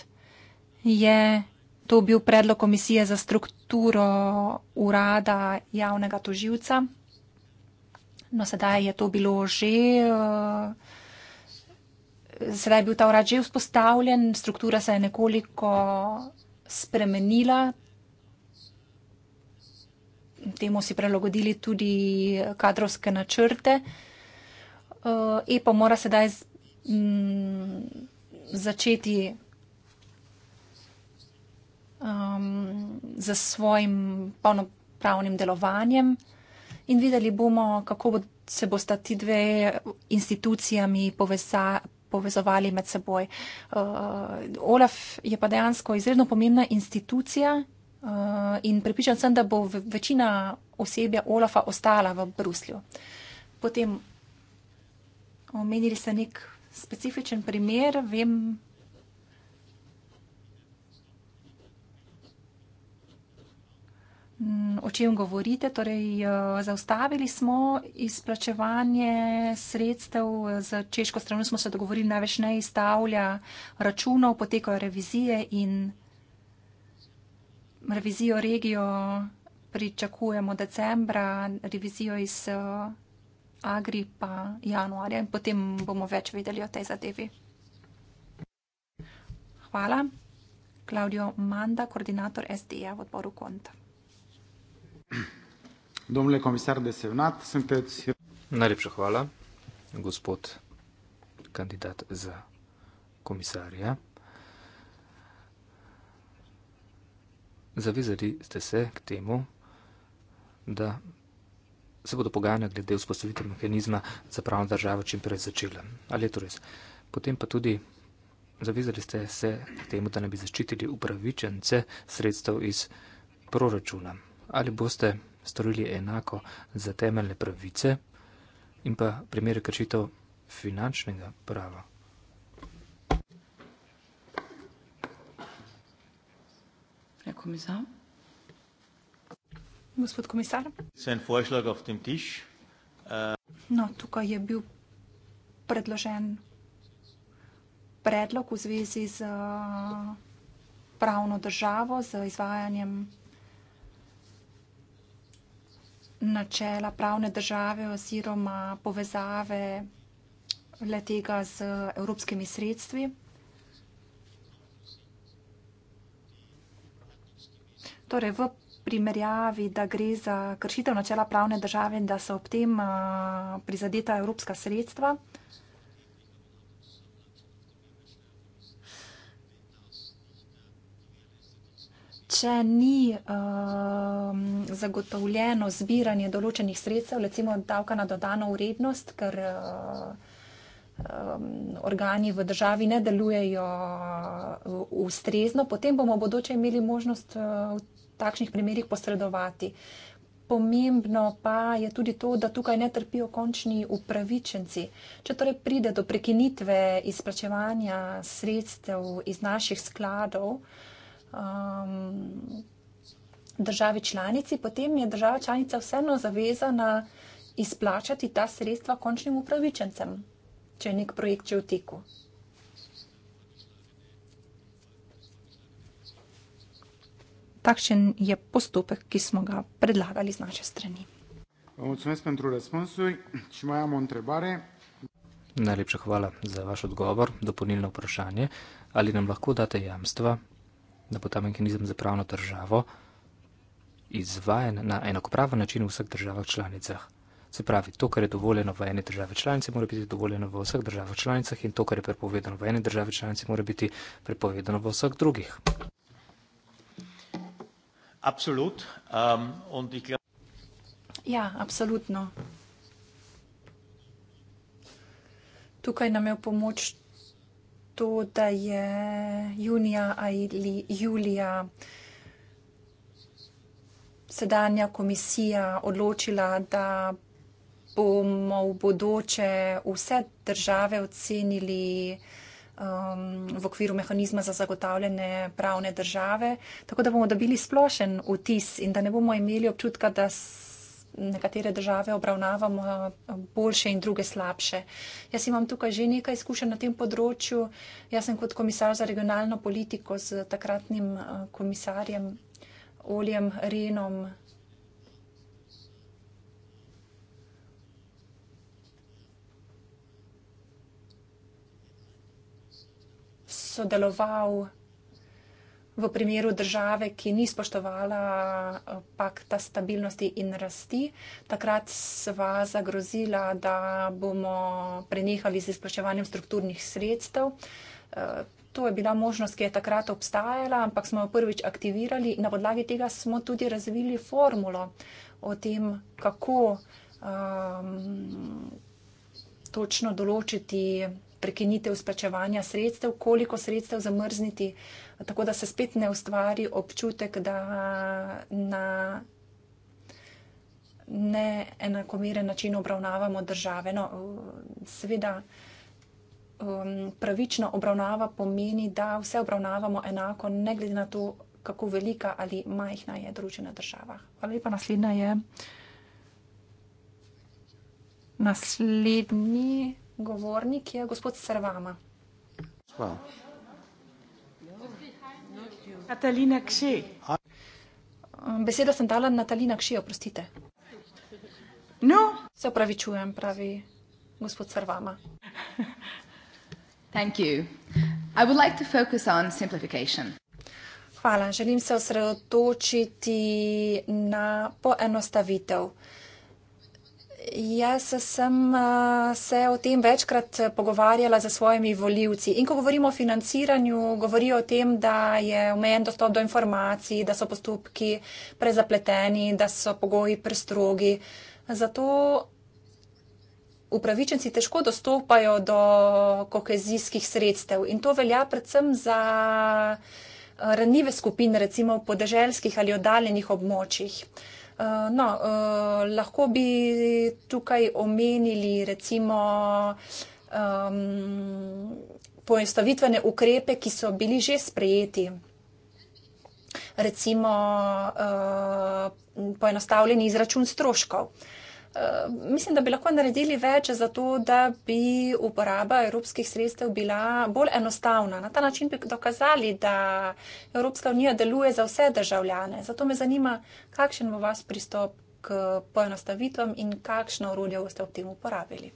je to bil predlog komisije za strukturo urada javnega toživca. No, sedaj je to bilo že. Uh, Sedaj je bil ta urad že vzpostavljen, struktura se je nekoliko spremenila. Temu si prelagodili tudi kadrovske načrte. Uh, EPA mora sedaj mm, začeti z um, svojim polnopravnim delovanjem in videli bomo, kako se bosta ti dve institucijami povezovali med seboj. Uh, Olaf je pa dejansko izredno pomembna institucija uh, in pripričan sem, da bo večina osebja Olafa ostala v Bruslju. Potem omenili ste nek specifičen primer, vem, Mm, o čem govorite. Torej, eh, zaustavili smo izplačevanje sredstev za češko stranu, smo se dogovorili, največ ne izstavlja računov, potekajo revizije in revizijo regijo pričakujemo decembra, revizijo iz eh, Agri pa januarja in potem bomo več vedeli o tej zadevi. Hvala. Klaudijo Manda, koordinator SDA v odboru Konta. *clears throat* Domnule komisar de semnat, sunteți... Najlepša hvala, gospod kandidat za komisarja. Zavezali ste se k temu, da se bodo pogajanja glede vzpostavitve mehanizma za pravno državo čim prej začela. Ali je to res? Potem pa tudi zavezali ste se k temu, da ne bi zaščitili upravičence sredstev iz proračuna ali boste storili enako za temeljne pravice in pa primere kršitev finančnega prava. Herr ja, Kommissar. Gospod Kommissar. Sein Vorschlag auf dem Tisch. Eh, uh... No, tukaj je bil predložen predlog v zvezi z eh, pravno državo, z izvajanjem načela pravne države oziroma povezave le tega z evropskimi sredstvi. Torej, v primerjavi, da gre za kršitev načela pravne države in da so ob tem prizadeta evropska sredstva, če ni uh, zagotovljeno zbiranje določenih sredstev, recimo davka na dodano vrednost, ker uh, um, organi v državi ne delujejo uh, ustrezno, potem bomo v bodoče imeli možnost uh, v takšnih primerjih posredovati. Pomembno pa je tudi to, da tukaj ne trpijo končni upravičenci. Če torej pride do prekinitve izplačevanja sredstev iz naših skladov, uh, um, državi članici, potem je država članica vseeno zavezana izplačati ta sredstva končnim upravičencem, če je nek projekt že v teku. Takšen je postopek, ki smo ga predlagali z naše strani. Najlepša hvala za vaš odgovor. Dopolnilno vprašanje: Ali nam lahko date jamstva, da bo ta mehanizem za pravno državo izvajan na enakopraven način v vseh državah članicah. Se pravi, to, kar je dovoljeno v eni državi članici, mora biti dovoljeno v vseh državah članicah in to, kar je prepovedano v eni državi članici, mora biti prepovedano v vseh drugih. Absolut. Um, ja, absolutno. Tukaj nam je v pomoč to, da je junija ali julija sedanja komisija odločila, da bomo v bodoče vse države ocenili um, v okviru mehanizma za zagotavljanje pravne države, tako da bomo dobili splošen vtis in da ne bomo imeli občutka, da nekatere države obravnavamo eh, boljše in druge slabše. Jaz imam tukaj že nekaj izkušenj na tem področju. Jaz sem kot komisar za regionalno politiko z takratnim eh, komisarjem Oljem Renom. Sodeloval v primeru države, ki ni spoštovala eh, pakta stabilnosti in rasti, takrat sva zagrozila, da bomo prenehali z izplačevanjem strukturnih sredstev. Eh, to je bila možnost, ki je takrat obstajala, ampak smo jo prvič aktivirali in na podlagi tega smo tudi razvili formulo o tem, kako um, točno določiti prekinitev splačevanja sredstev, koliko sredstev zamrzniti uh, tako da se spet ne ustvari občutek, da na neenakomeren način obravnavamo države. No, seveda, um, pravična obravnava pomeni, da vse obravnavamo enako, ne glede na to, kako velika ali majhna je družena država. Hvala lepa, naslednja je. Naslednji govornik je gospod Servama. Hvala. Katalina Kši. Besedo sem dala Natalina Kši, oprostite. No. Se opravičujem, pravi gospod Srvama. Thank you. I would like to focus on simplification. Hvala. Želim se osredotočiti na poenostavitev jaz sem eh, se o tem večkrat pogovarjala za svojimi voljivci. In ko govorimo o financiranju, govorijo o tem, da je omejen dostop do informacij, da so postopki prezapleteni, da so pogoji prestrogi. Zato upravičenci težko dostopajo do kohezijskih sredstev. In to velja predvsem za eh, ranljive skupine, recimo v podeželskih ali oddaljenih območjih. Uh, no, uh, lahko bi tukaj omenili recimo um, poenostavitvene ukrepe, ki so bili že sprejeti. Recimo uh, poenostavljeni izračun stroškov. Uh, Eh, mislim, da bi lahko naredili več za to, da bi uporaba evropskih sredstev bila bolj enostavna. Na ta način bi dokazali, da Evropska unija deluje za vse državljane. Zato me zanima, kakšen bo vaš pristop k poenostavitvam in kakšno orodje boste v tem uporabili.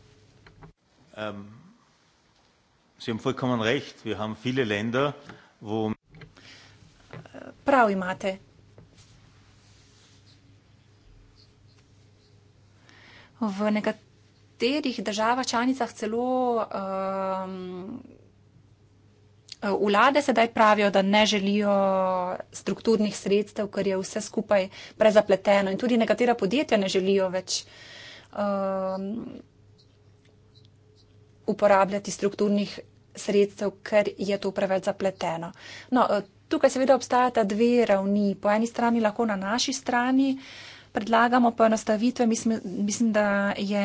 Um. Sie haben vollkommen recht. Wir haben viele Länder, wo. Prav imate. v nekaterih državah članicah celo um, vlade sedaj pravijo, da ne želijo strukturnih sredstev, ker je vse skupaj prezapleteno in tudi nekatera podjetja ne želijo več. Um, uporabljati strukturnih sredstev, ker je to preveč zapleteno. No, tukaj seveda obstajata dve ravni. Po eni strani lahko na naši strani uh, predlagamo poenostavitve, mislim, mislim, da je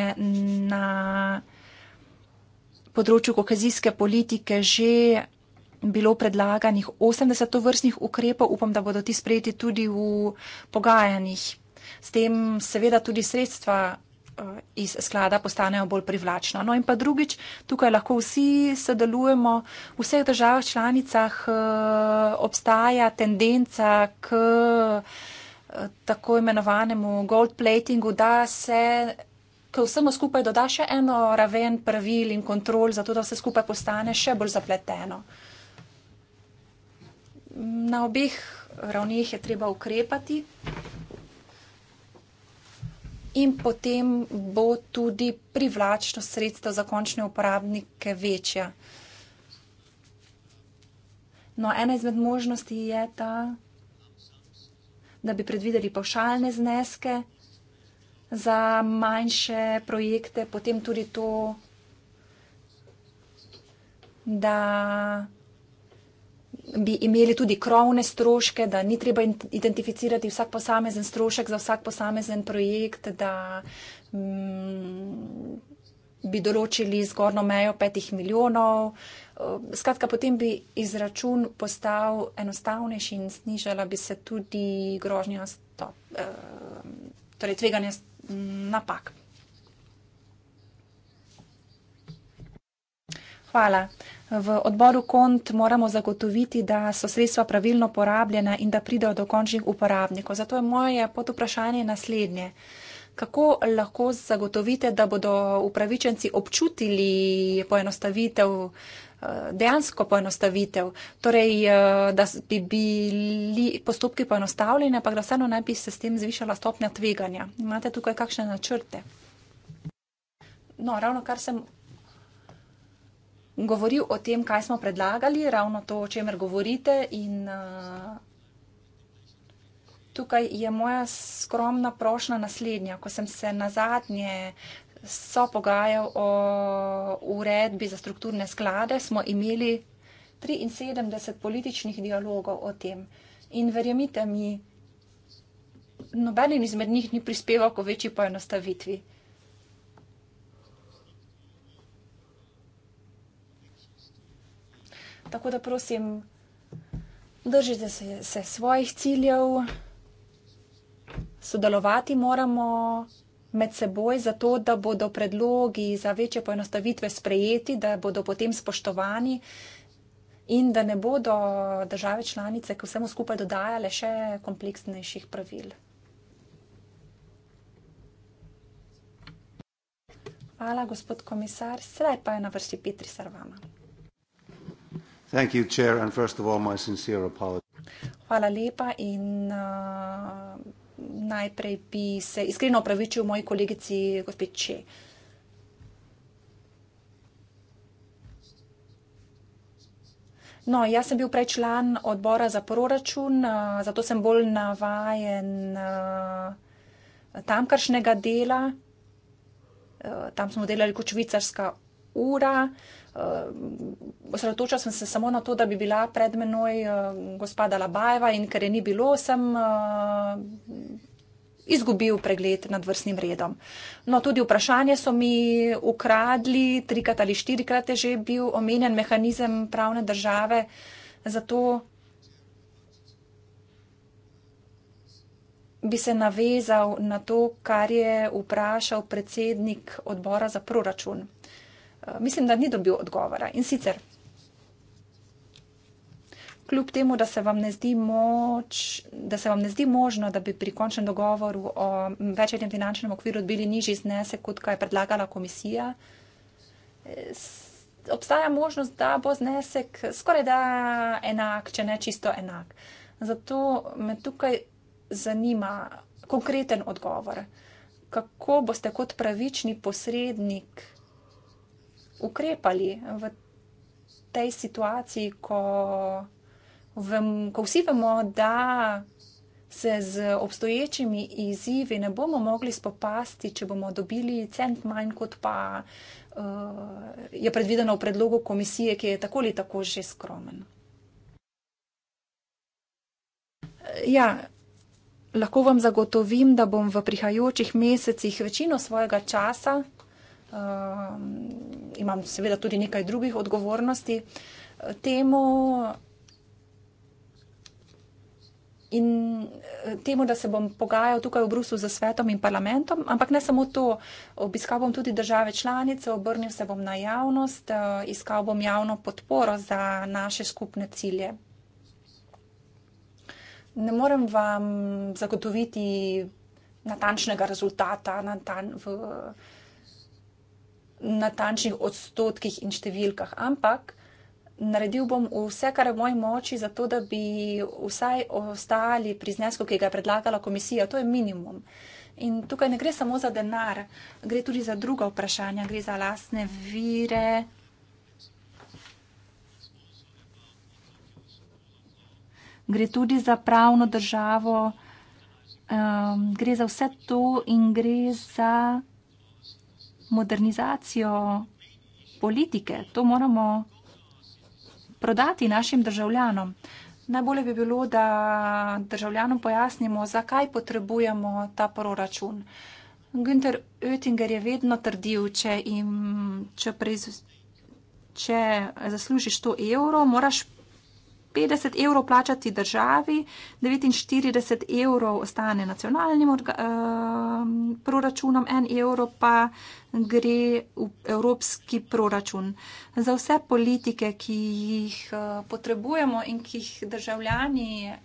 na področju kohezijske politike že bilo predlaganih 80 vrstnih ukrepov, upam, da bodo ti sprejeti tudi v pogajanjih. S tem seveda tudi sredstva eh, iz sklada postanejo bolj privlačna. No in pa drugič, tukaj lahko vsi sodelujemo, v vseh državah članicah eh, obstaja tendenca k Eh, tako imenovanemu gold platingu, da se k vsemu skupaj doda še eno raven pravil in kontrol, zato da vse skupaj postane še bolj zapleteno. Na obeh ravneh je treba ukrepati. In potem bo tudi privlačnost sredstev za končne uporabnike večja. No, ena izmed možnosti je ta. Da da bi predvideli pavšalne zneske za manjše projekte, potem tudi to, da bi imeli tudi krovne stroške, da ni treba identificirati vsak posamezen strošek za vsak posamezen projekt, da mm, bi določili zgornjo mejo petih milijonov, Eh, skratka, potem bi izračun postal enostavnejši in znižala bi se tudi grožnja stop, eh, torej tveganja napak. Hvala. V odboru kont moramo zagotoviti, da so sredstva pravilno porabljena in da pridejo do končnih uporabnikov. Zato je moje podvprašanje naslednje. Kako lahko zagotovite, da bodo upravičenci občutili poenostavitev Eh, dejansko poenostavitev. Torej, eh, da bi bili postopki poenostavljeni, ampak da vseeno naj bi se s tem zvišala stopnja tveganja. Imate tukaj kakšne načrte? No, ravno kar sem govoril o tem, kaj smo predlagali, ravno to, o čemer govorite in. Eh, tukaj je moja skromna prošla naslednja. Ko sem se na zadnje so pogajal o uredbi za strukturne sklade, smo imeli 73 političnih dialogov o tem. In verjemite mi, noben izmed njih ni prispeval k večji poenostavitvi. Tako da prosim, držite se, se svojih ciljev, sodelovati moramo med seboj, zato da bodo predlogi za večje poenostavitve sprejeti, da bodo potem spoštovani in da ne bodo države članice k vsemu skupaj dodajale še kompleksnejših pravil. Hvala, gospod komisar. Sedaj pa je na vrsti Petri Sarvama. Hvala lepa in uh, najprej bi se iskreno opravičil moji kolegici gospod Če. No, jaz sem bil prej član odbora za proračun, zato sem bolj navajen tamkaršnjega dela. E, tam smo delali kot švicarska odbora ura. Ehm, Osredotočal sem se samo na to, da bi bila pred menoj ehm, gospoda Labajeva in ker je ni bilo, sem ehm, izgubil pregled nad vrstnim redom. No, tudi vprašanje so mi ukradli, trikrat ali štirikrat je že bil omenjen mehanizem pravne države, zato bi se navezal na to, kar je vprašal predsednik odbora za proračun. Eh, mislim, da ni dobil odgovora. In sicer, kljub temu, da se vam ne zdi, moč, da vam ne zdi možno, da bi pri končnem dogovoru o večjem finančnem okviru odbili nižji znesek, kot kaj je predlagala komisija, obstaja možnost, da bo znesek skoraj da enak, če ne čisto enak. Zato me tukaj zanima konkreten odgovor. Kako boste kot pravični posrednik ukrepali v tej situaciji, ko, vem, ko vsi vemo, da se z obstoječimi izzivi ne bomo mogli spopasti, če bomo dobili cent manj, kot pa uh, je predvideno v predlogu komisije, ki je tako ali tako že skromen. Ja, lahko vam zagotovim, da bom v prihajajočih mesecih večino svojega časa. Uh, imam seveda tudi nekaj drugih odgovornosti eh, temu, in eh, temu, da se bom pogajal tukaj v Bruslu za svetom in parlamentom, ampak ne samo to, obiskal bom tudi države članice, obrnil se bom na javnost, eh, iskal bom javno podporo za naše skupne cilje. Ne morem vam zagotoviti natančnega rezultata, natančnega rezultata natančnih odstotkih in številkah, ampak naredil bom vse, kar je v moji moči, zato da bi vsaj ostali pri znesku, ki ga je predlagala komisija. To je minimum. In tukaj ne gre samo za denar, gre tudi za druga vprašanja, gre za lastne vire. Gre tudi za pravno državo, um, gre za vse to in gre za modernizacijo politike. To moramo prodati našim državljanom. Najbolje bi bilo, da državljanom pojasnimo, zakaj potrebujemo ta proračun. Günter Oettinger je vedno trdil, če, im, če, prez, če zaslužiš 100 evrov, moraš 50 evrov plačati državi, 49 evrov ostane nacionalnim orga, eh, proračunom, 1 evro pa gre v evropski proračun. Za vse politike, ki jih eh, potrebujemo in ki jih državljani eh,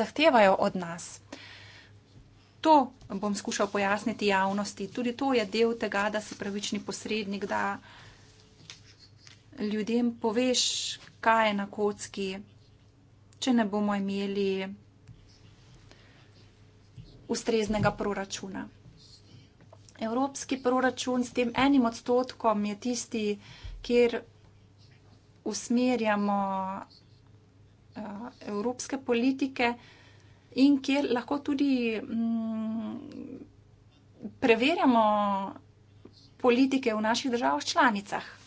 zahtevajo od nas. To bom skušal pojasniti javnosti. Tudi to je del tega, da si pravični posrednik, da ljudem poveš, kaj je na kocki, če ne bomo imeli ustreznega proračuna. Evropski proračun s tem enim odstotkom je tisti, kjer usmerjamo uh, evropske politike in kjer lahko tudi mm, preverjamo politike v naših državah članicah.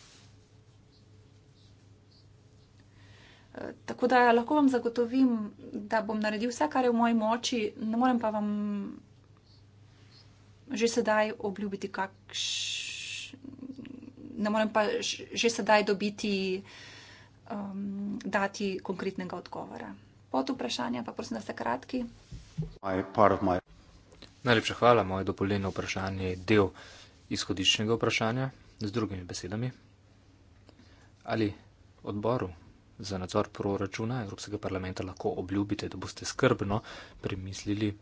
tako da lahko vam zagotovim, da bom naredil vse, kar je v moji moči, ne morem pa vam že sedaj obljubiti, kakš... ne morem pa že sedaj dobiti, um, dati konkretnega odgovora. Pot vprašanja pa prosim, da ste kratki. My, my... Najlepša hvala, moje dopoljeno vprašanje je del izhodiščnega vprašanja z drugimi besedami. Ali odboru za nadzor proračuna Evropskega parlamenta lahko obljubite, da boste skrbno premislili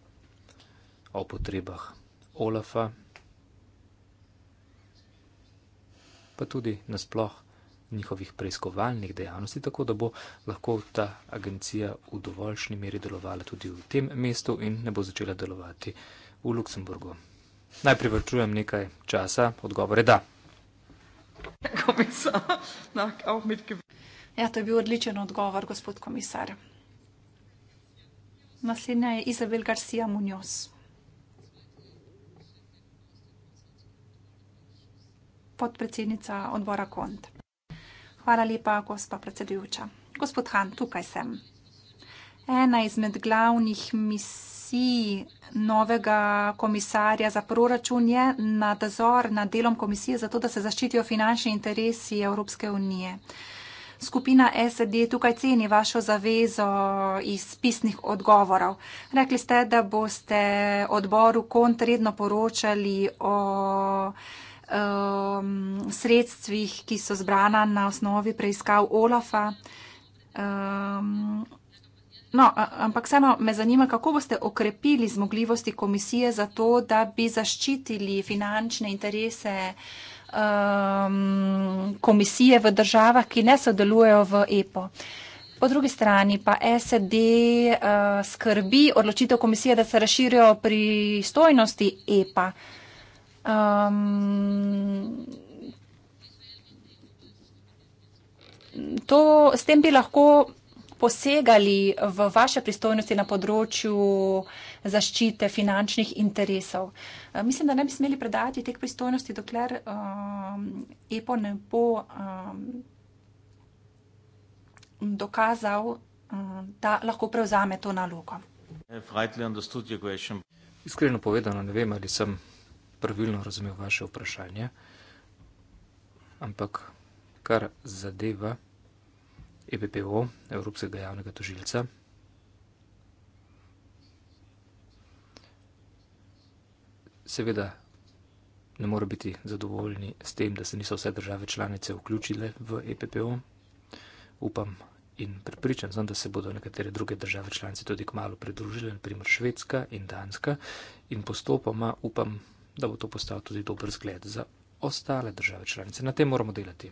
o potrebah Olafa, pa tudi nasploh njihovih preiskovalnih dejavnosti, tako da bo lahko ta agencija v dovoljšni meri delovala tudi v tem mestu in ne bo začela delovati v Luksemburgu. Naj privrčujem nekaj časa, odgovore da. Herr Kommissar, nach, no, auch mit Gewinn. Ja, to je bil odličen odgovor, gospod komisar. Naslednja je Izabel Garcia Munoz. Podpredsednica odbora KONT. Hvala lepa, gospa predsedujoča. Gospod Han, tukaj sem. Ena izmed glavnih misij novega komisarja za proračun je nadzor nad delom komisije, zato da se zaščitijo finančni interesi Evropske unije. Skupina SD tukaj ceni vašo zavezo iz pisnih odgovorov. Rekli ste, da boste odboru kontredno poročali o um, sredstvih, ki so zbrana na osnovi preiskav Olafa. Um, No, ampak vseeno me zanima, kako boste okrepili zmogljivosti komisije za to, da bi zaščitili finančne interese uh, um, komisije v državah, ki ne sodelujejo v EPO. Po drugi strani pa SED uh, skrbi odločitev komisije, da se raširijo pristojnosti EPA. Um, to, s tem bi lahko posegali v vaše pristojnosti na področju uh, zaščite finančnih interesov. Eh, mislim, da ne bi smeli predati teh pristojnosti, dokler um, EPO ne bo um, dokazal, um, da lahko prevzame to nalogo. Iskreno povedano, ne vem, ali sem pravilno razumel vaše vprašanje, ampak kar zadeva EPPO, Evropskega javnega tožilca, seveda ne more biti zadovoljni s tem, da se niso vse države članice vključile v EPPO. Upam in pripričan sem, da se bodo nekatere druge države članice tudi k malu pridružile, naprimer Švedska in Danska. In postopoma upam, da bo to postal tudi dober zgled za ostale države članice. Na tem moramo delati.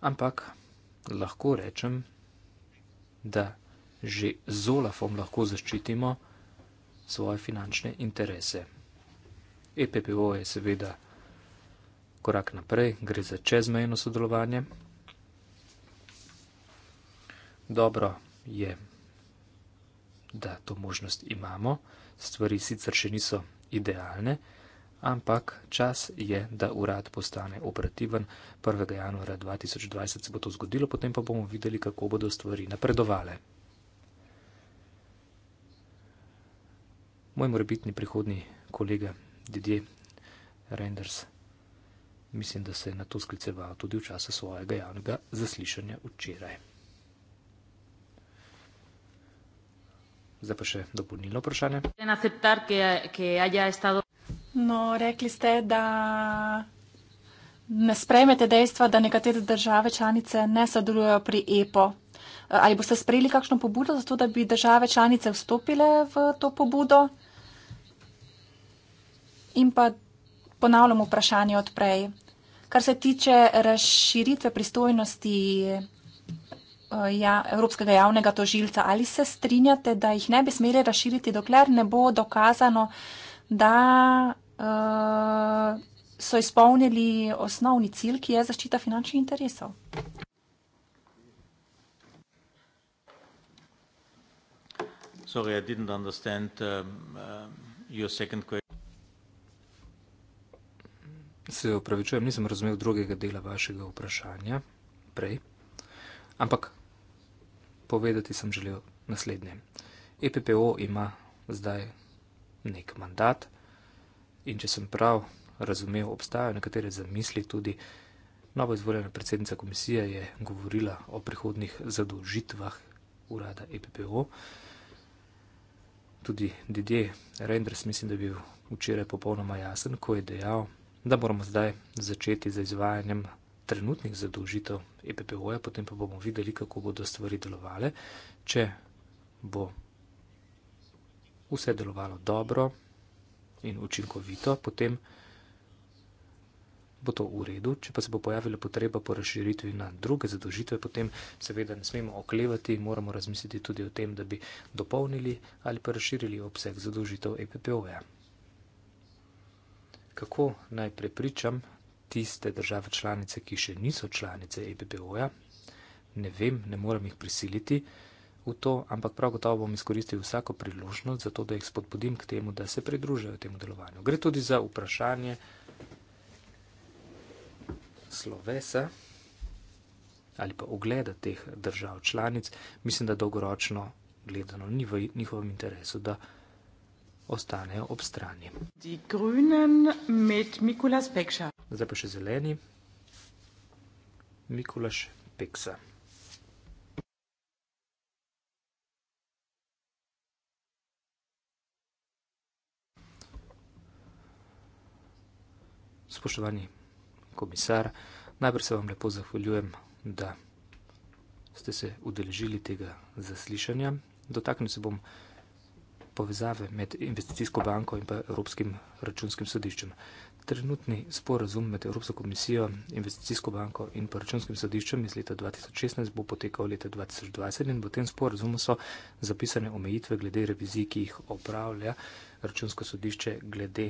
Ampak lahko rečem, da že z Olafom lahko zaščitimo svoje finančne interese. EPPO je seveda korak naprej, gre za čezmejno sodelovanje. Dobro je, da to možnost imamo, stvari sicer še niso idealne, ampak čas je, da urad postane operativen. 1. januara 2020 se bo to zgodilo, potem pa bomo videli, kako bodo stvari napredovale. moj morebitni prihodni kolega Didje Renders, mislim, da se je na to skliceval tudi v času svojega javnega zaslišanja včeraj. Zdaj pa še dopolnilno vprašanje. No, rekli ste, da ne sprejmete dejstva, da nekatere države članice ne sodelujejo pri EPO. Ali boste sprejeli kakšno pobudo za to, da bi države članice vstopile v to pobudo? in pa ponavljam vprašanje odprej. Kar se tiče razširitve pristojnosti eh, ja, Evropskega javnega tožilca, ali se strinjate, da jih ne bi smeli razširiti, dokler ne bo dokazano, da uh, so izpolnili osnovni cilj, ki je zaščita finančnih interesov? Sorry, I didn't understand um, uh, your second question. Se upravičujem, nisem razumel drugega dela vašega vprašanja prej, ampak povedati sem želel naslednje. EPPO ima zdaj nek mandat in če sem prav razumel, obstajajo nekatere zamisli tudi. Novo izvoljena predsednica komisije je govorila o prihodnih zadolžitvah urada EPPO. Tudi Didier Reinders mislim, da je bil včeraj popolnoma jasen, ko je dejal, da moramo zdaj začeti z izvajanjem trenutnih zadolžitev EPPO-ja, potem pa bomo videli, kako bodo stvari delovale. Če bo vse delovalo dobro in učinkovito, potem bo to v redu. Če pa se bo pojavila potreba po razširitvi na druge zadolžitve, potem seveda ne smemo oklevati, moramo razmisliti tudi o tem, da bi dopolnili ali pa razširili obseg zadolžitev EPPO-ja kako naj prepričam tiste države članice, ki še niso članice EBBO-ja. Ne vem, ne morem jih prisiliti v to, ampak prav gotovo bom izkoristil vsako priložnost, zato da jih spodbudim k temu, da se pridružijo temu delovanju. Gre tudi za vprašanje slovesa ali pa ogleda teh držav članic. Mislim, da dolgoročno gledano ni v njihovem interesu, da ostanejo ob strani. Zdaj pa še zeleni, Mikulaš Peksa. Spoštovani komisar, najprej se vam lepo zahvaljujem, da ste se udeležili tega zaslišanja. Dotaknil se bom povezave med investicijsko banko in pa Evropskim računskim sodiščem. Trenutni sporazum med Evropsko komisijo, investicijsko banko in pa računskim sodiščem iz leta 2016 bo potekal leta 2020 in v tem sporazumu so zapisane omejitve glede revizij, ki jih opravlja računsko sodišče glede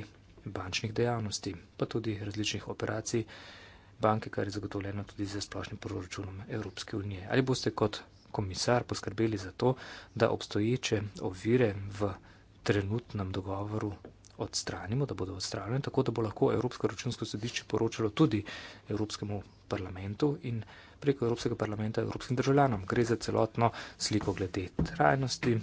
bančnih dejavnosti, pa tudi različnih operacij banke, kar je zagotovljeno tudi za splošnim proračunom Evropske unije. Ali boste kot komisar poskrbeli za to, da obstoječe ovire v trenutnem dogovoru odstranimo, da bodo odstranjene, tako da bo lahko Evropsko računsko sodišče poročalo tudi Evropskemu parlamentu in preko Evropskega parlamenta Evropskim državljanom. Gre za celotno sliko glede trajnosti,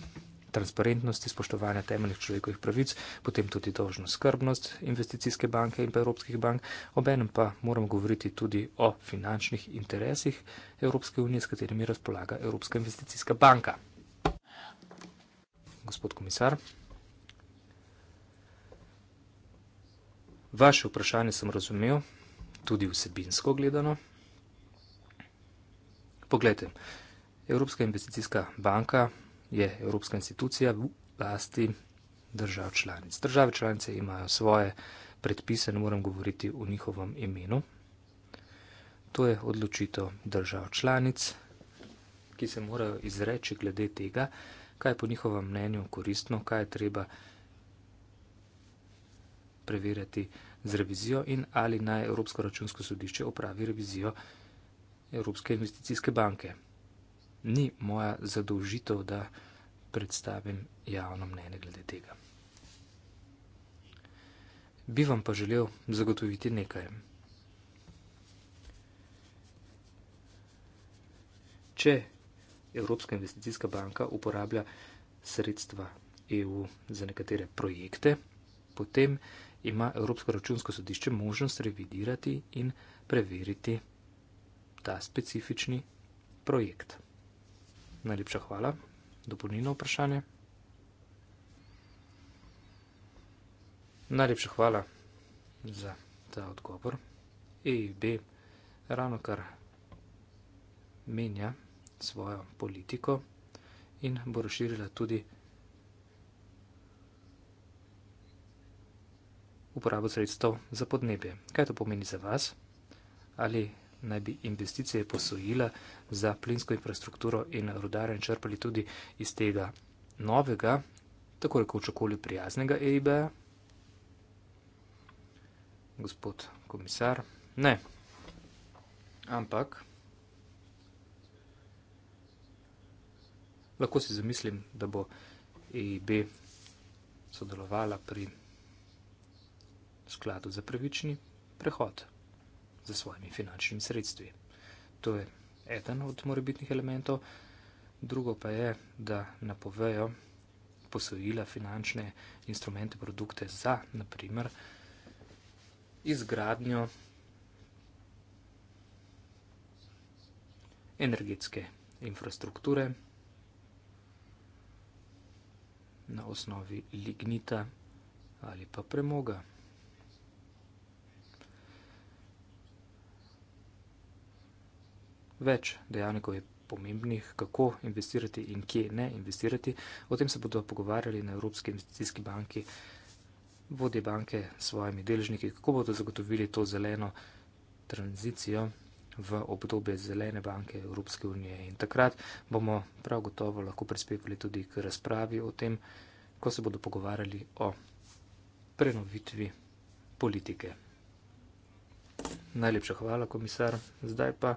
transparentnosti, spoštovanja temeljnih človekovih pravic, potem tudi dožno skrbnost investicijske banke in pa evropskih bank, obenem pa moramo govoriti tudi o finančnih interesih Evropske unije, s katerimi razpolaga Evropska investicijska banka. Gospod komisar. Vaše vprašanje sem razumel, tudi vsebinsko gledano. Poglejte, Evropska investicijska banka je evropska institucija v lasti držav članic. Države članice imajo svoje predpise, ne morem govoriti v njihovem imenu. To je odločitev držav članic, ki se morajo izreči glede tega, kaj je po njihovem mnenju koristno, kaj je treba preverjati z revizijo in ali naj Evropsko računsko sodišče opravi revizijo Evropske investicijske banke ni moja zadolžitev, da predstavim javno mnenje glede tega. Bi vam pa želel zagotoviti nekaj. Če Evropska investicijska banka uporablja sredstva EU za nekatere projekte, potem ima Evropsko računsko sodišče možnost revidirati in preveriti ta specifični projekt. Najlepša hvala. Dopolnilno vprašanje. Najlepša hvala za ta odgovor. E, B, ravno kar menja svojo politiko in bo razširila tudi uporabo sredstev za podnebje. Kaj to pomeni za vas? Ali naj bi investicije posojila za plinsko infrastrukturo in rudarjen črpali tudi iz tega novega, tako rekoč okolju prijaznega EIB. Gospod komisar, ne. Ampak. Lahko si zamislim, da bo EIB sodelovala pri skladu za pravični prehod za svojimi finančnimi sredstvi. To je eden od morebitnih elementov. Drugo pa je, da napovejo posojila finančne instrumente, produkte za, naprimer, izgradnjo energetske infrastrukture na osnovi lignita ali pa premoga. več dejavnikov je pomembnih, kako investirati in kje ne investirati. O tem se bodo pogovarjali na Evropski investicijski banki vodje banke s svojimi deležniki, kako bodo zagotovili to zeleno tranzicijo v obdobje zelene banke Evropske unije. In takrat bomo prav gotovo lahko prispevali tudi k razpravi o tem, ko se bodo pogovarjali o prenovitvi politike. Najlepša hvala, komisar. Zdaj pa.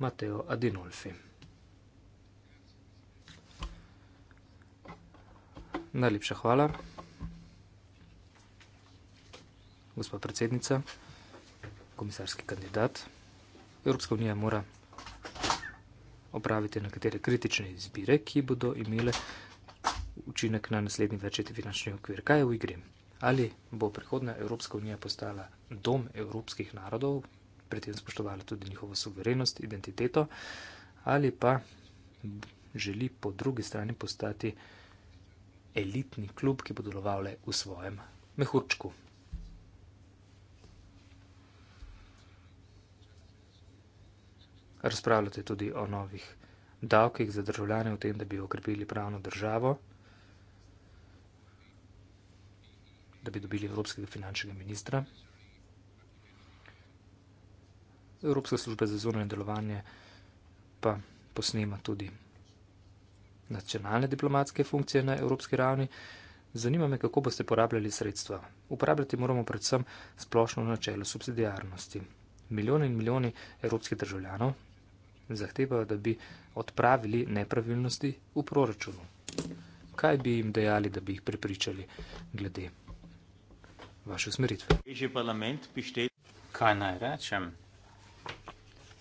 Matteo Adinolfi. Najlepša hvala, gospa predsednica, komisarski kandidat. Evropska unija mora opraviti nekatere kritične izbire, ki bodo imele učinek na naslednji večeti finančni okvir. Kaj je v igri? Ali bo prihodna Evropska unija postala dom evropskih narodov, pri tem spoštovala tudi njihovo suverenost, identiteto, ali pa želi po drugi strani postati elitni klub, ki bo deloval le v svojem mehurčku. Razpravljate tudi o novih davkih za državljane, o tem, da bi okrepili pravno državo, da bi dobili evropskega finančnega ministra. Evropska služba za zunanje delovanje pa posnema tudi nacionalne diplomatske funkcije na evropski ravni. Zanima me, kako boste porabljali sredstva. Uporabljati moramo predvsem splošno načelo subsidijarnosti. Milijoni in milijoni evropskih državljanov zahtevajo, da bi odpravili nepravilnosti v proračunu. Kaj bi jim dejali, da bi jih prepričali glede vaše usmeritve? Kaj naj rečem?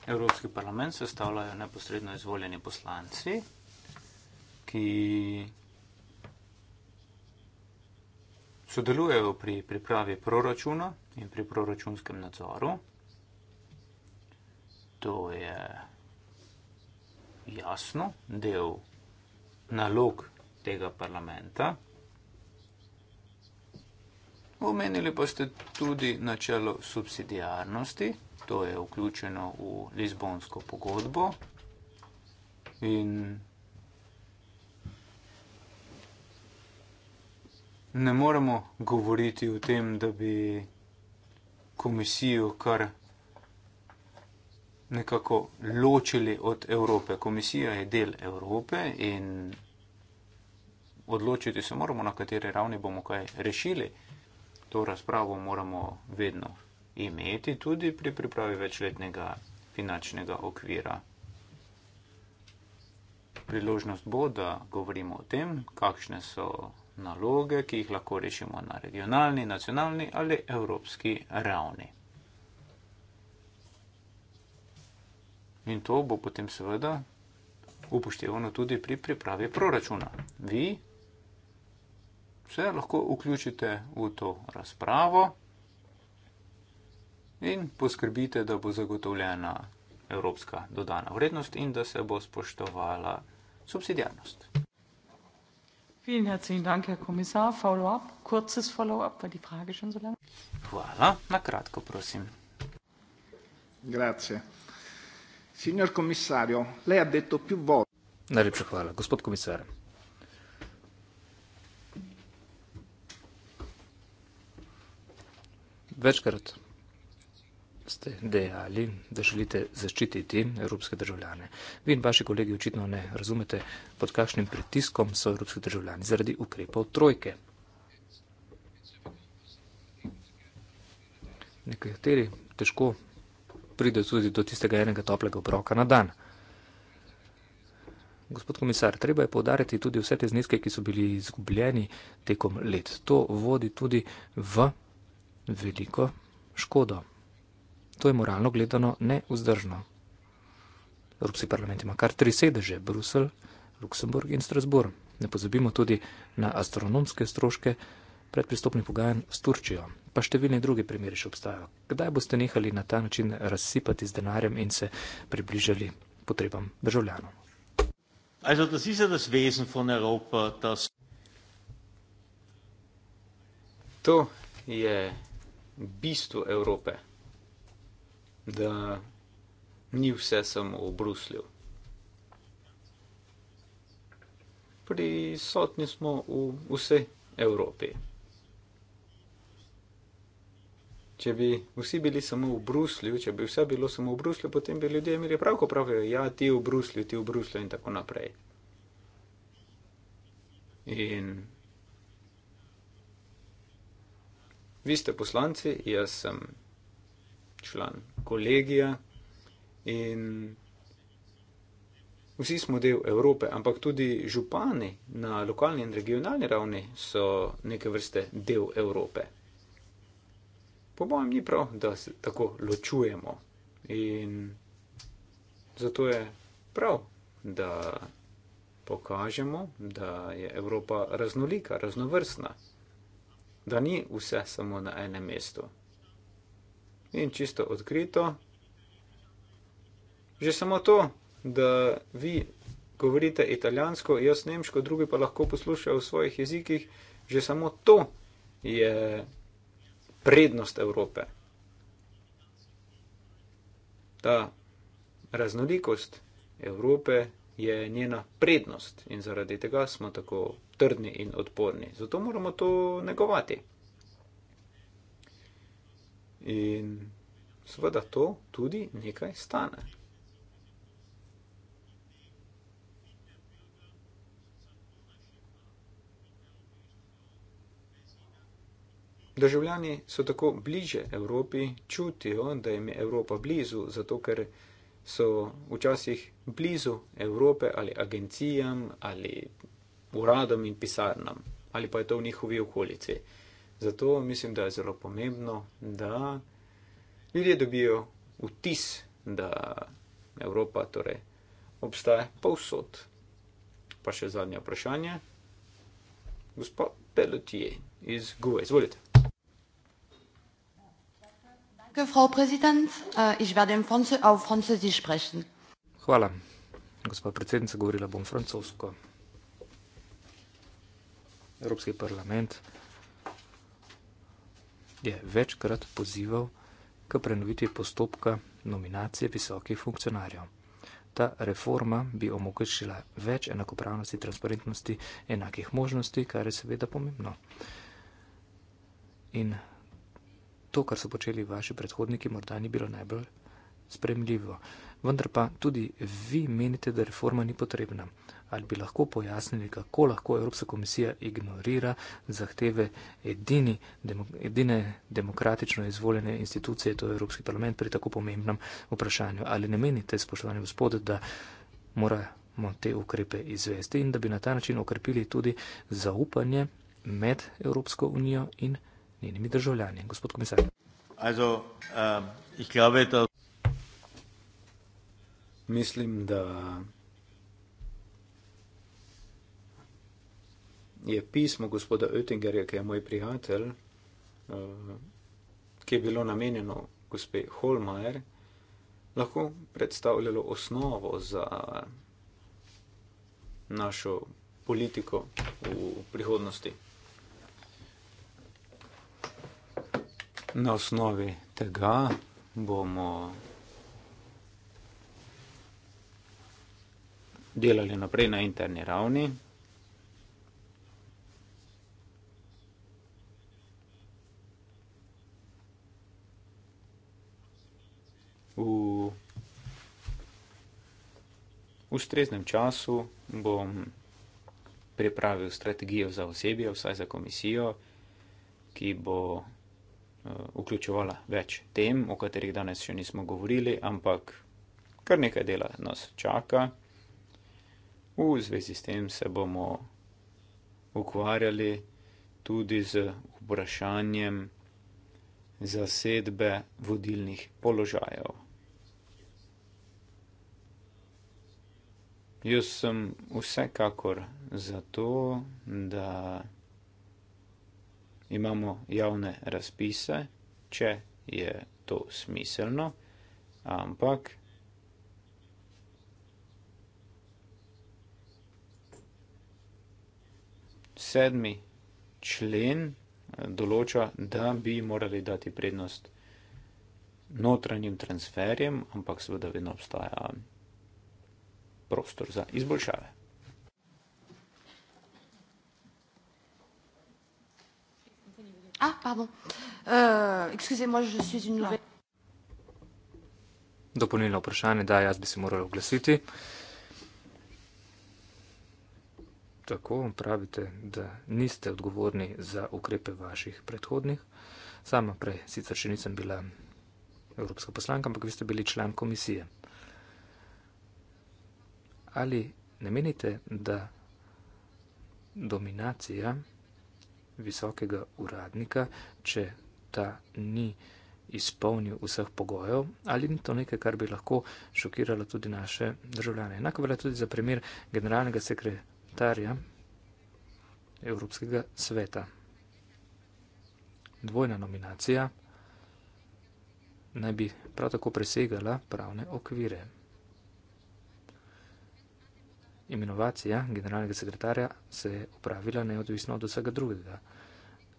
Evropski parlament sestavljajo neposredno izvoljeni poslanci, ki sodelujejo pri pripravi proračuna in pri proračunskem nadzoru. To je jasno del nalog tega parlamenta. Omenili pa ste tudi načelo subsidijarnosti to je vključeno v Lizbonsko pogodbo. In ne moremo govoriti o tem, da bi komisijo kar nekako ločili od Evrope. Komisija je del Evrope in odločiti se moramo, na kateri ravni bomo kaj rešili. To razpravo moramo vedno imeti tudi pri pripravi večletnega finančnega okvira. Priložnost bo, da govorimo o tem, kakšne so naloge, ki jih lahko rešimo na regionalni, nacionalni ali evropski ravni. In to bo potem seveda upoštevano tudi pri pripravi proračuna. Vi se lahko vključite v to razpravo in poskrbite, da bo zagotovljena evropska dodana vrednost in da se bo spoštovala subsidijarnost. Hvala, na kratko, prosim. Najlepša hvala, gospod komisar. Večkrat ste dejali, da želite zaščititi evropske državljane. Vi in vaši kolegi očitno ne razumete, pod kakšnim pritiskom so evropski državljani zaradi ukrepov trojke. Nekateri težko pridejo tudi do tistega enega toplega obroka na dan. Gospod komisar, treba je povdariti tudi vse te zneske, ki so bili izgubljeni tekom let. To vodi tudi v veliko škodo. To je moralno gledano neuzdržno. Evropski parlament ima kar tri sedeže: Bruselj, Luksemburg in Strasburg. Ne pozabimo tudi na astronomske stroške predpristopnih pogajanj s Turčijo. Pa številni drugi primeri še obstajajo. Kdaj boste nehali na ta način razsipati z denarjem in se približali potrebam državljanov? Also, das ist ja das Wesen von Europa, das. To je bistvo Evrope da ni vse samo v Bruslju. Prisotni smo v vsej Evropi. Če bi vsi bili samo v Bruslju, če bi vse bilo samo v Bruslju, potem bi ljudje imeli prav, ko pravijo, ja, ti v Bruslju, ti v Bruslju in tako naprej. In vi ste poslanci, jaz sem član kolegija in vsi smo del Evrope, ampak tudi župani na lokalni in regionalni ravni so neke vrste del Evrope. Po mojem ni prav, da se tako ločujemo in zato je prav, da pokažemo, da je Evropa raznolika, raznovrstna, da ni vse samo na enem mestu in čisto odkrito. Že samo to, da vi govorite italijansko, jaz nemško, drugi pa lahko poslušajo v svojih jezikih, že samo to je prednost Evrope. Ta raznolikost Evrope je njena prednost in zaradi tega smo tako trdni in odporni. Zato moramo to negovati. In seveda to tudi nekaj stane. Državljani so tako bliže Evropi, čutijo, da jim je Evropa blizu, zato ker so včasih blizu Evrope ali agencijam ali uradom in pisarnam ali pa je to v njihovi okolici. Zato mislim, da je zelo pomembno, da ljudje dobijo vtis, da Evropa torej, obstaja povsod. Pa še zadnje vprašanje. Gospod Pelotier iz Gue, izvolite. Äh, Hvala, gospod predsednica, govorila bom francosko. Evropski parlament, je večkrat pozival k prenoviti postopka nominacije visokih funkcionarjev. Ta reforma bi omogočila več enakopravnosti, transparentnosti, enakih možnosti, kar je seveda pomembno. In to, kar so počeli vaši predhodniki, morda ni bilo najbolj spremljivo vendar pa tudi vi menite, da reforma ni potrebna. Ali bi lahko pojasnili, kako lahko Evropska komisija ignorira zahteve edini, demo, edine demokratično izvoljene institucije, to je Evropski parlament, pri tako pomembnem vprašanju? Ali ne menite, spoštovani gospod, da moramo te ukrepe izvesti in da bi na ta način okrepili tudi zaupanje med Evropsko unijo in njenimi državljani? Gospod komisar. Also, um, ich glaube, da mislim, da je pismo gospoda Oettingerja, ki je moj prijatelj, eh, ki je bilo namenjeno gospe Holmajer, lahko predstavljalo osnovo za našo politiko v prihodnosti. Na osnovi tega bomo delali naprej na interni ravni. V ustreznem času bom pripravil strategijo za osebje, vsaj za komisijo, ki bo eh, vključevala več tem, o katerih danes še nismo govorili, ampak kar nekaj dela nas čaka. V zvezi s tem se bomo ukvarjali tudi z vprašanjem zasedbe vodilnih položajev. Jaz sem vsekakor zato, da imamo javne razpise, če je to smiselno, ampak sedmi člen eh, določa, da bi morali dati prednost notranjim transferjem, ampak seveda vedno obstaja prostor za izboljšave. Ah, pardon. Uh, Excusez-moi, je suis une no. nouvelle. Dopolnilno vprašanje, da jaz bi se moral oglasiti. Uh, Tako pravite, da niste odgovorni za ukrepe vaših predhodnih. Sama prej sicer še nisem bila evropska poslanka, ampak vi ste bili član komisije. Ali ne menite, da dominacija visokega uradnika, če ta ni izpolnil vseh pogojev, ali ni to nekaj, kar bi lahko šokiralo tudi naše državljane. Enako velja tudi za primer generalnega sekretarja sekretarja Evropskega sveta. Dvojna nominacija naj bi prav tako presegala pravne okvire. Imenovacija generalnega sekretarja se je upravila neodvisno od vsega drugega.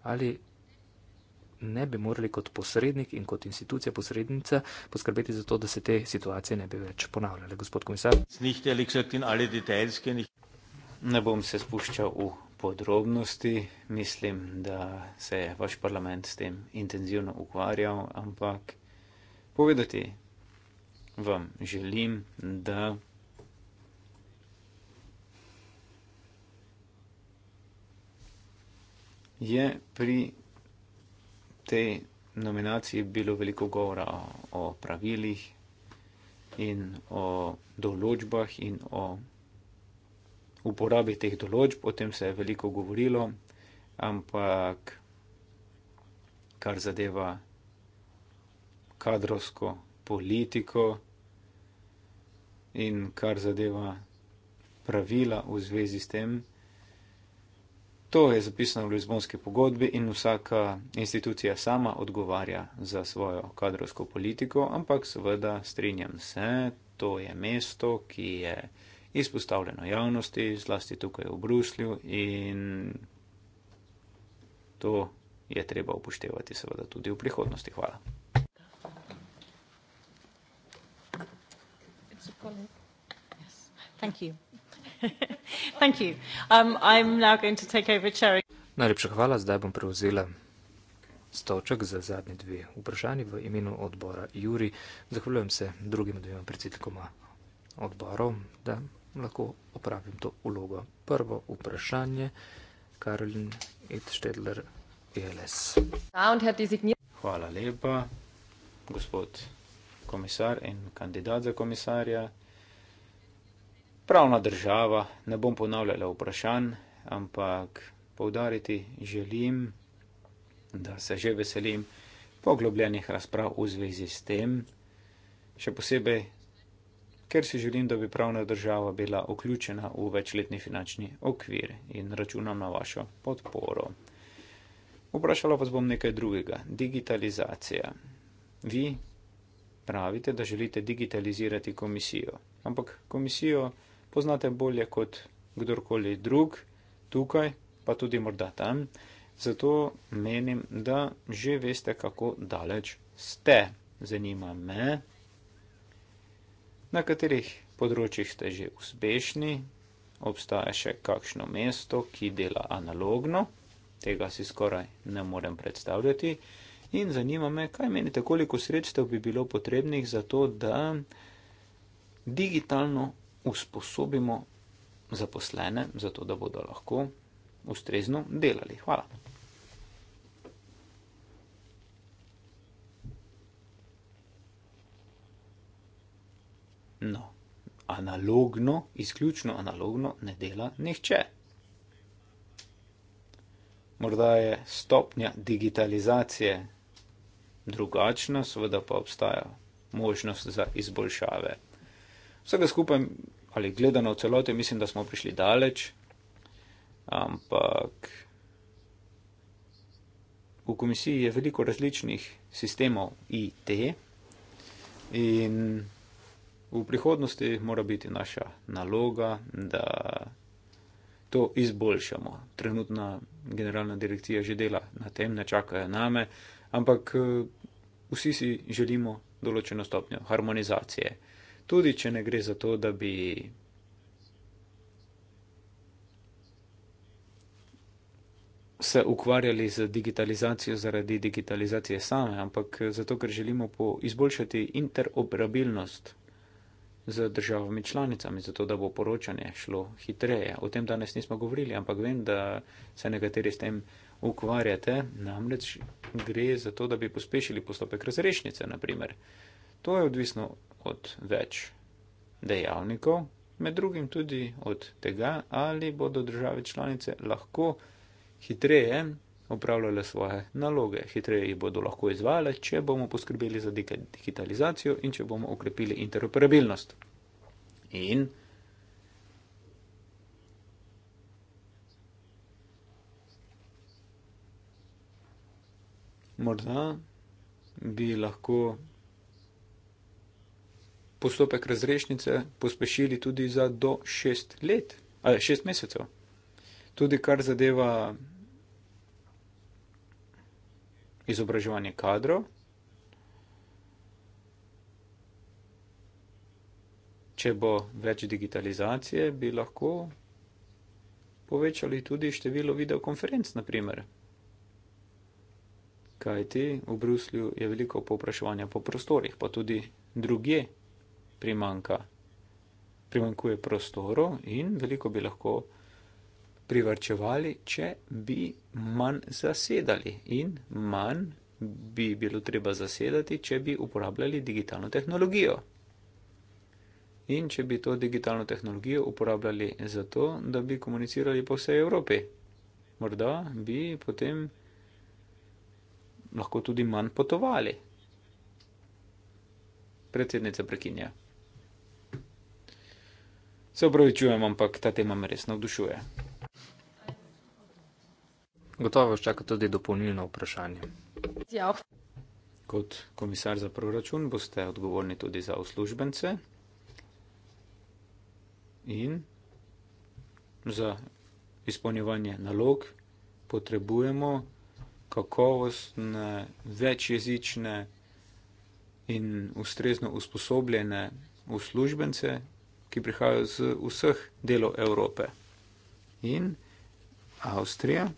Ali ne bi morali kot posrednik in kot institucija posrednica poskrbeti za to, da se te situacije ne bi več ponavljale, gospod komisar? ne bom se spuščal v podrobnosti, mislim, da se je vaš parlament s tem intenzivno ukvarjal, ampak povedati vam želim, da. Je pri tej nominaciji bilo veliko govora o, o pravilih in o določbah in o uporabi teh določb, o tem se je veliko govorilo, ampak kar zadeva kadrovsko politiko in kar zadeva pravila v zvezi s tem, to je zapisano v Lizbonski pogodbi in vsaka institucija sama odgovarja za svojo kadrovsko politiko, ampak seveda strinjam se, to je mesto, ki je izpostavljeno javnosti, zlasti tukaj v Bruslju in to je treba upoštevati seveda tudi v prihodnosti. Hvala. *laughs* Um, Najlepša hvala, zdaj bom prevzela stoček za zadnji dve vprašanji v imenu odbora Juri. Zahvaljujem se drugim dvema predsednikoma odborov, da lahko opravim to vlogo. Prvo vprašanje, Karolin Edštedler, ELS. Hvala lepa, gospod komisar in kandidat za komisarja. Pravna država, ne bom ponavljala vprašanj, ampak povdariti želim, da se že veselim poglobljenih razprav v zvezi s tem, še posebej ker si želim, da bi pravna država bila vključena v večletni finančni okvir in računam na vašo podporo. Vprašala vas bom nekaj drugega. Digitalizacija. Vi pravite, da želite digitalizirati komisijo, ampak komisijo poznate bolje kot kdorkoli drug, tukaj pa tudi morda tam, zato menim, da že veste, kako daleč ste. Zanima me, Na katerih področjih ste že uspešni, obstaja še kakšno mesto, ki dela analogno, tega si skoraj ne morem predstavljati. In zanima me, kaj menite, koliko sredstev bi bilo potrebnih za to, da digitalno usposobimo zaposlene, zato da bodo lahko ustrezno delali. Hvala. No, analogno, izključno analogno ne dela nihče. Morda je stopnja digitalizacije drugačna, seveda pa obstaja možnost za izboljšave. Vsega skupaj, ali gledano v celoti, mislim, da smo prišli daleč, ampak v komisiji je veliko različnih sistemov IT in v prihodnosti mora biti naša naloga, da to izboljšamo. Trenutna generalna direkcija že dela na tem, ne čakajo name, ampak eh, vsi si želimo določeno stopnjo harmonizacije. Tudi, če ne gre za to, da bi se ukvarjali z digitalizacijo zaradi digitalizacije same, ampak eh, zato, ker želimo izboljšati interoperabilnost z državami članicami, zato da bo poročanje šlo hitreje. O tem danes nismo govorili, ampak vem, da se nekateri s tem ukvarjate. Namreč gre za to, da bi pospešili postopek razrešnice, naprimer. To je odvisno od več dejavnikov, med drugim tudi od tega, ali bodo države članice lahko hitreje opravljale svoje naloge. Hitreje jih bodo lahko izvajale, če bomo poskrbeli za digitalizacijo in če bomo okrepili interoperabilnost. In morda bi lahko postopek razrešnice pospešili tudi za do šest let, ali eh, šest mesecev. Tudi kar zadeva izobraževanje kadrov. Če bo več digitalizacije, bi lahko povečali tudi število videokonferenc, naprimer. Kaj ti v Bruslju je veliko povpraševanja po prostorih, pa tudi druge primanka, primankuje prostorov in veliko bi lahko privrčevali, če bi manj zasedali in manj bi bilo treba zasedati, če bi uporabljali digitalno tehnologijo. In če bi to digitalno tehnologijo uporabljali za to, da bi komunicirali po vsej Evropi, morda bi potem lahko tudi manj potovali. Predsednica prekinja. Se opravičujem, ampak ta tema me resno vdušuje. Gotovo vas čaka tudi dopolnilno vprašanje. Ja. Kot komisar za proračun boste odgovorni tudi za uslužbence in za izpolnjevanje nalog potrebujemo kakovostne, večjezične in ustrezno usposobljene uslužbence, ki prihajajo z vseh delov Evrope. In Avstrija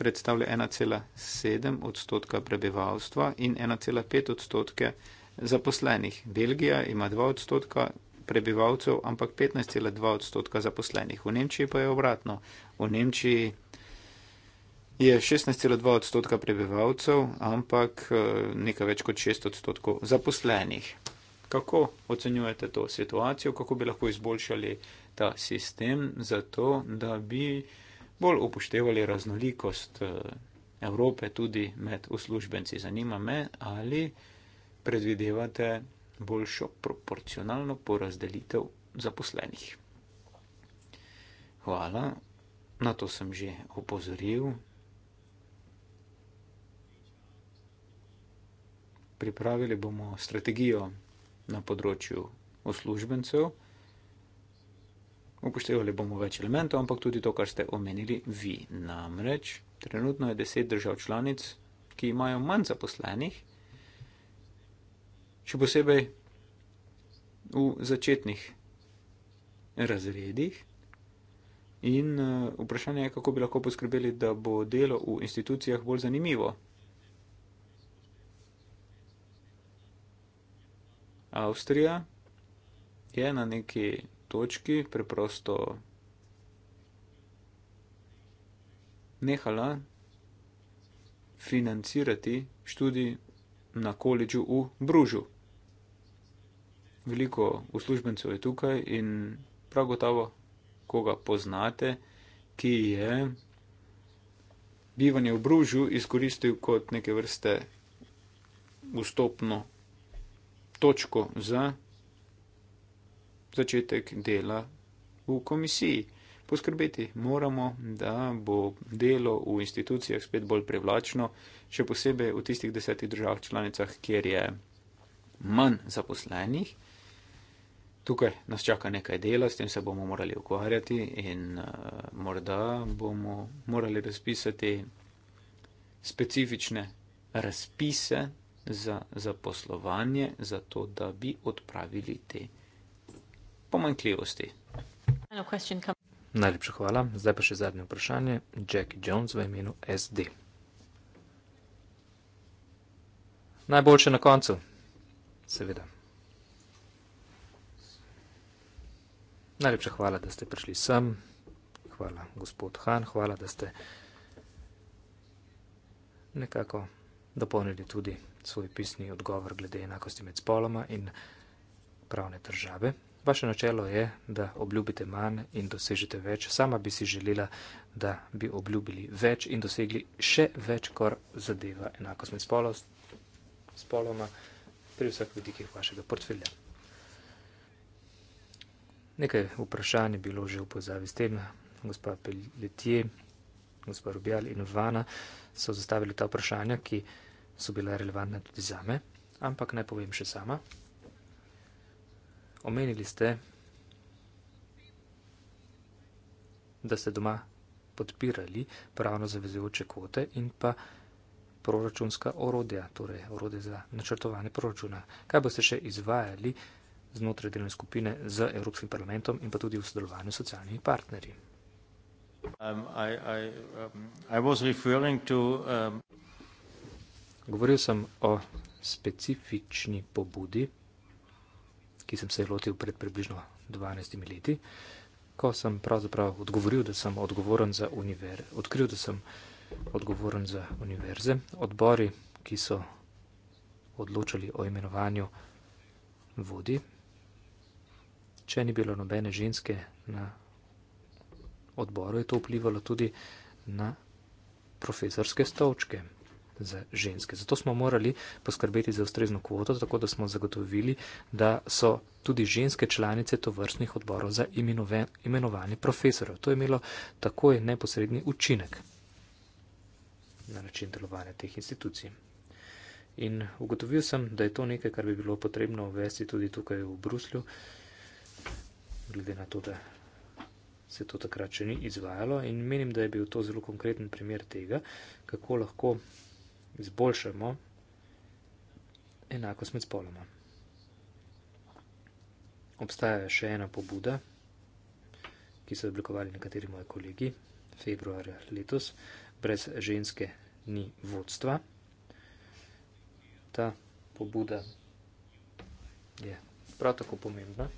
predstavlja 1,7 odstotka prebivalstva in 1,5 odstotke zaposlenih. Belgija ima 2 odstotka prebivalcev, ampak 15,2 odstotka zaposlenih. V Nemčiji pa je obratno. V Nemčiji je 16,2 odstotka prebivalcev, ampak eh, nekaj več kot 6 odstotkov zaposlenih. Kako ocenjujete to situacijo, kako bi lahko izboljšali ta sistem za to, da bi bolj upoštevali raznolikost eh, Evrope tudi med uslužbenci. Zanima me, ali predvidevate boljšo proporcionalno porazdelitev zaposlenih. Hvala, na to sem že opozoril. Pripravili bomo strategijo na področju uslužbencev. Upoštevali bomo več elementov, ampak tudi to, kar ste omenili vi. Namreč trenutno je deset držav članic, ki imajo manj zaposlenih, še posebej v začetnih razredih. In eh, vprašanje je, kako bi lahko poskrbeli, da bo delo v institucijah bolj zanimivo. Avstrija je na neki točki preprosto nehala financirati študij na koledžu v Bružu. Veliko uslužbencev je tukaj in prav gotovo, koga poznate, ki je bivanje v Bružu izkoristil kot neke vrste vstopno točko za začetek dela v komisiji. Poskrbeti moramo, da bo delo v institucijah spet bolj privlačno, še posebej v tistih desetih državah članicah, kjer je manj zaposlenih. Tukaj nas čaka nekaj dela, s tem se bomo morali ukvarjati in uh, morda bomo morali razpisati specifične razpise za zaposlovanje, zato da bi odpravili te pomankljivosti. Najlepša hvala. Zdaj pa še zadnje vprašanje. Jackie Jones v imenu SD. Najboljše na koncu. Seveda. Najlepša hvala, da ste prišli sem. Hvala, gospod Han. Hvala, da ste nekako dopolnili tudi svoj pisni odgovor glede enakosti med spoloma in pravne države. Vaše načelo je, da obljubite manj in dosežete več. Sama bi si želela, da bi obljubili več in dosegli še več, kar zadeva enakost med spoloma pri vseh vidikih vašega portfelja. Nekaj vprašanj je bilo že v pozavi s tem. Gospa Peletje, gospa Rubjal in Vana so zastavili ta vprašanja, ki so bila relevantna tudi za me, ampak naj povem še sama. Omenili ste, da ste doma podpirali pravno zavezujoče kvote in pa proračunska orodja, torej orodje za načrtovanje proračuna. Kaj boste še izvajali znotraj delovne skupine z Evropskim parlamentom in pa tudi v sodelovanju s socialnimi partnerji? Um, I, I, um, I to, um... Govoril sem o specifični pobudi ki sem se jih lotil pred približno 12 leti, ko sem pravzaprav odgovoril, da sem odgovoren za univerze, odkril, da sem odgovoren za univerze, odbori, ki so odločali o imenovanju vodi, če ni bilo nobene ženske na odboru, je to vplivalo tudi na profesorske stolčke za ženske. Zato smo morali poskrbeti za ustrezno kvoto, tako da smo zagotovili, da so tudi ženske članice to vrstnih odborov za imenovanje profesorjev. To je imelo takoj neposredni učinek na način delovanja teh institucij. In ugotovil sem, da je to nekaj, kar bi bilo potrebno uvesti tudi tukaj v Bruslju, glede na to, da se to takrat še ni izvajalo. In menim, da je bil to zelo konkreten primer tega, kako lahko izboljšamo enakost med spoloma. Obstaja še ena pobuda, ki so oblikovali nekateri moji kolegi februarja letos, brez ženske ni vodstva. Ta pobuda je prav tako pomembna.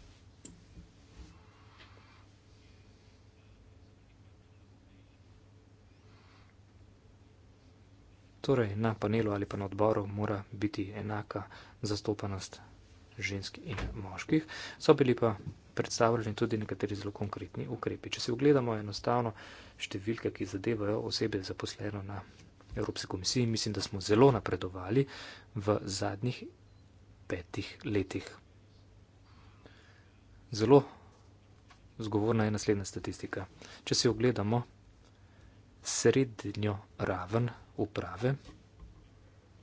Torej, na panelu ali pa na odboru mora biti enaka zastopanost žensk in moških. So bili pa predstavljeni tudi nekateri zelo konkretni ukrepi. Če si ogledamo enostavno številke, ki zadevajo osebe zaposleno na Evropski komisiji, mislim, da smo zelo napredovali v zadnjih petih letih. Zelo zgovorna je naslednja statistika. Če si ogledamo srednjo raven uprave,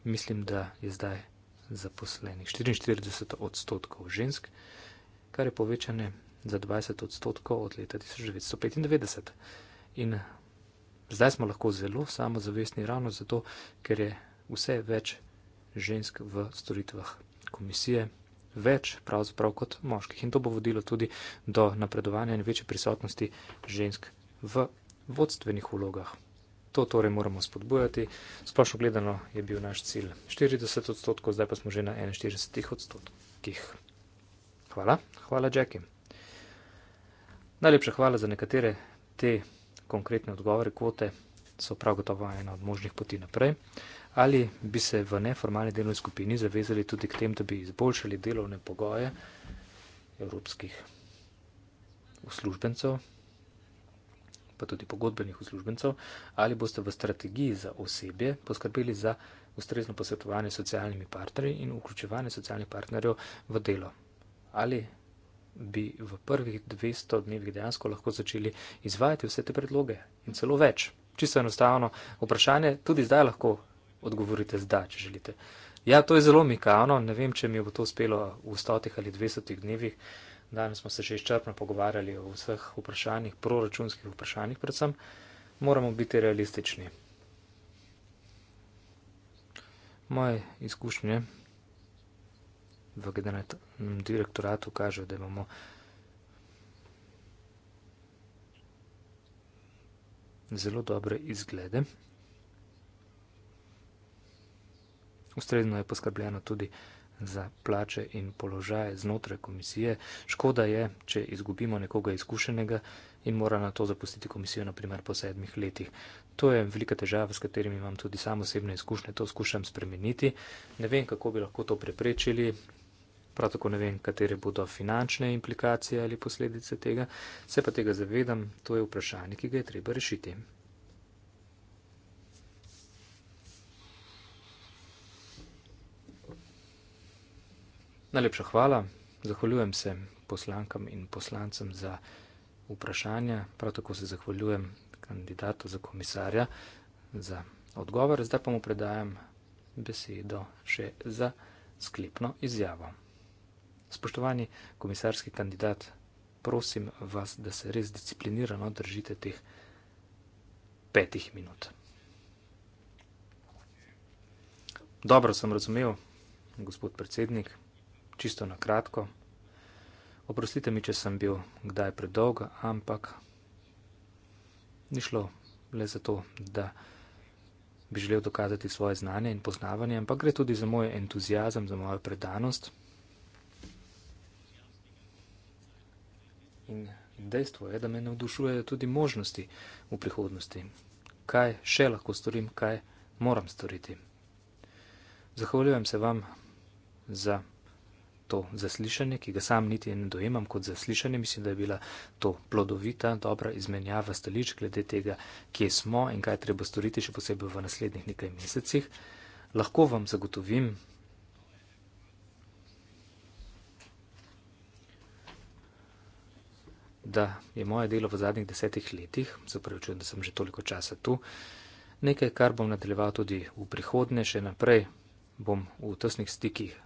mislim, da je zdaj zaposlenih 44 odstotkov žensk, kar je povečanje za 20 odstotkov od leta 1995. In zdaj smo lahko zelo samozavestni ravno zato, ker je vse več žensk v storitvah komisije, več pravzaprav kot moških. In to bo vodilo tudi do napredovanja in večje prisotnosti žensk v vodstvenih vlogah. To torej moramo spodbujati. Splošno gledano je bil naš cilj 40 odstotkov, zdaj pa smo že na 41 odstotkih. Hvala, hvala, Jackie. Najlepša hvala za nekatere te konkretne odgovore, kvote so prav gotovo ena od možnih poti naprej. Ali bi se v neformalni delovni skupini zavezali tudi k tem, da bi izboljšali delovne pogoje evropskih uslužbencev, pa tudi pogodbenih uslužbencev, ali boste v strategiji za osebje poskrbeli za ustrezno posvetovanje s socialnimi partnerji in vključevanje socialnih partnerjev v delo. Ali bi v prvih 200 dnevih dejansko lahko začeli izvajati vse te predloge in celo več. Čisto enostavno vprašanje, tudi zdaj lahko odgovorite zdaj, če želite. Ja, to je zelo mikavno, ne vem, če mi bo to uspelo v 100 ali 200 dnevih. Uh, Danes smo se že izčrpno pogovarjali o vseh vprašanjih, proračunskih vprašanjih predvsem. Moramo biti realistični. Moje izkušnje v generalnem direktoratu kaže, da imamo zelo dobre izglede. Ustrezno je poskrbljeno tudi za za plače in položaje znotraj komisije. Škoda je, če izgubimo nekoga izkušenega in mora na to zapustiti komisijo, naprimer po sedmih letih. To je velika težava, s katerimi imam tudi samo osebne izkušnje, to skušam spremeniti. Ne vem, kako bi lahko to preprečili. Prav tako ne vem, katere bodo finančne implikacije ali posledice tega, se pa tega zavedam, to je vprašanje, ki ga je treba rešiti. Najlepša hvala. Zahvaljujem se poslankam in poslancem za vprašanja. Prav tako se zahvaljujem kandidatu za komisarja za odgovor. Zdaj pa mu predajam besedo še za sklepno izjavo. Spoštovani komisarski kandidat, prosim vas, da se res disciplinirano držite teh petih minut. Dobro sem razumel, gospod predsednik čisto na kratko. Oprostite mi, če sem bil kdaj predolg, ampak ni šlo le zato, da bi želel dokazati svoje znanje in poznavanje, ampak gre tudi za moj entuzijazem, za mojo predanost. In dejstvo je, da me navdušujejo tudi možnosti v prihodnosti, kaj še lahko storim, kaj moram storiti. Zahvaljujem se vam za to zaslišanje, ki ga sam niti ne dojemam kot zaslišanje. Mislim, da je bila to plodovita, dobra izmenjava stališč glede tega, kje smo in kaj treba storiti, še posebej v naslednjih nekaj mesecih. Lahko vam zagotovim, da je moje delo v zadnjih desetih letih, zapravičujem, da sem že toliko časa tu, nekaj, kar bom nadaljeval tudi v prihodnje, še naprej bom v tesnih stikih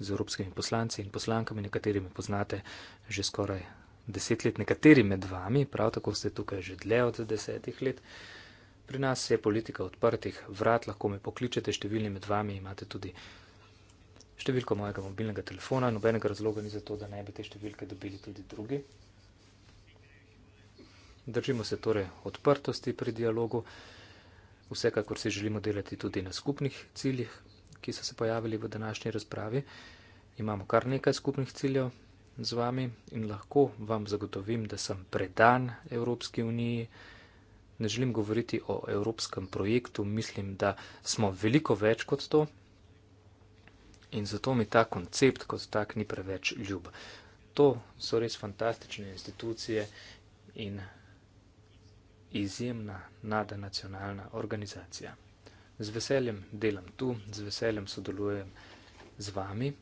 z evropskimi poslanci in poslankami, nekaterimi poznate že skoraj deset let, nekateri med vami, prav tako ste tukaj že dlje od desetih let. Pri nas je politika odprtih vrat, lahko me pokličete, številni med vami imate tudi številko mojega mobilnega telefona, nobenega razloga ni za to, da ne bi te številke dobili tudi drugi. Držimo se torej odprtosti pri dialogu. Vsekakor si želimo delati tudi na skupnih ciljih, ki so se pojavili v današnji razpravi. Imamo kar nekaj skupnih ciljev z vami in lahko vam zagotovim, da sem predan Evropski uniji. Ne želim govoriti o evropskem projektu, mislim, da smo veliko več kot to. In zato mi ta koncept kot tak ni preveč ljub. To so res fantastične institucije in izjemna nadnacionalna organizacija z veseljem delam tu, z veseljem sodelujem z vami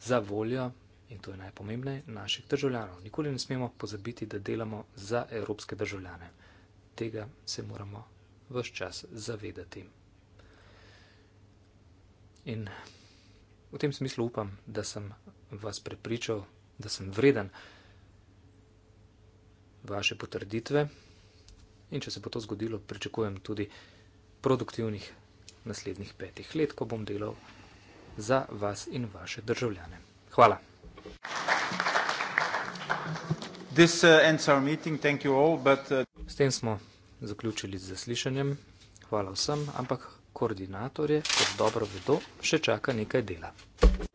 za voljo in to je najpomembnejše naših državljanov. Nikoli ne smemo pozabiti, da delamo za evropske državljane. Tega se moramo vse čas zavedati. In v tem smislu upam, da sem vas prepričal, da sem vreden vaše potrditve. In če se bo to zgodilo, pričakujem tudi produktivnih naslednjih petih let, ko bom delal za vas in vaše državljane. Hvala. This, uh, all, but, uh... S tem smo zaključili z zaslišanjem. Hvala vsem, ampak koordinatorje, kot dobro vedo, še čaka nekaj dela.